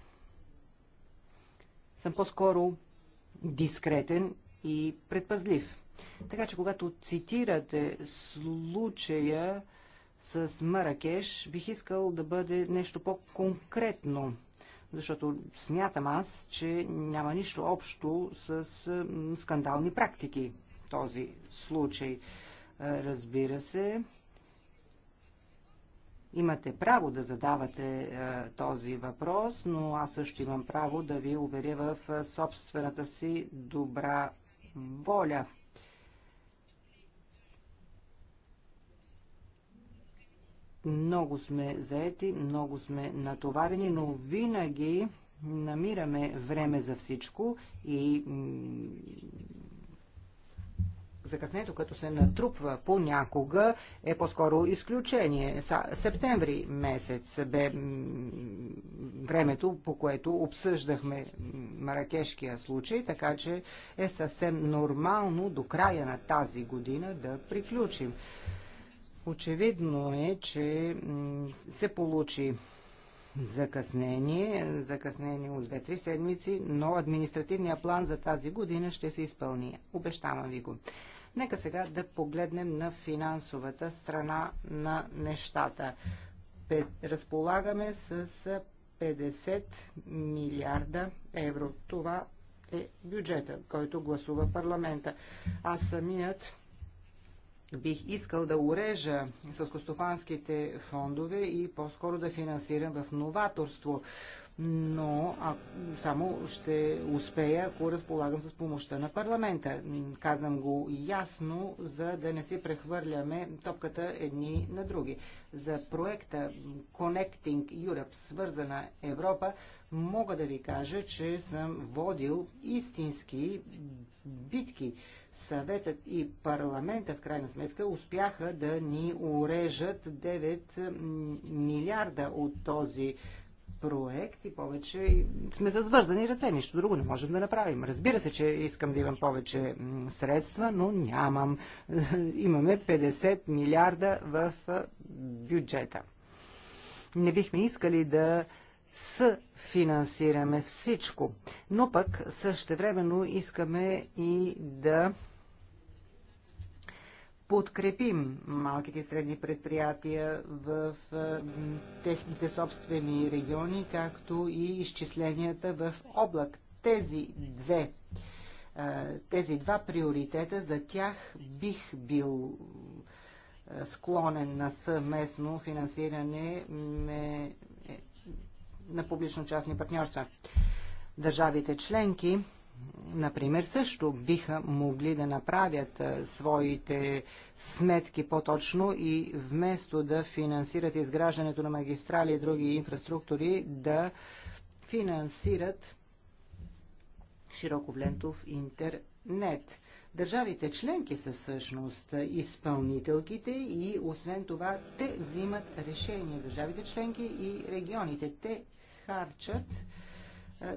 съм по-скоро дискретен и предпазлив. Така че, когато цитирате случая с Маракеш, бих искал да бъде нещо по-конкретно, защото смятам аз, че няма нищо общо с скандални практики този случай. Разбира се, Имате право да задавате е, този въпрос, но аз също имам право да ви уверя в е, собствената си добра воля. Много сме заети, много сме натоварени, но винаги намираме време за всичко и закъснението, като се натрупва понякога, е по-скоро изключение. Септември месец бе времето, по което обсъждахме маракешкия случай, така че е съвсем нормално до края на тази година да приключим. Очевидно е, че се получи закъснение, закъснение от 2-3 седмици, но административният план за тази година ще се изпълни. Обещавам ви го. Нека сега да погледнем на финансовата страна на нещата. Разполагаме с 50 милиарда евро. Това е бюджета, който гласува парламента. Аз самият бих искал да урежа съскостопанските фондове и по-скоро да финансирам в новаторство но а, само ще успея, ако разполагам с помощта на парламента. Казвам го ясно, за да не си прехвърляме топката едни на други. За проекта Connecting Europe, свързана Европа, мога да ви кажа, че съм водил истински битки. Съветът и парламента, в крайна сметка, успяха да ни урежат 9 милиарда от този проект и повече сме за свързани ръце. Нищо друго не можем да направим. Разбира се, че искам да имам повече средства, но нямам. Имаме 50 милиарда в бюджета. Не бихме искали да съфинансираме всичко, но пък същевременно искаме и да подкрепим малките и средни предприятия в техните собствени региони, както и изчисленията в облак. Тези две тези два приоритета, за тях бих бил склонен на съвместно финансиране е, е, на публично-частни партньорства. Държавите членки например, също биха могли да направят своите сметки по-точно и вместо да финансират изграждането на магистрали и други инфраструктури, да финансират широковлентов интернет. Държавите членки са всъщност изпълнителките и освен това те взимат решения. Държавите членки и регионите. Те харчат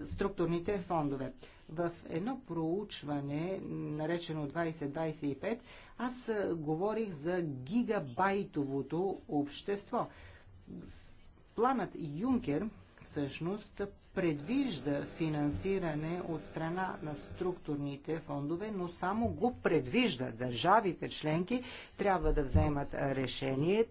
структурните фондове. В едно проучване, наречено 2025, аз говорих за гигабайтовото общество. Планът Юнкер всъщност предвижда финансиране от страна на структурните фондове, но само го предвижда. Държавите членки трябва да вземат решение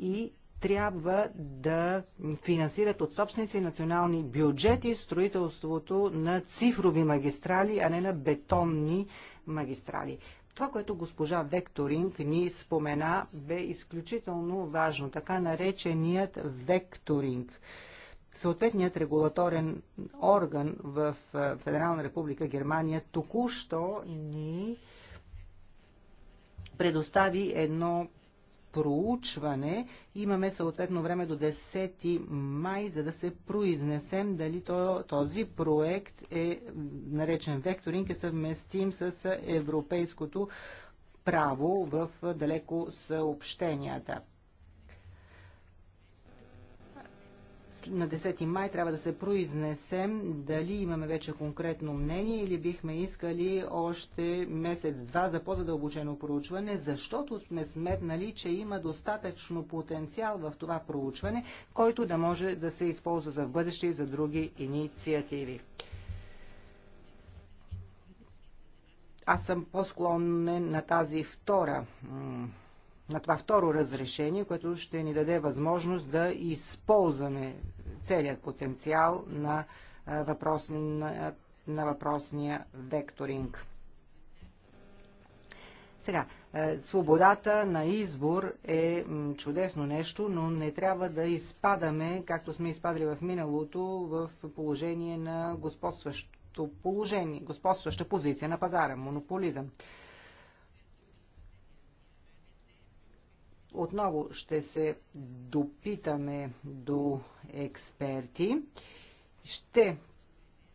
и трябва да финансират от собствени си национални бюджети строителството на цифрови магистрали, а не на бетонни магистрали. Това, което госпожа Векторинг ни спомена, бе изключително важно, така нареченият векторинг. Съответният регулаторен орган в е, Федерална република Германия току-що ни предостави едно проучване. Имаме съответно време до 10 май, за да се произнесем дали то, този проект е наречен векторинг и е съвместим с европейското право в далеко съобщенията. на 10 май трябва да се произнесем дали имаме вече конкретно мнение или бихме искали още месец-два за по-задълбочено проучване, защото сме сметнали, че има достатъчно потенциал в това проучване, който да може да се използва за бъдеще и за други инициативи. Аз съм по-склонен на тази втора на това второ разрешение, което ще ни даде възможност да използваме целият потенциал на, въпрос, на, на въпросния векторинг. Сега, свободата на избор е чудесно нещо, но не трябва да изпадаме, както сме изпадали в миналото, в положение на господстващо положение, господстваща позиция на пазара, монополизъм. Отново ще се допитаме до експерти. Ще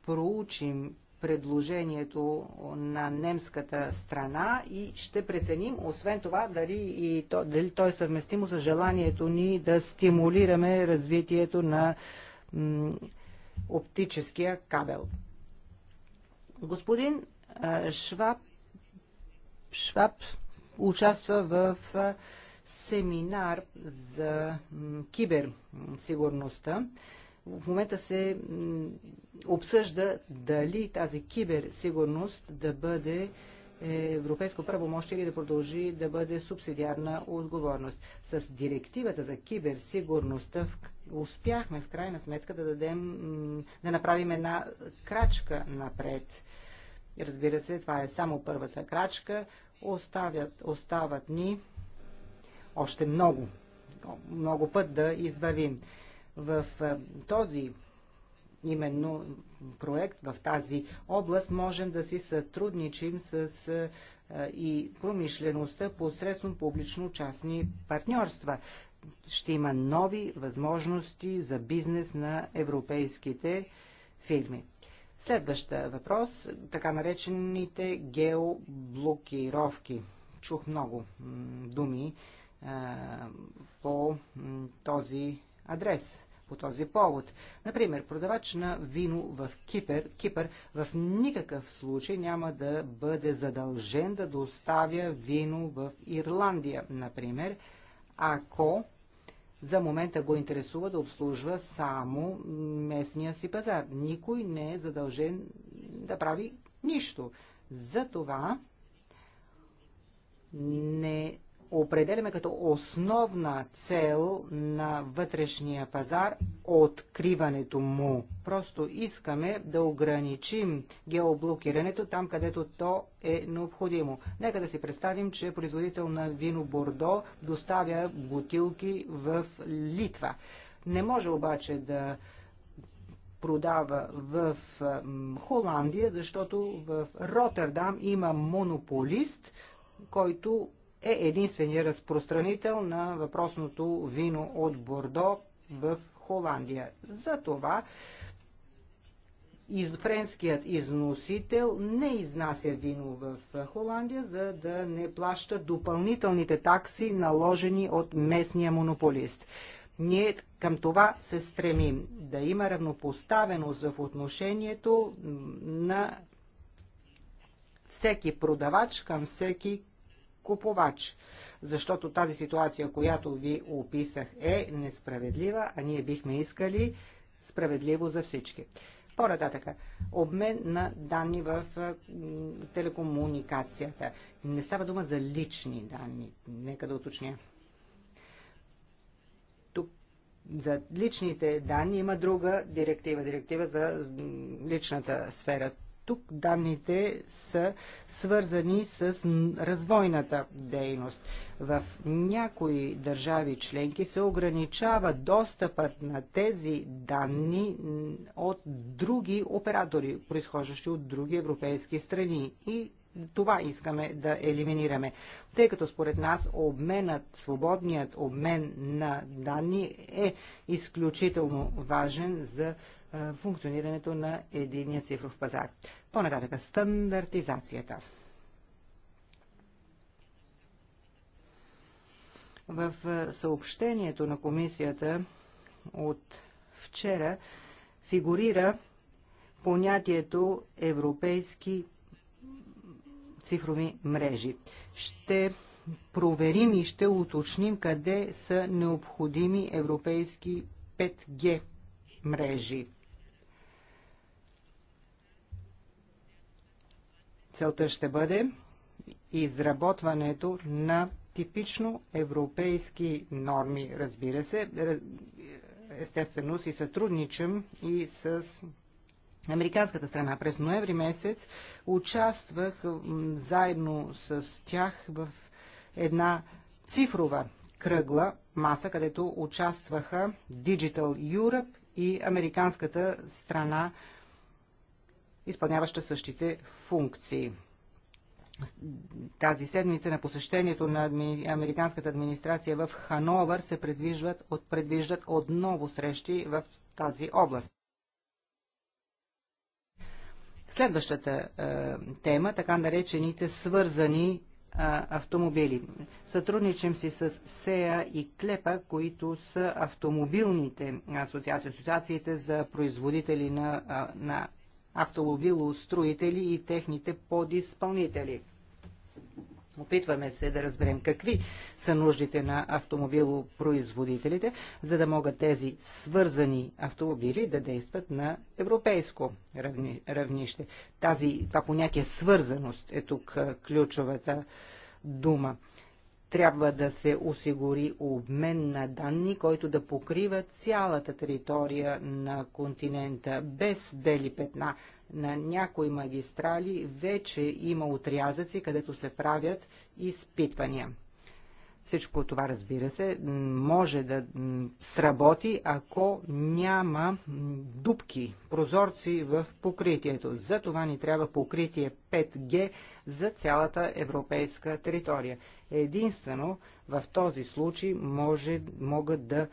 проучим предложението на немската страна и ще преценим, освен това, дали, и то, дали то е съвместимо с желанието ни да стимулираме развитието на оптическия кабел. Господин Шваб, Шваб участва в семинар за киберсигурността. В момента се обсъжда дали тази киберсигурност да бъде е, европейско правомощие или да продължи да бъде субсидиарна отговорност. С директивата за киберсигурността успяхме в крайна сметка да дадем, да направим една крачка напред. Разбира се, това е само първата крачка. Оставят, остават ни още много, много път да извървим. В този именно проект, в тази област можем да си сътрудничим с и промишлеността посредством публично-частни партньорства. Ще има нови възможности за бизнес на европейските фирми. Следваща въпрос, така наречените геоблокировки. Чух много думи по този адрес по този повод. Например, продавач на вино в Кипър, Кипър в никакъв случай няма да бъде задължен да доставя вино в Ирландия, например, ако за момента го интересува да обслужва само местния си пазар. Никой не е задължен да прави нищо. Затова не определяме като основна цел на вътрешния пазар откриването му. Просто искаме да ограничим геоблокирането там, където то е необходимо. Нека да си представим, че производител на вино Бордо доставя бутилки в Литва. Не може обаче да продава в Холандия, защото в Роттердам има монополист, който е единствения разпространител на въпросното вино от Бордо в Холандия. Затова из, френският износител не изнася вино в Холандия, за да не плаща допълнителните такси, наложени от местния монополист. Ние към това се стремим да има равнопоставеност в отношението на всеки продавач към всеки купувач. Защото тази ситуация, която ви описах, е несправедлива, а ние бихме искали справедливо за всички. По-нататъка, обмен на данни в телекомуникацията. Не става дума за лични данни. Нека да уточня. Тук за личните данни има друга директива. Директива за личната сфера тук данните са свързани с развойната дейност. В някои държави членки се ограничава достъпът на тези данни от други оператори, произхождащи от други европейски страни. И това искаме да елиминираме. Тъй като според нас обменът, свободният обмен на данни е изключително важен за функционирането на единия цифров пазар. По-нататък стандартизацията. В съобщението на комисията от вчера фигурира понятието европейски цифрови мрежи. Ще проверим и ще уточним къде са необходими европейски 5G мрежи. Целта ще бъде изработването на типично европейски норми, разбира се. Естествено си сътрудничам и с американската страна. През ноември месец участвах заедно с тях в една цифрова кръгла маса, където участваха Digital Europe и американската страна изпълняваща същите функции. Тази седмица на посещението на американската администрация в Хановър се предвиждат, предвиждат отново срещи в тази област. Следващата е, тема, така наречените свързани е, автомобили. Сътрудничим си с СЕА и КЛЕПА, които са автомобилните асоциации, асоциациите за производители на, е, на Автомобилоустроители и техните подизпълнители. Опитваме се да разберем какви са нуждите на автомобилопроизводителите, за да могат тези свързани автомобили да действат на европейско равни, равнище. Тази, това понятие свързаност е тук ключовата дума. Трябва да се осигури обмен на данни, който да покрива цялата територия на континента без бели петна. На някои магистрали вече има отрязъци, където се правят изпитвания. Всичко това, разбира се, може да сработи, ако няма дубки, прозорци в покритието. За това ни трябва покритие 5G за цялата европейска територия. Единствено в този случай може, могат да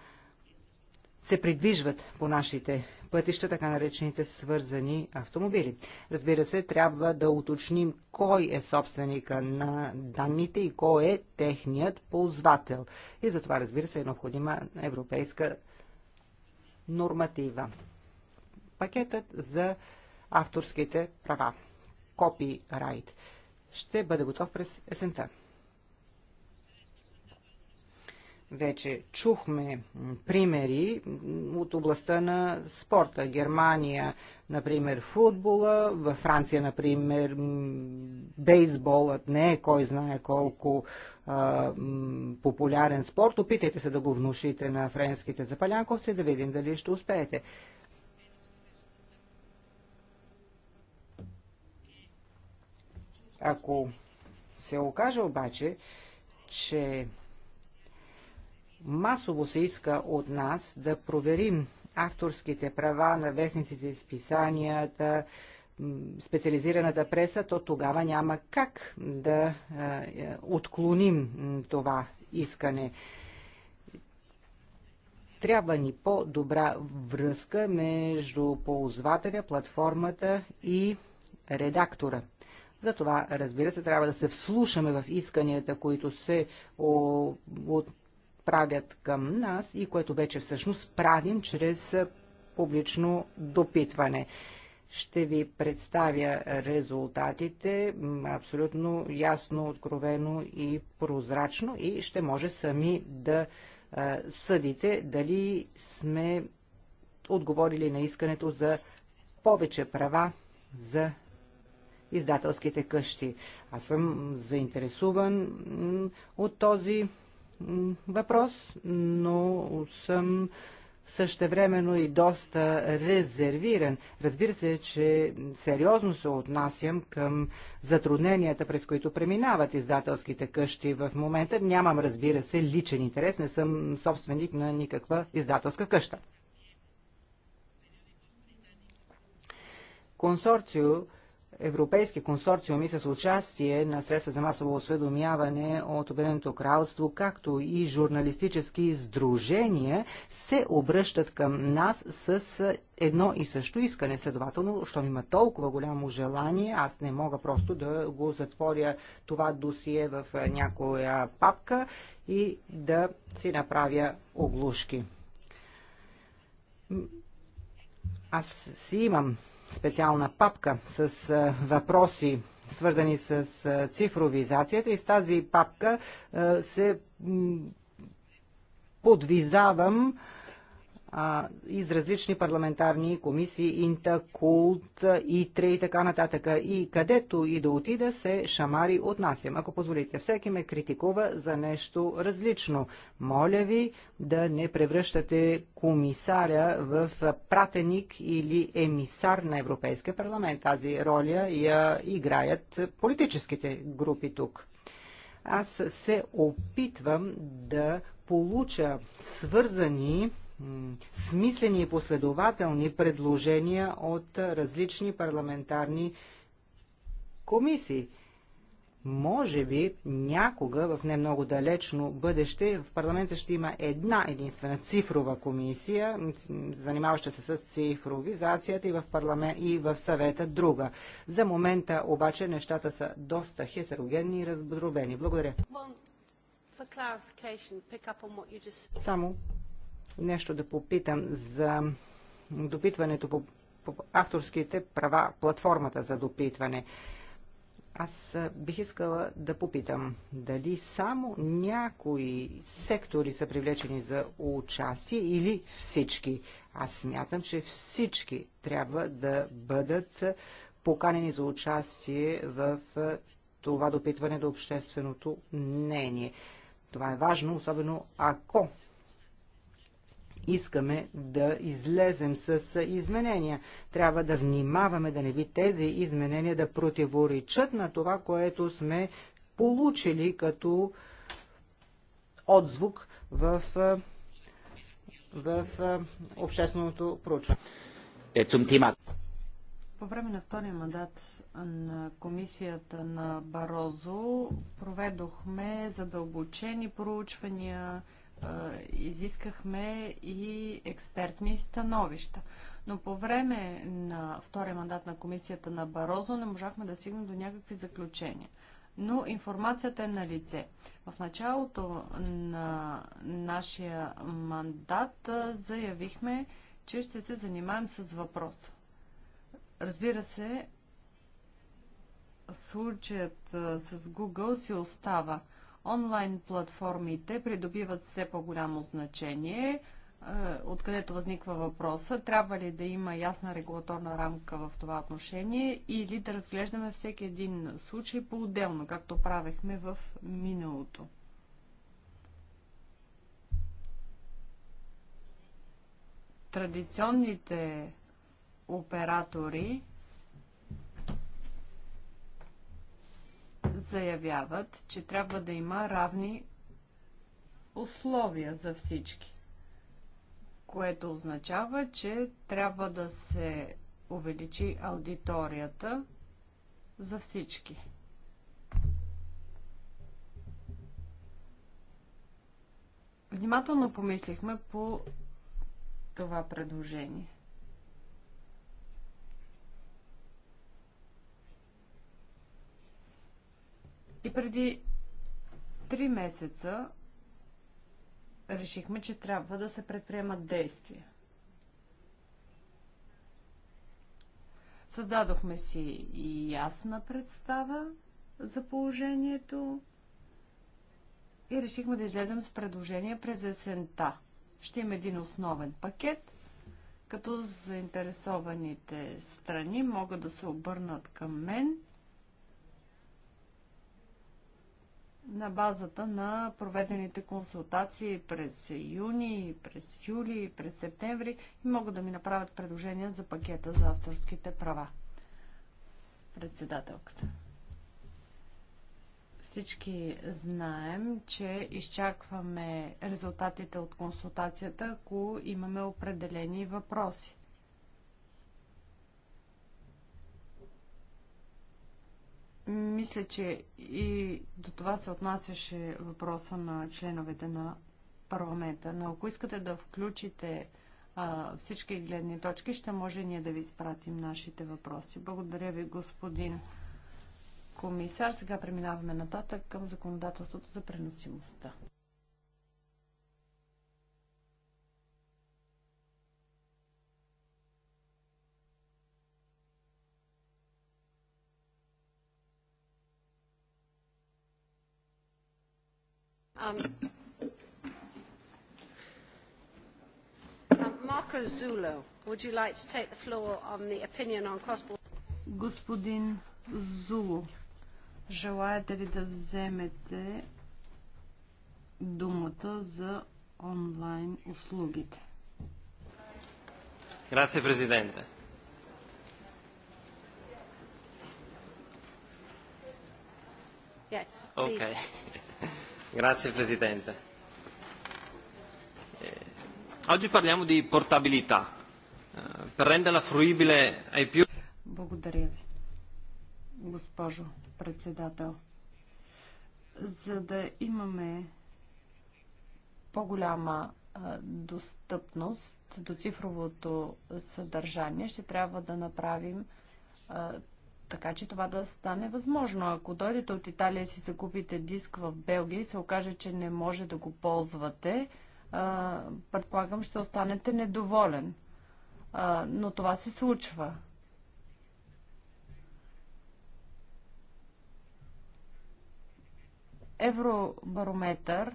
се придвижват по нашите пътища, така наречените свързани автомобили. Разбира се, трябва да уточним кой е собственика на данните и кой е техният ползвател. И за това, разбира се, е необходима европейска норматива. Пакетът за авторските права. Копирайт. Ще бъде готов през есента. Вече чухме примери от областта на спорта. Германия, например, футбола, във Франция, например, бейсболът не е кой знае колко а, популярен спорт. Опитайте се да го внушите на френските запалянковци, да видим дали ще успеете. Ако се окаже обаче, че масово се иска от нас да проверим авторските права на вестниците, списанията, специализираната преса, то тогава няма как да е, отклоним това искане. Трябва ни по-добра връзка между ползвателя, платформата и редактора. Затова, разбира се, трябва да се вслушаме в исканията, които се отправят към нас и което вече всъщност правим чрез публично допитване. Ще ви представя резултатите абсолютно ясно, откровено и прозрачно и ще може сами да съдите дали сме отговорили на искането за повече права за издателските къщи. Аз съм заинтересуван от този въпрос, но съм същевременно и доста резервиран. Разбира се, че сериозно се отнасям към затрудненията, през които преминават издателските къщи в момента. Нямам, разбира се, личен интерес, не съм собственик на никаква издателска къща. Консорцио европейски консорциуми с участие на средства за масово осведомяване от Обединеното кралство, както и журналистически издружения се обръщат към нас с едно и също искане. Следователно, щом има толкова голямо желание, аз не мога просто да го затворя това досие в някоя папка и да си направя оглушки. Аз си имам специална папка с въпроси, свързани с цифровизацията и с тази папка се подвизавам из различни парламентарни комисии, Инта, Култ, ИТРЕ и така нататък. И където и да отида се шамари отнасям. Ако позволите, всеки ме критикува за нещо различно. Моля ви да не превръщате комисаря в пратеник или емисар на Европейския парламент. Тази роля я играят политическите групи тук. Аз се опитвам да получа свързани смислени и последователни предложения от различни парламентарни комисии. Може би някога в не много далечно бъдеще в парламента ще има една единствена цифрова комисия, занимаваща се с цифровизацията и в, парламент, и в съвета друга. За момента обаче нещата са доста хетерогенни и разбробени. Благодаря. Just... Само нещо да попитам за допитването по, по авторските права, платформата за допитване. Аз бих искала да попитам дали само някои сектори са привлечени за участие или всички. Аз смятам, че всички трябва да бъдат поканени за участие в това допитване до общественото мнение. Това е важно, особено ако искаме да излезем с изменения. Трябва да внимаваме да не би тези изменения да противоречат на това, което сме получили като отзвук в, в общественото проучване. По време на втория мандат на комисията на Барозо проведохме задълбочени проучвания, изискахме и експертни становища. Но по време на втория мандат на комисията на Барозо не можахме да стигнем до някакви заключения. Но информацията е на лице. В началото на нашия мандат заявихме, че ще се занимаем с въпрос. Разбира се, случаят с Google си остава – Онлайн платформите придобиват все по-голямо значение, е, откъдето възниква въпроса, трябва ли да има ясна регулаторна рамка в това отношение или да разглеждаме всеки един случай по-отделно, както правехме в миналото. Традиционните оператори заявяват, че трябва да има равни условия за всички, което означава, че трябва да се увеличи аудиторията за всички. Внимателно помислихме по това предложение. И преди три месеца решихме, че трябва да се предприемат действия. Създадохме си и ясна представа за положението и решихме да излезем с предложение през есента. Ще има един основен пакет, като заинтересованите страни могат да се обърнат към мен – на базата на проведените консултации през юни, през юли, през септември и могат да ми направят предложения за пакета за авторските права. Председателката. Всички знаем, че изчакваме резултатите от консултацията, ако имаме определени въпроси. Мисля, че и до това се отнасяше въпроса на членовете на парламента. Но ако искате да включите а, всички гледни точки, ще може ние да ви изпратим нашите въпроси. Благодаря ви, господин комисар. Сега преминаваме нататък към законодателството за преносимостта. Um, Marco Zulo, would you like to take the floor on the opinion on cross-border? Господин Зуло, желаете ли да вземете думата за онлайн услугите? Grazie Presidente. Yes, please. Okay. Grazie Presidente. Eh, Oggi parliamo di portabilità. Eh, Per renderla fruibile ai più... Благодаря ви, госпожо председател. За да имаме по-голяма достъпност до цифровото съдържание, ще трябва да направим така че това да стане възможно. Ако дойдете от Италия и си закупите диск в Белгия и се окаже, че не може да го ползвате, предполагам, ще останете недоволен. Но това се случва. Евробарометър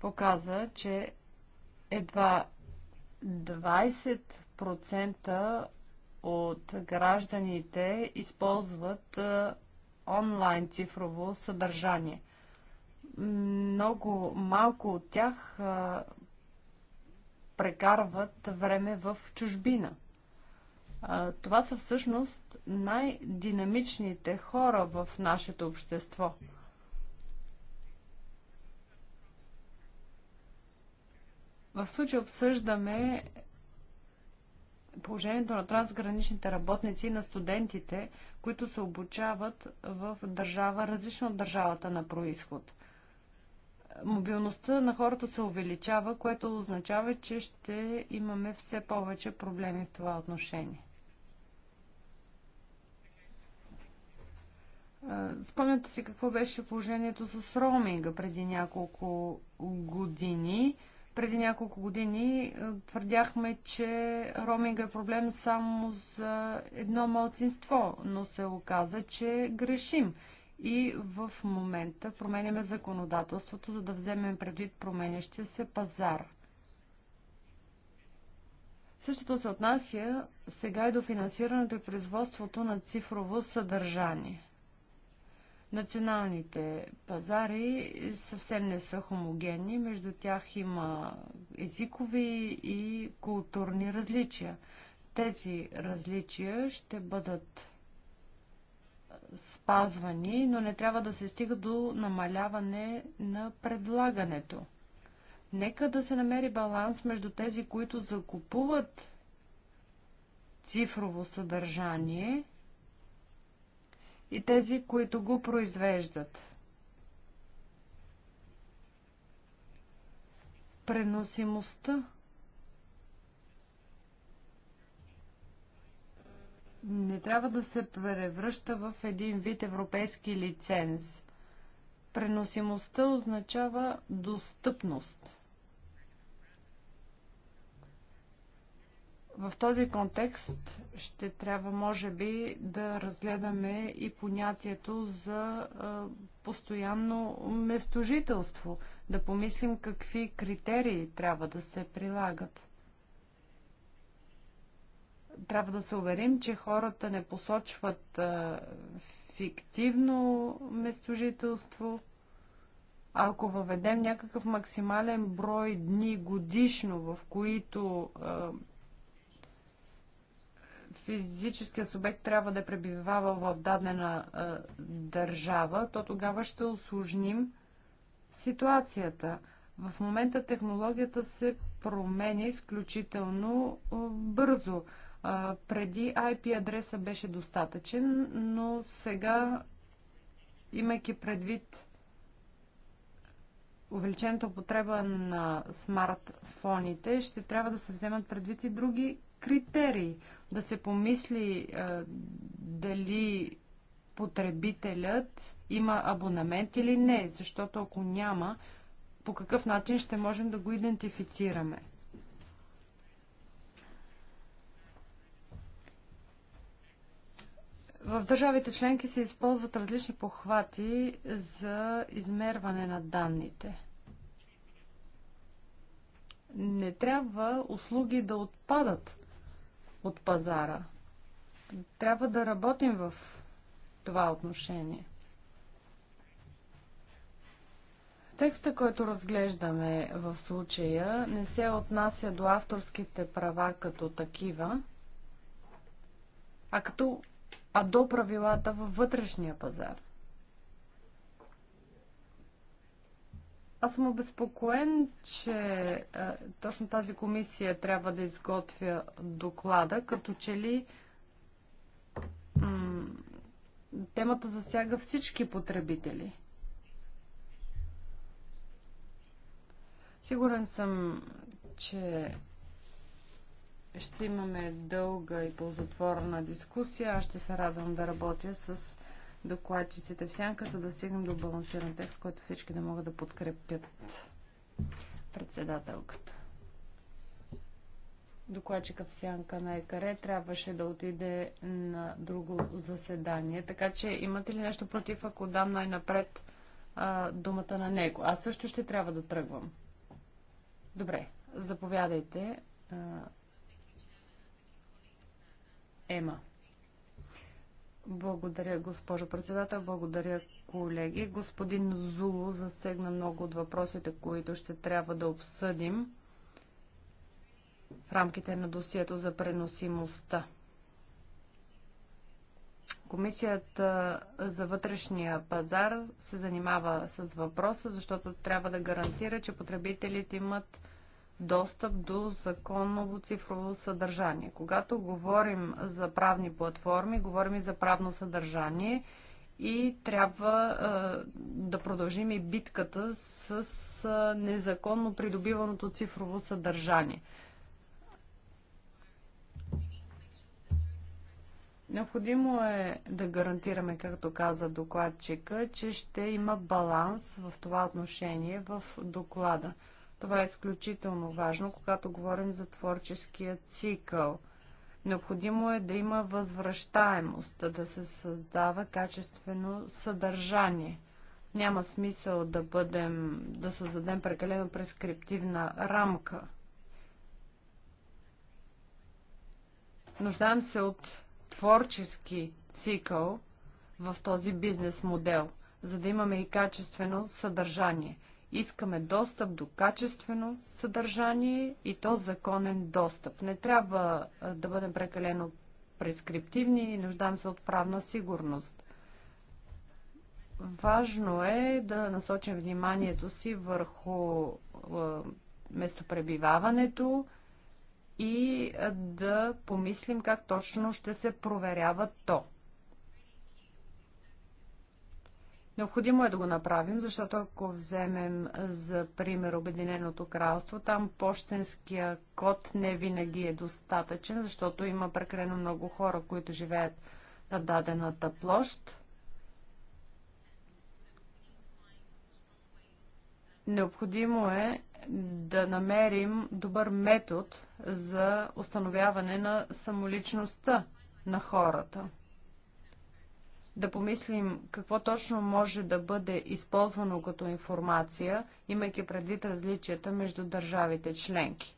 показа, че едва 20% от гражданите използват онлайн цифрово съдържание. Много малко от тях прекарват време в чужбина. Това са всъщност най-динамичните хора в нашето общество. В случая обсъждаме положението на трансграничните работници и на студентите, които се обучават в държава, различна от държавата на происход. Мобилността на хората се увеличава, което означава, че ще имаме все повече проблеми в това отношение. Спомняте си какво беше положението с роуминга преди няколко години преди няколко години е, твърдяхме, че роминга е проблем само за едно малцинство, но се оказа, че грешим. И в момента променяме законодателството, за да вземем предвид променящия се пазар. Същото се отнася сега и до финансирането и производството на цифрово съдържание. Националните пазари съвсем не са хомогенни, между тях има езикови и културни различия. Тези различия ще бъдат спазвани, но не трябва да се стига до намаляване на предлагането. Нека да се намери баланс между тези, които закупуват цифрово съдържание – и тези, които го произвеждат. Преносимостта не трябва да се превръща в един вид европейски лиценз. Преносимостта означава достъпност. В този контекст ще трябва, може би, да разгледаме и понятието за постоянно местожителство, да помислим какви критерии трябва да се прилагат. Трябва да се уверим, че хората не посочват фиктивно местожителство. ако въведем някакъв максимален брой дни годишно, в които физическият субект трябва да пребивава в дадена а, е, държава, то тогава ще осложним ситуацията. В момента технологията се променя изключително е, бързо. А, е, преди IP адреса беше достатъчен, но сега, имайки предвид увеличената употреба на смартфоните, ще трябва да се вземат предвид и други критерии. Да се помисли а, е, дали потребителят има абонамент или не, защото ако няма, по какъв начин ще можем да го идентифицираме. В държавите членки се използват различни похвати за измерване на данните. Не трябва услуги да отпадат от пазара. Трябва да работим в това отношение. Текста, който разглеждаме в случая, не се отнася до авторските права като такива, а, като, а до правилата във вътрешния пазар. Аз съм обезпокоен, че а, е, точно тази комисия трябва да изготвя доклада, като че ли темата засяга всички потребители. Сигурен съм, че ще имаме дълга и ползотворна дискусия. Аз ще се радвам да работя с докладчиците в сянка, за да стигнем до балансиран текст, който всички да могат да подкрепят председателката. Докладчика в сянка на ЕКАРЕ трябваше да отиде на друго заседание. Така че имате ли нещо против, ако дам най-напред думата на него? Аз също ще трябва да тръгвам. Добре, заповядайте. А, Ема. Благодаря, госпожо председател. Благодаря, колеги. Господин Зулу засегна много от въпросите, които ще трябва да обсъдим в рамките на досието за преносимостта. Комисията за вътрешния пазар се занимава с въпроса, защото трябва да гарантира, че потребителите имат достъп до законово цифрово съдържание. Когато говорим за правни платформи, говорим и за правно съдържание и трябва а, да продължим и битката с, с незаконно придобиваното цифрово съдържание. Необходимо е да гарантираме, както каза докладчика, че ще има баланс в това отношение в доклада. Това е изключително важно, когато говорим за творческия цикъл. Необходимо е да има възвръщаемост, да се създава качествено съдържание. Няма смисъл да бъдем, да създадем прекалено прескриптивна рамка. Нуждаем се от творчески цикъл в този бизнес модел, за да имаме и качествено съдържание. Искаме достъп до качествено съдържание и то законен достъп. Не трябва да бъдем прекалено прескриптивни и нуждаем се от правна сигурност. Важно е да насочим вниманието си върху местопребиваването и да помислим как точно ще се проверява то. Необходимо е да го направим, защото ако вземем за пример Обединеното кралство, там почтенския код не винаги е достатъчен, защото има прекалено много хора, които живеят на дадената площ. Необходимо е да намерим добър метод за установяване на самоличността на хората да помислим какво точно може да бъде използвано като информация, имайки предвид различията между държавите членки.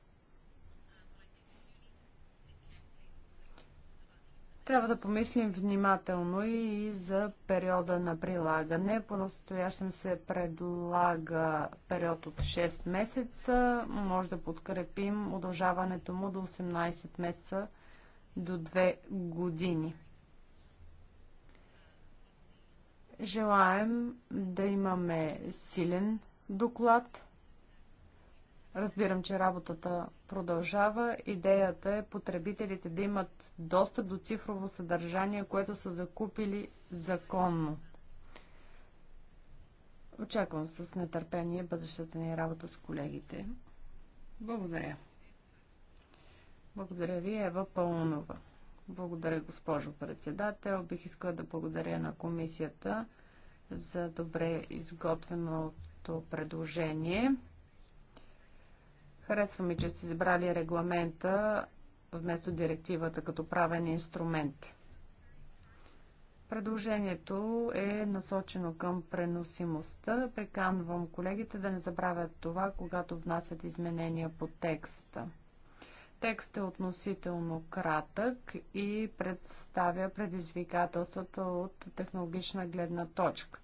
Трябва да помислим внимателно и за периода на прилагане. По-настоящем се предлага период от 6 месеца. Може да подкрепим удължаването му до 18 месеца до 2 години. Желаем да имаме силен доклад. Разбирам, че работата продължава. Идеята е потребителите да имат достъп до цифрово съдържание, което са закупили законно. Очаквам с нетърпение бъдещата ни работа с колегите. Благодаря. Благодаря ви, Ева Пълнова. Благодаря, госпожо председател. Бих искала да благодаря на комисията за добре изготвеното предложение. Харесва ми, че сте избрали регламента вместо директивата като правен инструмент. Предложението е насочено към преносимостта. Приканвам колегите да не забравят това, когато внасят изменения по текста. Текст е относително кратък и представя предизвикателствата от технологична гледна точка.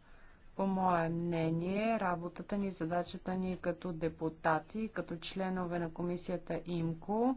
По мое мнение, работата ни, задачата ни като депутати, като членове на комисията ИМКО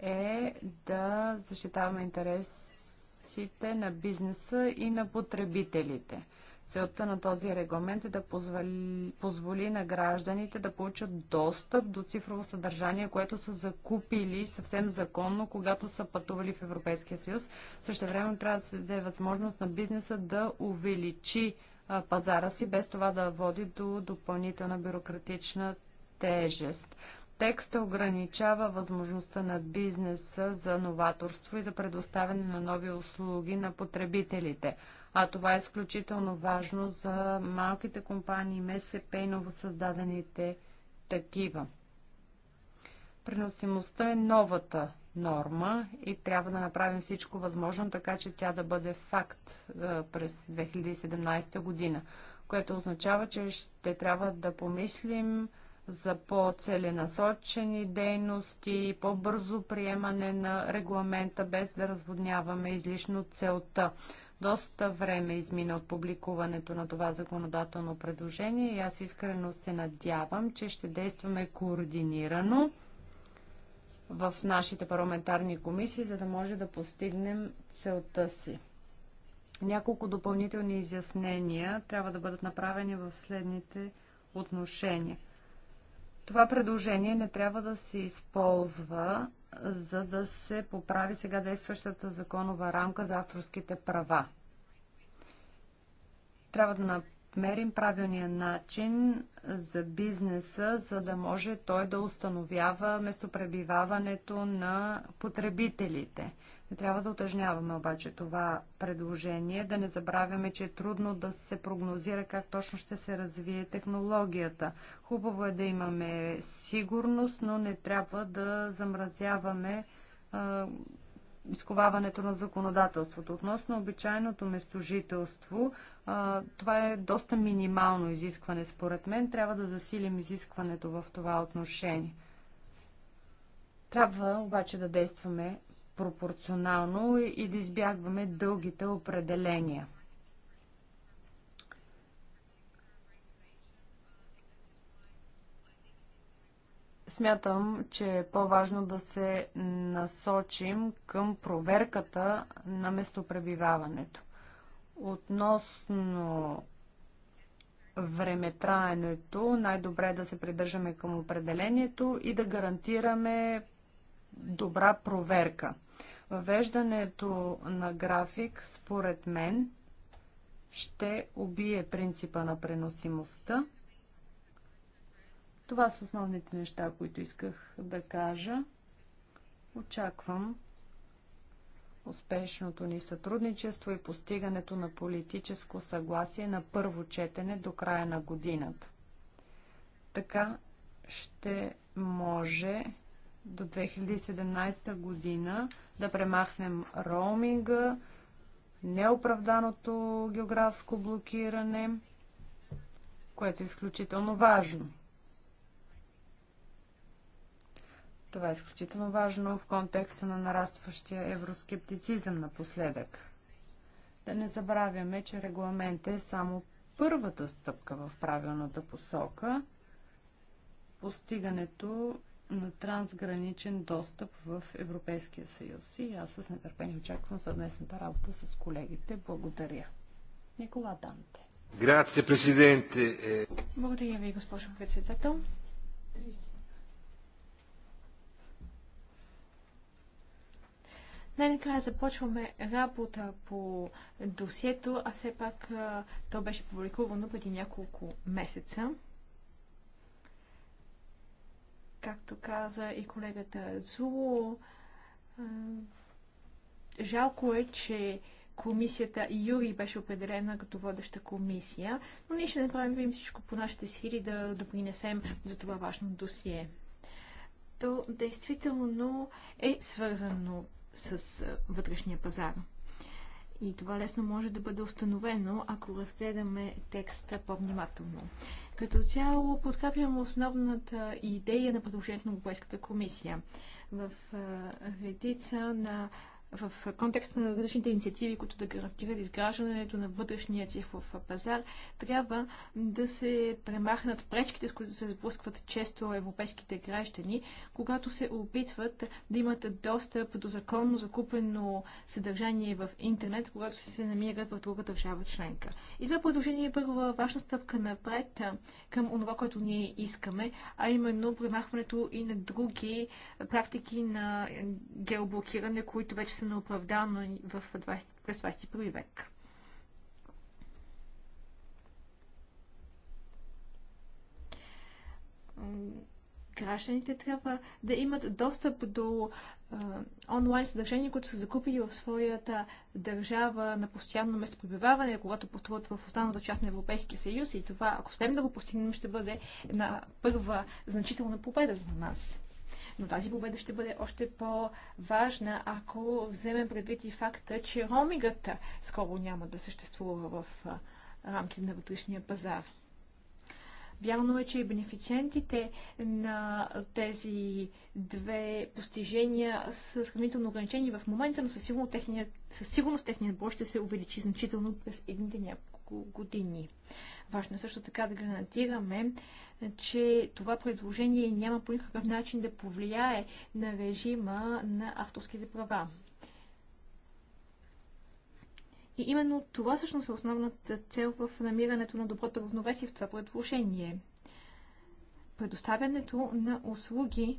е да защитаваме интересите на бизнеса и на потребителите. Целта на този регламент е да позволи, позволи на гражданите да получат достъп до цифрово съдържание, което са закупили съвсем законно, когато са пътували в Европейския съюз. Също време трябва да се даде възможност на бизнеса да увеличи а, пазара си, без това да води до допълнителна бюрократична тежест. Текстът ограничава възможността на бизнеса за новаторство и за предоставяне на нови услуги на потребителите. А това е изключително важно за малките компании, МСП и новосъздадените такива. Преносимостта е новата норма и трябва да направим всичко възможно, така че тя да бъде факт е, през 2017 година, което означава, че ще трябва да помислим за по-целенасочени дейности, по-бързо приемане на регламента, без да разводняваме излишно целта. Доста време измина от публикуването на това законодателно предложение и аз искрено се надявам, че ще действаме координирано в нашите парламентарни комисии, за да може да постигнем целта си. Няколко допълнителни изяснения трябва да бъдат направени в следните отношения. Това предложение не трябва да се използва за да се поправи сега действащата законова рамка за авторските права. Трябва да намерим правилния начин за бизнеса, за да може той да установява местопребиваването на потребителите. Не трябва да отъжняваме обаче това предложение, да не забравяме, че е трудно да се прогнозира как точно ще се развие технологията. Хубаво е да имаме сигурност, но не трябва да замразяваме а, изковаването на законодателството. Относно обичайното местожителство, а, това е доста минимално изискване според мен. Трябва да засилим изискването в това отношение. Трябва обаче да действаме пропорционално и да избягваме дългите определения. Смятам, че е по-важно да се насочим към проверката на местопребиваването. Относно времетраенето, най-добре е да се придържаме към определението и да гарантираме добра проверка. Въвеждането на график, според мен, ще убие принципа на преносимостта. Това са основните неща, които исках да кажа. Очаквам успешното ни сътрудничество и постигането на политическо съгласие на първо четене до края на годината. Така ще може до 2017 година да премахнем роуминга, неоправданото географско блокиране, което е изключително важно. Това е изключително важно в контекста на нарастващия евроскептицизъм напоследък. Да не забравяме, че регламент е само първата стъпка в правилната посока. Постигането на трансграничен достъп в Европейския съюз. И аз с нетърпение очаквам съвместната работа с колегите. Благодаря. Никола Данте. Грация, президенте. Е. Благодаря ви, госпожо председател. Най-накрая започваме работа по досието, а все пак то беше публикувано преди няколко месеца. Както каза и колегата Зуло, жалко е, че комисията Юри беше определена като водеща комисия, но ние ще направим всичко по нашите сили да допринесем за това важно досие. То действително е свързано с вътрешния пазар. И това лесно може да бъде установено, ако разгледаме текста по-внимателно. Като цяло подкрепям основната идея на предложението на Европейската комисия. В редица на в контекста на различните инициативи, които да гарантират изграждането на вътрешния цифров пазар, трябва да се премахнат пречките, с които се сблъскват често европейските граждани, когато се опитват да имат достъп до законно закупено съдържание в интернет, когато се намират в друга държава членка. И това предложение е първо важна стъпка напред към онова, което ние искаме, а именно премахването и на други практики на геоблокиране, които вече са единствено оправдано в 20, през 21 век. Гражданите трябва да имат достъп до е, онлайн съдържания, които са закупили в своята държава на постоянно местопребиваване, когато пътуват в останалата част на Европейския съюз. И това, ако успеем да го постигнем, ще бъде една първа значителна победа за нас. Но тази победа ще бъде още по-важна, ако вземем предвид и факта, че ромигата скоро няма да съществува в рамките на вътрешния пазар. Вярно е, че и бенефициентите на тези две постижения са сравнително ограничени в момента, но със сигурност техният, със сигурност техният брой ще се увеличи значително през едните няколко години. Важно е също така да гарантираме, че това предложение няма по никакъв начин да повлияе на режима на авторските права. И именно това всъщност е основната цел в намирането на доброто равновесие в това предложение. Предоставянето на услуги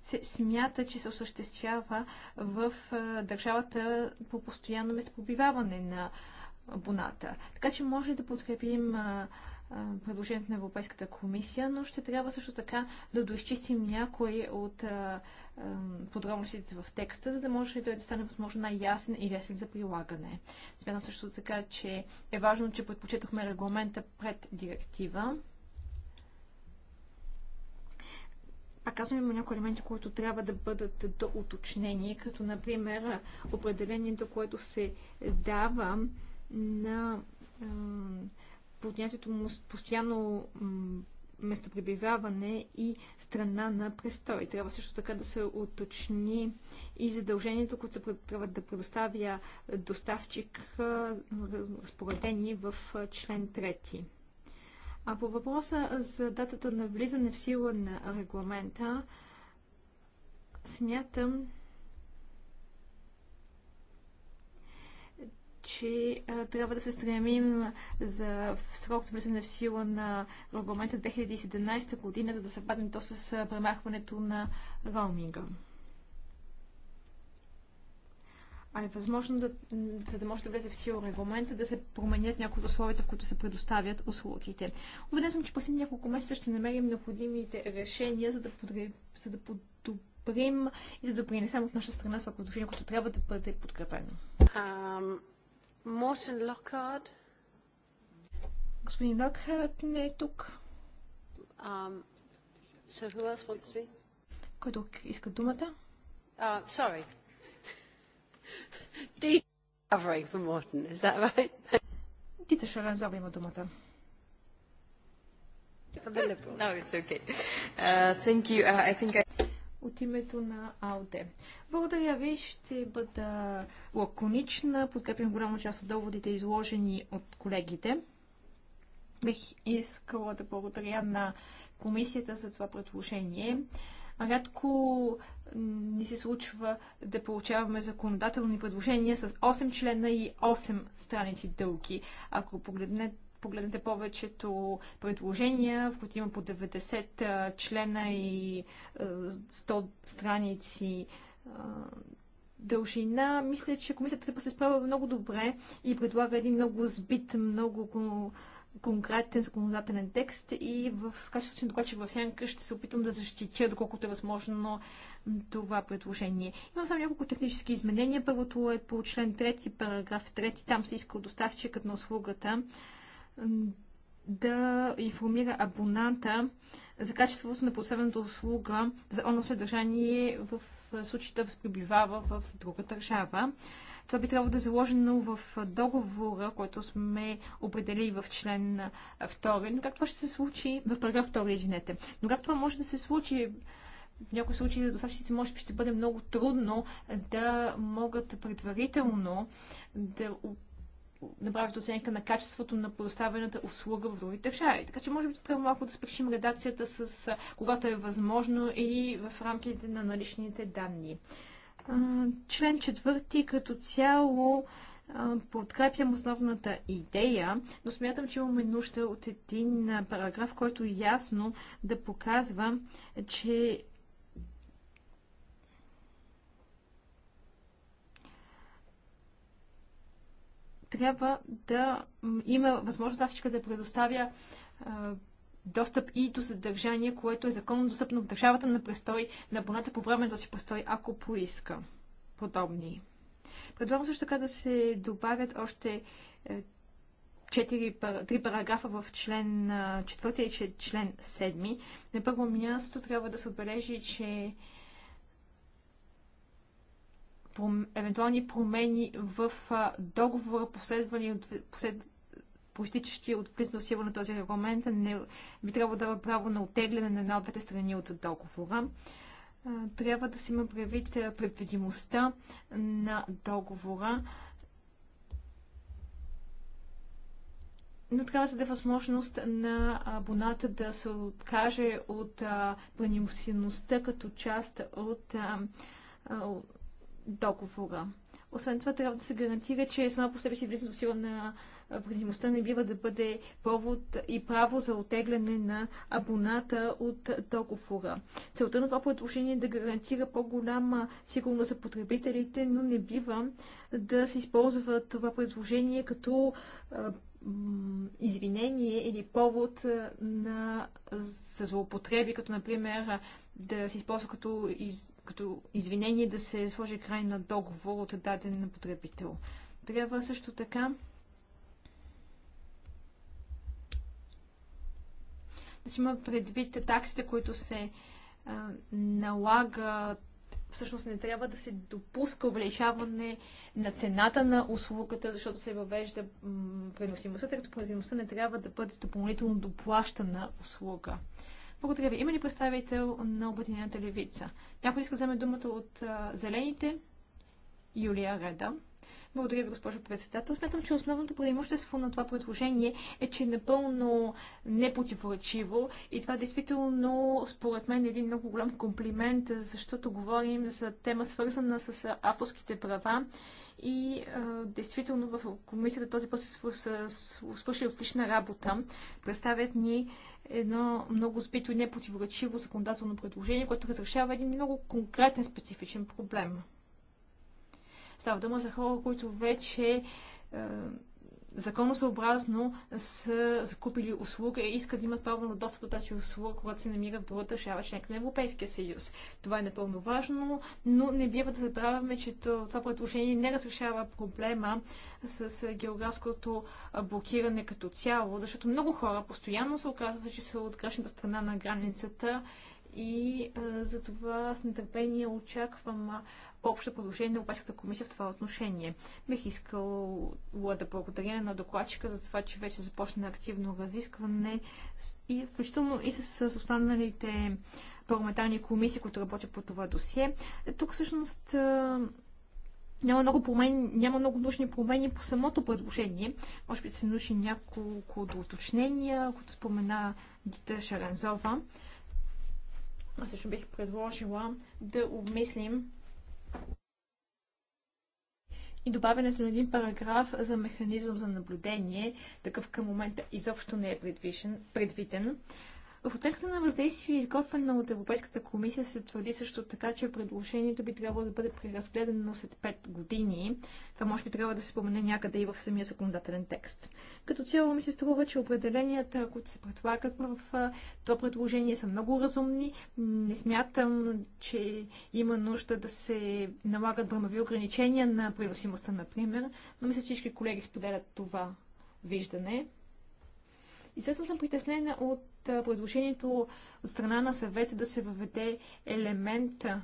се смята, че се осъществява в държавата по постоянно местопобиваване на абоната. Така че може да подкрепим предложението на Европейската комисия, но ще трябва също така да доизчистим някои от подробностите в текста, за да може той да стане възможно най-ясен и лесен за прилагане. Смятам също така, че е важно, че предпочетохме регламента пред директива. пак казвам, има някои елементи, които трябва да бъдат доуточнени, като например определението, което се дава на понятието му постоянно местопребиваване и страна на престой. Трябва също така да се уточни и задължението, което се трябва да предоставя доставчик, разпоредени в член 3. А по въпроса за датата на влизане в сила на регламента, смятам, че а, трябва да се стремим за в срок за влизане в сила на регламента 2017 година, за да съвпадне то с премахването на роуминга. А е възможно, да, за да може да влезе в сила регламента, да се променят някои от условията, в които се предоставят услугите. Убеден съм, че последните няколко месеца ще намерим необходимите решения, за да, подреб, за да подобрим и да допринесем от наша страна това предложение, което трябва да бъде подкрепено. Um, Morten Lockhart. Господин Локхарт не е тук. Um, so who else wants to be? Кой друг иска думата? Uh, sorry. Dita for Morton, is that right? Дита Шаранзова има думата. No, it's okay. Uh, thank you. Uh, I think I от името на АОДЕ. Благодаря ви, ще бъда лаконична, подкрепям голяма част от доводите, изложени от колегите. Бих искала да благодаря на комисията за това предложение. Рядко ни се случва да получаваме законодателни предложения с 8 члена и 8 страници дълги. Ако погледнете погледнете повечето предложения, в които има по 90 члена и 100 страници дължина, мисля, че комисията се справя много добре и предлага един много сбит, много конкретен законодателен текст и в качеството на докладчик в сянка ще се опитам да защитя, доколкото е възможно, това предложение. Имам само няколко технически изменения. Първото е по член 3, параграф 3. Там се иска доставчикът на услугата да информира абоната за качеството на поставената услуга за оно съдържание в случаите да се в друга държава. Това би трябвало да е заложено в договора, който сме определили в член 2. Но как това ще се случи в параграф 2, извинете. Но как това може да се случи в някои случаи за доставчиците може би ще бъде много трудно да могат предварително да направят оценка на качеството на предоставената услуга в други държави. Така че може би трябва е малко да спешим редакцията с когато е възможно или в рамките на наличните данни. Член четвърти като цяло подкрепям основната идея, но смятам, че имаме нужда от един параграф, който ясно да показва, че трябва да има възможност доставчика да предоставя достъп и до съдържание, което е законно достъпно в държавата на престой на абоната по време на си престой, ако поиска подобни. Предлагам също така да се добавят още е, три параграфа в член 4 и член 7. На първо място трябва да се отбележи, че пром... евентуални промени в договора, последвани от послед... проистичащи от влизане сила на този регламент, не би трябвало да дава право на отегляне на една от двете страни от договора. Трябва да се има предвид предвидимостта на договора. но трябва да се даде възможност на абоната да се откаже от планиносилността като част от а, а, договора. Освен това, трябва да се гарантира, че сама по себе си влизането в сила на предимостта не бива да бъде повод и право за отегляне на абоната от договора. Целта на това предложение е да гарантира по-голяма сигурност за потребителите, но не бива да се използва това предложение като извинение или повод на, за злоупотреби, като например да се използва като, из, като извинение да се сложи край на договор от даден на потребител. Трябва също така да си има предвид таксите, които се а, налагат всъщност не трябва да се допуска увеличаване на цената на услугата, защото се въвежда преносимостта, тъй като преносимостта не трябва да бъде допълнително доплащана услуга. Благодаря ви. Има ли представител на Обединената левица? Някой иска вземе думата от а, зелените? Юлия Реда. Благодаря ви, госпожо председател. Смятам, че основното преимущество на това предложение е, че е напълно непротиворечиво и това действително, според мен, е един много голям комплимент, защото говорим за тема свързана с авторските права и а, действително в комисията този път се свършили отлична работа. Представят ни едно много сбито и непротиворечиво законодателно предложение, което разрешава един много конкретен специфичен проблем. Става дума за хора, които вече е, законосъобразно са закупили услуга и искат да имат право на достъп до тази услуга, когато се намира в друга държава, членка на Европейския съюз. Това е напълно важно, но не бива да забравяме, че това предложение не разрешава проблема с географското блокиране като цяло, защото много хора постоянно се оказват, че са от грешната страна на границата и а, за това с нетърпение очаквам общо предложение на Европейската комисия в това отношение. Бих искала да благодаря на докладчика за това, че вече започна активно разискване и включително и с, с останалите парламентарни комисии, които работят по това досие. Тук всъщност няма много, промени, няма много нужни промени по самото предложение. Може би да се научи няколко доуточнения, които спомена Дита Шаранзова. Аз също бих предложила да обмислим и добавянето на един параграф за механизъм за наблюдение, такъв към момента изобщо не е предвиден. В оценката на въздействие, изготвена от Европейската комисия, се твърди също така, че предложението би трябвало да бъде преразгледано след 5 години. Това може би трябва да се спомене някъде и в самия законодателен текст. Като цяло ми се струва, че определенията, които се предлагат в това предложение, са много разумни. Не смятам, че има нужда да се налагат времеви ограничения на приносимостта, например, но мисля, че всички колеги споделят това виждане. Известно съм притеснена от предложението от страна на съвета да се въведе елемента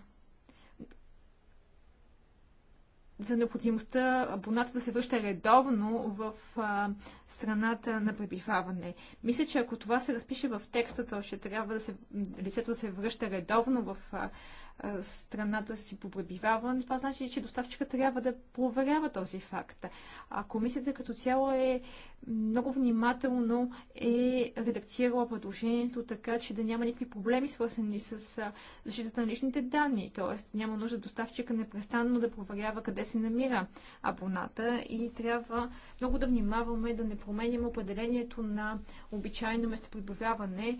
за необходимостта абоната да се връща редовно в а, страната на пребиваване. Мисля, че ако това се разпише в текста, то ще трябва да се, лицето да се връща редовно в а, страната си по пребиваване, това значи, че доставчика трябва да проверява този факт. А комисията като цяло е много внимателно е редактирала предложението така, че да няма никакви проблеми свързани с защитата на личните данни. Тоест няма нужда доставчика непрестанно да проверява къде се намира абоната и трябва много да внимаваме да не променяме определението на обичайно местопребиваване,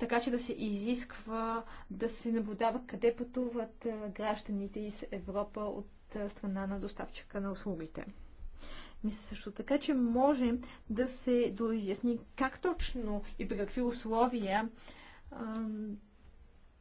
така че да се изисква да се наблюдава къде пътуват гражданите из Европа от страна на доставчика на услугите. Мисля също така, че може да се доизясни как точно и при какви условия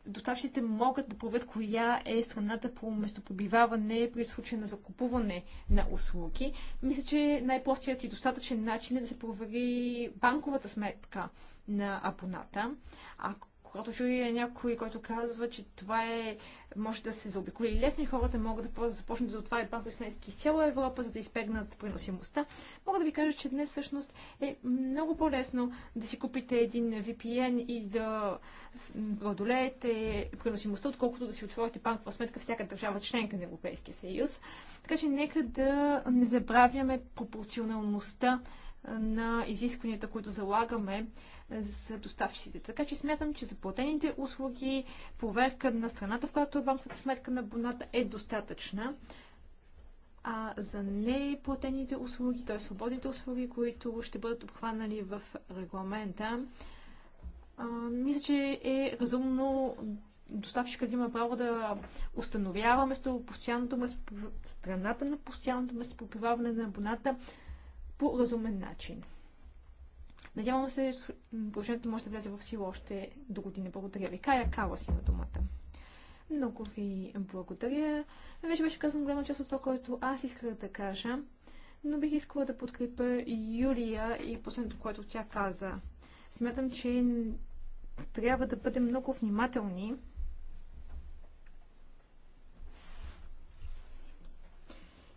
доставчиците могат да проверят коя е страната по местопобиваване при случай на закупуване на услуги. Мисля, че най-простият и достатъчен начин е да се провери банковата сметка на абоната. Ако когато чуя някой, който казва, че това е, може да се заобиколи лесно и хората могат да започнат да отварят банкови сметки из цяла Европа, за да избегнат приносимостта, мога да ви кажа, че днес всъщност е много по-лесно да си купите един VPN и да преодолеете приносимостта, отколкото да си отворите банкова сметка всяка държава членка на Европейския съюз. Така че нека да не забравяме пропорционалността на изискванията, които залагаме за доставчиците. Така че смятам, че заплатените услуги, проверка на страната, в която е банковата сметка на боната е достатъчна. А за неплатените услуги, т.е. свободните услуги, които ще бъдат обхванали в регламента, а, мисля, че е разумно доставчика да има право да установява место постоянното место, страната на постоянното местопребиваване на абоната по разумен начин. Надявам се, положението може да влезе в сила още до година. Благодаря ви. Кая Кала си има думата. Много ви благодаря. Вече беше казано голяма част от това, което аз исках да кажа, но бих искала да подкрепя Юлия и последното, което тя каза. Смятам, че трябва да бъдем много внимателни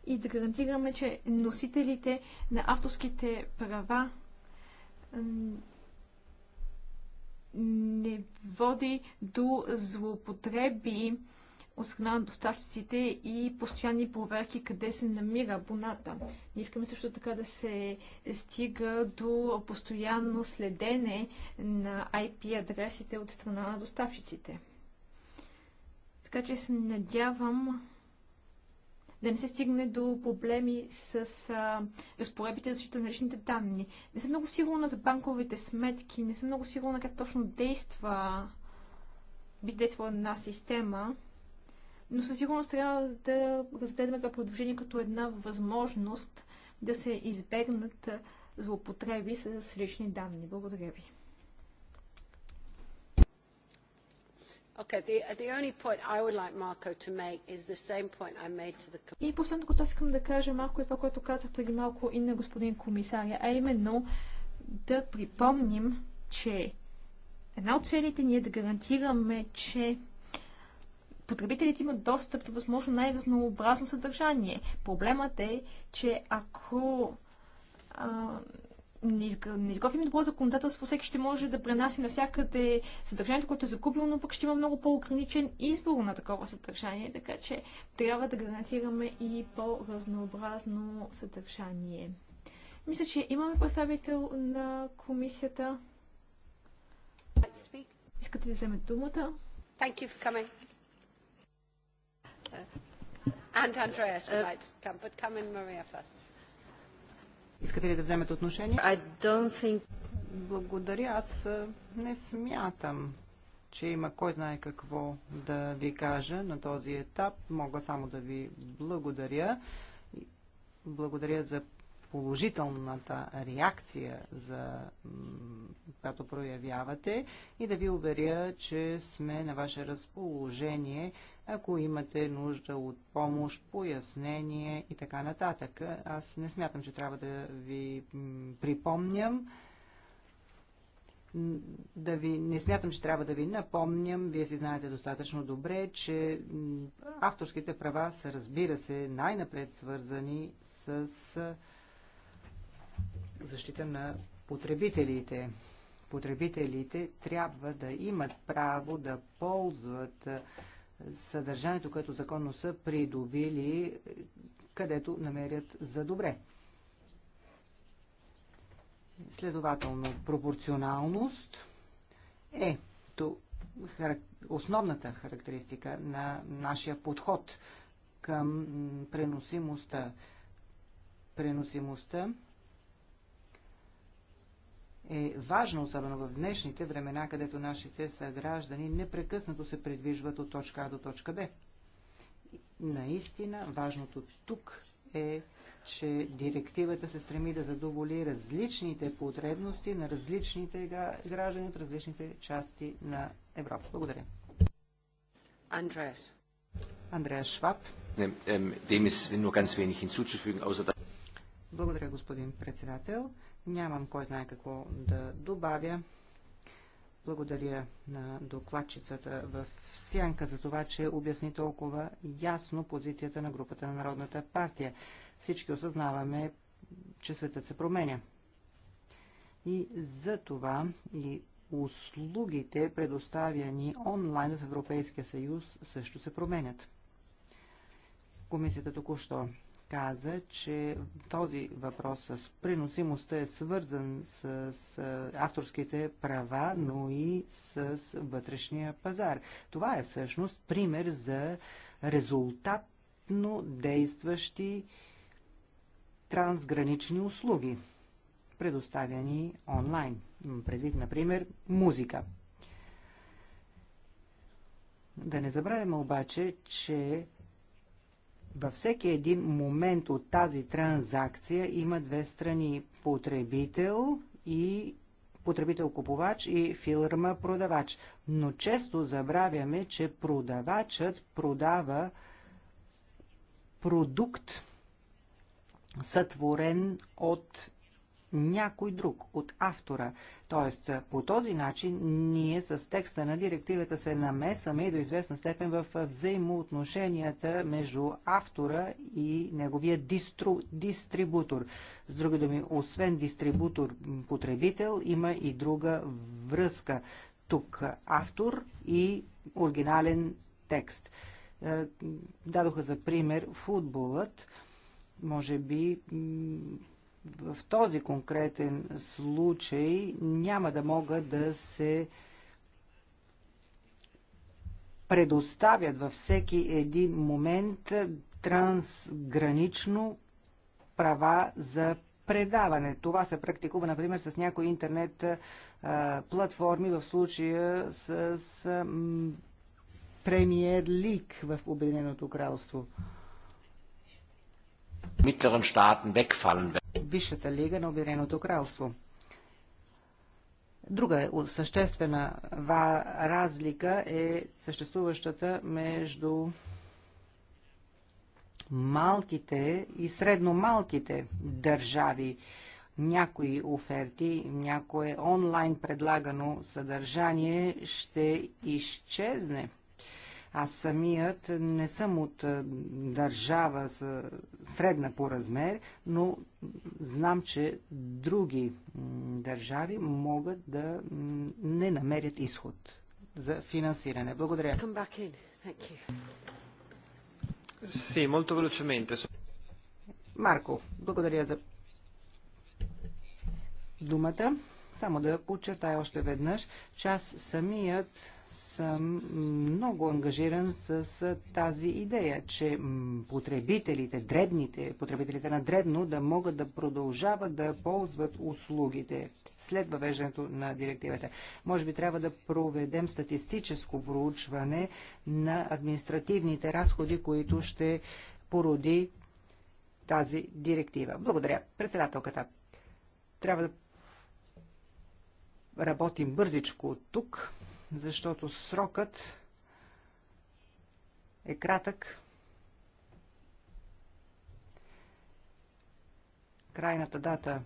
и да гарантираме, че носителите на авторските права не води до злоупотреби от страна на доставчиците и постоянни проверки къде се намира абоната. Не искаме също така да се стига до постоянно следене на IP адресите от страна на доставчиците. Така че се надявам да не се стигне до проблеми с а, разпоредбите за защита на личните данни. Не съм много сигурна за банковите сметки, не съм много сигурна как точно действа би действала една система, но със сигурност трябва да разгледаме това предложение като една възможност да се избегнат злоупотреби с лични данни. Благодаря ви. И последното, което искам да кажа малко е това, което казах преди малко и на господин комисаря, а именно да припомним, че една от целите ни е да гарантираме, че потребителите имат достъп до възможно най-разнообразно съдържание. Проблемът е, че ако а, не изготвим добро законодателство, всеки ще може да пренаси навсякъде съдържанието, което е закупил, но пък ще има много по-ограничен избор на такова съдържание, така че трябва да гарантираме и по-разнообразно съдържание. Мисля, че имаме представител на комисията. Искате да вземете думата? Thank you for coming. Uh, and Andreas would uh, come, but come in Maria first. Искате ли да вземете отношение? I don't think... Благодаря. Аз не смятам, че има кой знае какво да ви кажа на този етап. Мога само да ви благодаря. Благодаря за положителната реакция, за която проявявате и да ви уверя, че сме на ваше разположение ако имате нужда от помощ, пояснение и така нататък. Аз не смятам, че трябва да ви припомням да ви, не смятам, че трябва да ви напомням, вие си знаете достатъчно добре, че авторските права са, разбира се, най-напред свързани с защита на потребителите. Потребителите трябва да имат право да ползват съдържанието, което законно са придобили, е, където намерят за добре. Следователно, пропорционалност е основната характеристика на нашия подход към преносимостта. Преносимостта е важно, особено в днешните времена, където нашите съграждани непрекъснато се придвижват от точка А до точка Б. Наистина, важното тук е, че директивата се стреми да задоволи различните потребности на различните граждани от различните части на Европа. Благодаря. Андреас. Андреас Шваб. Благодаря, господин председател. Нямам кой знае какво да добавя. Благодаря на докладчицата в Сянка за това, че обясни толкова ясно позицията на групата на Народната партия. Всички осъзнаваме, че светът се променя. И за това и услугите, предоставяни онлайн в Европейския съюз, също се променят. Комисията току-що каза, че този въпрос с приносимостта е свързан с, авторските права, но и с вътрешния пазар. Това е всъщност пример за резултатно действащи трансгранични услуги, предоставяни онлайн. Предвид, например, музика. Да не забравяме обаче, че във всеки един момент от тази транзакция има две страни – потребител и потребител-купувач и фирма-продавач. Но често забравяме, че продавачът продава продукт, сътворен от някой друг от автора. Тоест, по този начин ние с текста на директивата се намесваме и до известна степен в взаимоотношенията между автора и неговия дистру, дистрибутор. С други думи, освен дистрибутор-потребител, има и друга връзка. Тук автор и оригинален текст. Е, дадоха за пример футболът. Може би в този конкретен случай няма да могат да се предоставят във всеки един момент трансгранично права за предаване. Това се практикува, например, с някои интернет платформи, в случая с, премиер Лиг в Обединеното кралство. Mittleren Staaten wegfallen. Висшата лига на Обединеното кралство. Друга е съществена разлика е съществуващата между малките и средно-малките държави. Някои оферти, някое онлайн предлагано съдържание ще изчезне – аз самият не съм от държава средна по размер, но знам, че други държави могат да не намерят изход за финансиране. Благодаря. Sì, molto velocemente. Марко, благодаря за думата. Само да подчертая още веднъж, че аз самият съм много ангажиран с тази идея, че потребителите, дребните, потребителите на дребно да могат да продължават да ползват услугите след въвеждането на директивата. Може би трябва да проведем статистическо проучване на административните разходи, които ще породи тази директива. Благодаря. Председателката, трябва да работим бързичко от тук защото срокът е кратък. Крайната дата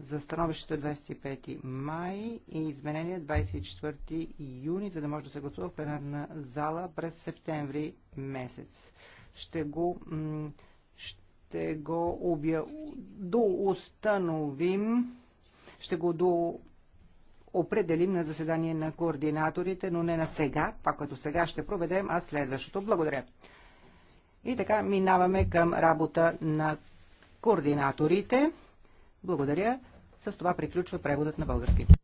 за становището е 25 май и изменение 24 е юни, за да може да се гласува в пленарна зала през септември месец. Ще го, ще го обя... доустановим, ще го до определим на заседание на координаторите, но не на сега. Това, което сега ще проведем, а следващото. Благодаря. И така минаваме към работа на координаторите. Благодаря. С това приключва преводът на български.